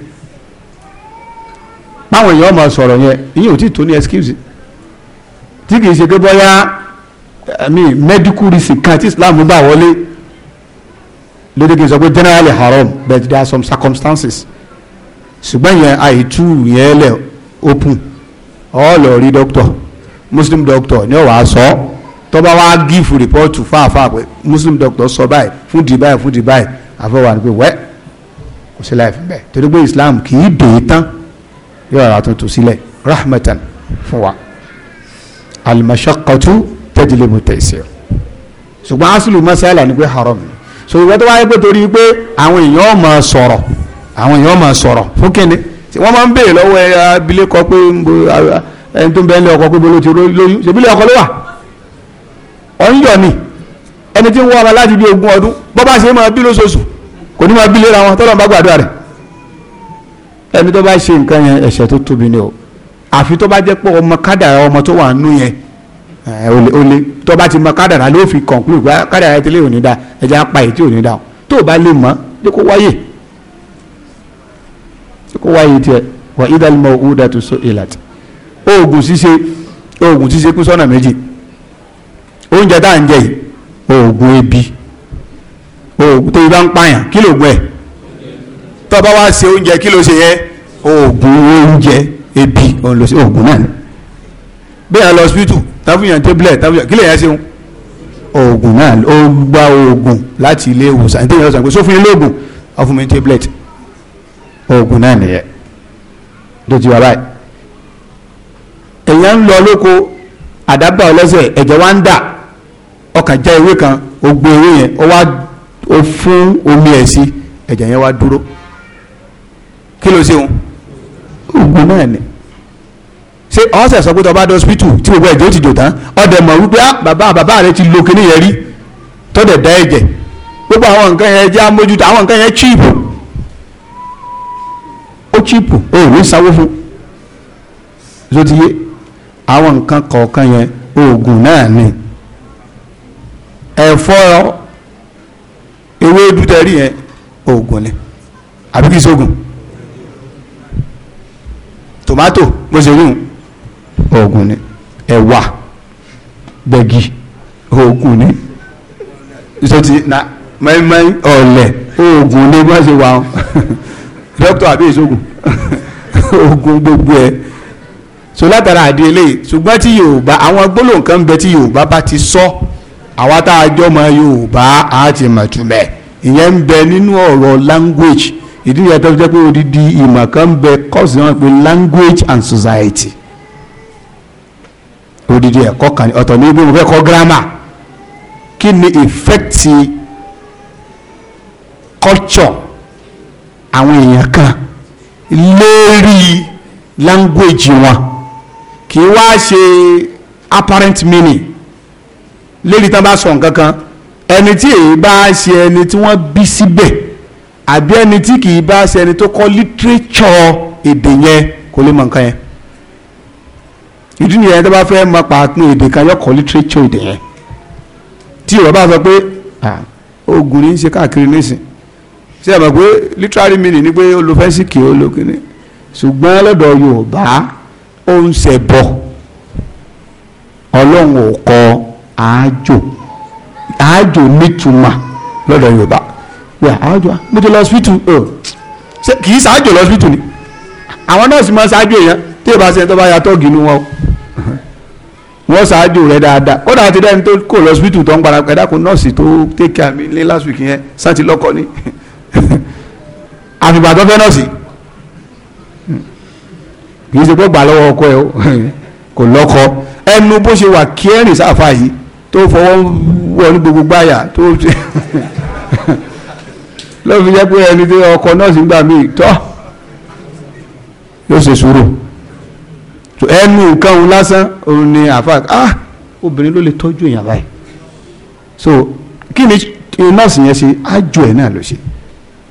báwọn èèyàn máa sọ̀rọ̀ yẹn ìyẹn ò tí tó ní excuse tí kì í ṣe pé bóyá àmì medical reason kan tí Islam bá wọlé lédè kì í sọ pé generally haram but there are some circumstances ṣùgbọ́n yẹn àìtú yẹn lẹ̀ open ọ lọ rí doctor muslim doctor ní ọ̀wá sọ tó bá wá give report fáfáà pé muslim doctor sọ báyìí fún di báyìí fún di báyìí àfọwọ́ àti pé wẹ́ kò sí láì bẹ́ẹ̀ torí pé Islam kì í dè tán yóò rà tuntun sílẹ̀ rahmatan fún wa alimasakatu tẹjilibu tẹsir ṣùgbọ́n asulu masala ni pé haram ni so ìwé tó wáyé pé torí pé àwọn èèyàn máa sọ̀rọ̀ àwọn èèyàn máa sọ̀rọ̀ fún kíni wọ́n máa ń béèrè lọ́wọ́ ẹ abilékọ pé ẹni tó ń bẹ ń lé ọkọ pé bolo ti lóyún ṣèbílẹ̀ ọkọ ló wà ọ̀nyọ̀ ni ẹni tí ń wọ́n ọmọ láti bí ogún ọdún bọ́ bá ṣe máa bí lóṣooṣù kò ní máa bí lé ra wọn tọ́lọ́ bá gbàdúrà rẹ̀ ẹni tó bá ṣe nǹkan yẹn ẹ̀ṣẹ̀ tó tóbi ni o àfi tó bá jẹ́ pé ọmọ kádàrá ọmọ tó wà nù yẹn ó lé tó bá ti mọ kádàrá ló fi conclude pé kádàrá ẹ̀ tẹ́lẹ̀ ò ní da ẹ̀jẹ̀ apá ẹ̀ tí ò ní da tó o bá lè mọ̀ ẹ́ kó wáyè kó wáyé tiẹ̀ wà ìdálùmọ̀ òwúdà tó so ìlàtì oògùn ṣíṣe oògùn ṣíṣe kú sọ́nà méjì oúnjẹ tá à ń jẹ yìí oògùn ebi oògùn tó ibà ń pààyàn kí lóògùn ẹ̀ tó wa wá ṣe oúnjẹ kí ló ṣe yẹ oògùn oúnjẹ ebi òun ló ṣe oògùn náà bẹ́ẹ̀ yẹn lọ hospital táfíyàn tablet táfíyàn kí lè yẹn ṣeun oògùn náà ó gba oògùn láti ilé ìwòsàn tí yẹn sọ pé sófin ilé oògùn ọfúnmi tablet oògùn náà nìyẹn tó ti wá báyìí èèyàn ń lọ lóko àdábà ọlọ́sẹ̀ ẹ̀jẹ̀ wá ń dà ọkàn jẹ́ ewé kan ó gbé ewé yẹn ó wá ó fún omi ẹ̀ sí ẹ̀jẹ̀ yẹn wá dúró kí ló ṣe òun oògùn náà ni ṣé ọ̀sẹ̀ sọ pé tó bá dé hospital tí gbogbo ẹ̀jẹ̀ ó ti jò tán ọ̀dẹ̀ mọ̀ wípé ah, bàbá bàbá rẹ ti lo kíní yẹn rí tọ́dẹ̀ dá ẹ̀jẹ̀ gbogbo àwọn nǹkan yẹn jẹ́ amójútó àwọn nǹkan yẹn chíìpù ó chíìpù ó ò ní sanwó fún zotiye àwọn nǹkan kọ̀ọ̀kan yẹn oògùn náà ni ẹ̀fọ́ ewédú tẹ̀rí yẹn oògùn ni àbí kí sóògùn. So tomato bó ṣe wù oògùn ni ẹ̀wà oògùn ni na mẹ́mẹ́ ọ̀lẹ̀ oògùn ni bó ṣe wà ọ́ dókítà gbogbo ẹ so látara àdé eléyìí ṣùgbọ́n tí yorùbá àwọn gbólóhùn kan bẹ tí yorùbá bá ti sọ àwa tá a jọ mọ yorùbá ti ìyẹn ń bẹ ìdí ìyàtọ̀ jẹ́ pé odidi ìmọ̀ kan ń bẹ kọ́ọ̀sì náà pé language and society odidi ẹ̀kọ́ kan ọ̀tọ̀ ní ibi mo fẹ́ kọ́ grammar kí ni effect culture àwọn èèyàn kan lérí language wọn kì í wá ṣe apparent meaning lérí tán bá sọ nǹkan kan ẹni tí èyí bá ṣe ẹni tí wọ́n bí síbẹ̀ àbí ẹni tí kì í bá ṣe ẹni tó kọ́ lítírẹ́tsọ̀ èdè yẹn kò lè mọ nǹkan yẹn ìdí nìyẹn tó bá fẹ́ mọ pàápín èdè kan yọ kọ́ lítírẹ́tsọ̀ èdè yẹn tí yorùbá bá sọ pé ogun ní í ṣe káàkiri nísìn ṣé ẹ pé literary meaning ni pé olùfẹ́sìkì olókìní ṣùgbọ́n lọ́dọ̀ yorùbá ó ń ṣẹbọ ọlọ́run ò kọ àájò àájò nítumọ̀ lọ́dọ̀ yorùbá yà àwọn jọ mo ti lọ hospital oh. kì í ṣáájò lọ hospital ni àwọn nọ́ọ̀sì máa ṣáájò èèyàn tí ìbá ṣe tó bá ya tọ́ọ̀gì inú wọn wọ́n ṣáájò rẹ̀ dáadáa ó dàá ti dẹ́ni tó kò lọ hospital tó ń gbára pẹ̀lú àkó nọ́ọ̀sì tó take care mi lé last week yẹn sáti lọ́kọ ni àfìgbà tó fẹ́ nọ́ọ̀sì kì í ṣe pé gbà lọ́wọ́ ọkọ ẹ o kò lọ́kọ ẹnu bó ṣe wà kí sáfà yìí tó fọwọ́ wọ ló fi jẹ́ pé ẹni tí ọkọ náà sì ń gbà mí tọ́ yóò ṣe sùúrù ẹnu nǹkan òun lásán òun ni àfa ah obìnrin ló lè tọ́jú èèyàn báyìí so kí ni nọ́ọ̀sì yẹn ṣe àjò ẹ̀ náà ló ṣe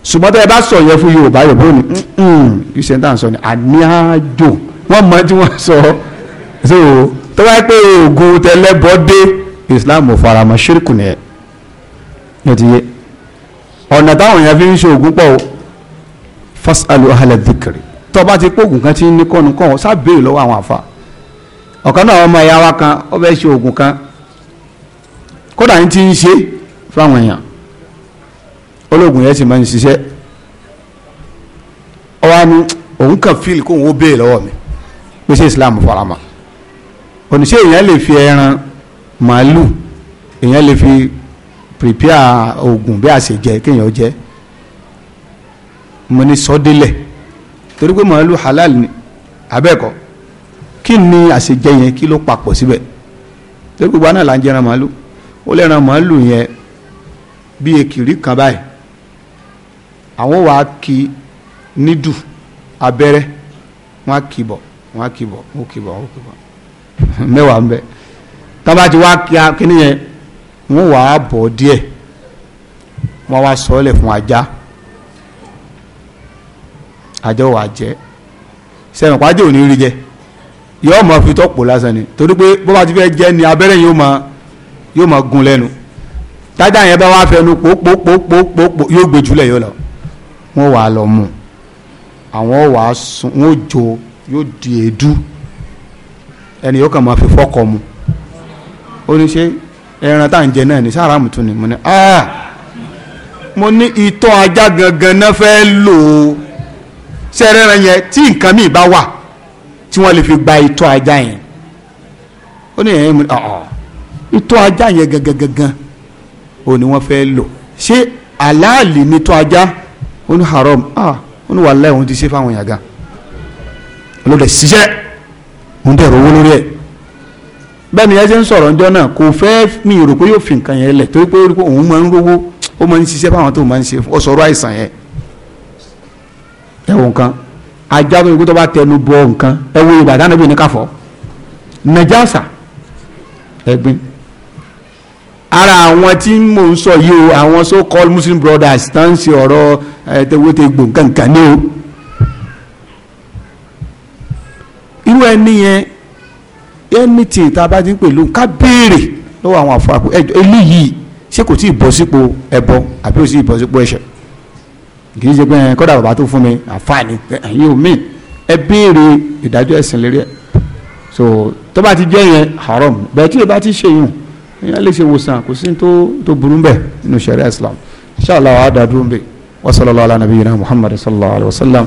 ṣùgbọ́n tẹ́ ẹ bá sọ yẹn fún yorùbá yorùbá ò ní iṣẹ́ tá à ń sọ ni àní àjò wọ́n mọ tí wọ́n sọ so tó bá pé oògùn tẹlẹ́bọ dé islam ò faramọ́ ṣírkù nìyẹn ló ti yẹ ọ̀nà táwọn èèyàn fi ń ṣe oògùn pọ̀ o fasalu ahala dhikri tó bá ti pògùn kan ti ní kọ́nu kọ́ sábẹ́ lọ́wọ́ àwọn àfa ọ̀kan náà ọmọ ẹ̀yà wa kan ó fẹ́ ṣe oògùn kan kódà ní ti ń ṣe fáwọn èèyàn olóògùn yẹn sì máa ń ṣiṣẹ́ ọwọ́ ni òun kàn fíìlì kóun ó béè lọ́wọ́ mi pé ṣé Islam farama oníṣẹ́ èèyàn lè fi ẹran màálù èèyàn lè fi prepare oògùn bí a ṣe jẹ kéèyàn jẹ mo ní sọdélẹ̀ torí pé màálù halal ni abẹ́ẹ̀kọ́ kí ni àṣejẹ yẹn kí ló papọ̀ síbẹ̀ torí gbogbo àná là ń jẹran màálù ó lẹ́ran màálù yẹn bí ekiri kan báyìí àwọn wàá kí nídù abẹ́rẹ́ wọ́n á kì bọ̀ wọ́n á kì wọ́n á kì wọ́n á kì mẹ́wàá ń bẹ tábà ti wá kí ni yẹn wọ́n wàá bọ̀ díẹ̀ wọ́n wá sọ́ọ́lẹ̀ fún ajá ajá wàá jẹ́ sẹ́wọ̀n pàjẹ́ ò ní rí jẹ yóò máa fi tọ́pọ̀ lásán ni torí pé bó bá ti fẹ́ jẹ́ ni abẹ́rẹ́ yóò máa yóò máa gun lẹ́nu tájà yẹn bá wá fẹnu pòpòpòpòpò yóò gbé jùlẹ̀ yóò lọ wọ́n wàá lọ mú àwọn wàá sun wọ́n jó yóò di èédú ẹni yóò kàn máa fi fọ́kọ̀ mu ó ní ṣe ẹran tá à ń jẹ náà ní sára mùtún ni mo ní ah mo ní itọ́ ajá gangan náà fẹ́ lò ó ṣe ẹran yẹn tí nǹkan míì bá wà tí wọ́n lè fi gba itọ́ ajá yẹn ó ní ẹ̀yìn mo ní ọ̀ọ́ itọ́ ajá yẹn gangan gangan ó ní wọ́n fẹ́ lò ṣé aláàlì ni itọ́ ajá ó ní haram ah ó ní wàhálà òun ti ṣe fáwọn yàgá ló dẹ̀ ṣiṣẹ́ òun dẹ̀ rówó lórí ẹ̀ bẹ́ẹ̀ ni ẹ ṣe ń sọ̀rọ̀ ńjọ́ náà kò fẹ́ mi rò pé yóò fi nǹkan yẹn lẹ̀ torí pé òun máa ń rówó ó máa ń ṣiṣẹ́ fáwọn tó máa ń ṣe ó àìsàn yẹn ẹ̀wọ̀n nǹkan ajá tó yẹ tó bá tẹnu bọ nǹkan ẹ̀wọ̀n Yorùbá dáná bí ní káfọ́ nàjàsà ẹ̀gbin ara àwọn tí mò ń sọ yìí o àwọn so called Muslim brothers tá ń ṣe ọ̀rọ̀ ẹ̀ẹ́dẹ́gbẹ́tẹ̀ gbòǹkankan ní o irú ẹni yẹn anything tá a bá ti ń pè lóhùn ká béèrè lọ́wọ́ àwọn àfọwọ́pù ẹjọ́ eléyìí ṣé kò tí ì bọ́ sípò ẹbọ àbí ò tí ì bọ́ sípò ẹ̀ṣẹ̀ kì í ṣe pé ẹ kọ́dà bàbá tó fún mi àǹfààní ẹ̀yin ò mí ẹ béèrè ìdájọ́ ẹ̀sìn lérí ẹ̀ so tó bá ti jẹ́ yẹn haram bẹ́ẹ̀ tí ẹ bá ti ṣe yùn ìyẹn lè ṣe wòsàn kò sí tó burú bẹ́ẹ̀ nínú sẹ̀rí Islam inshallah wa dàdúró bẹ́ẹ̀ wa sallallahu ala nabiyyina Muhammad sallallahu alayhi sallam.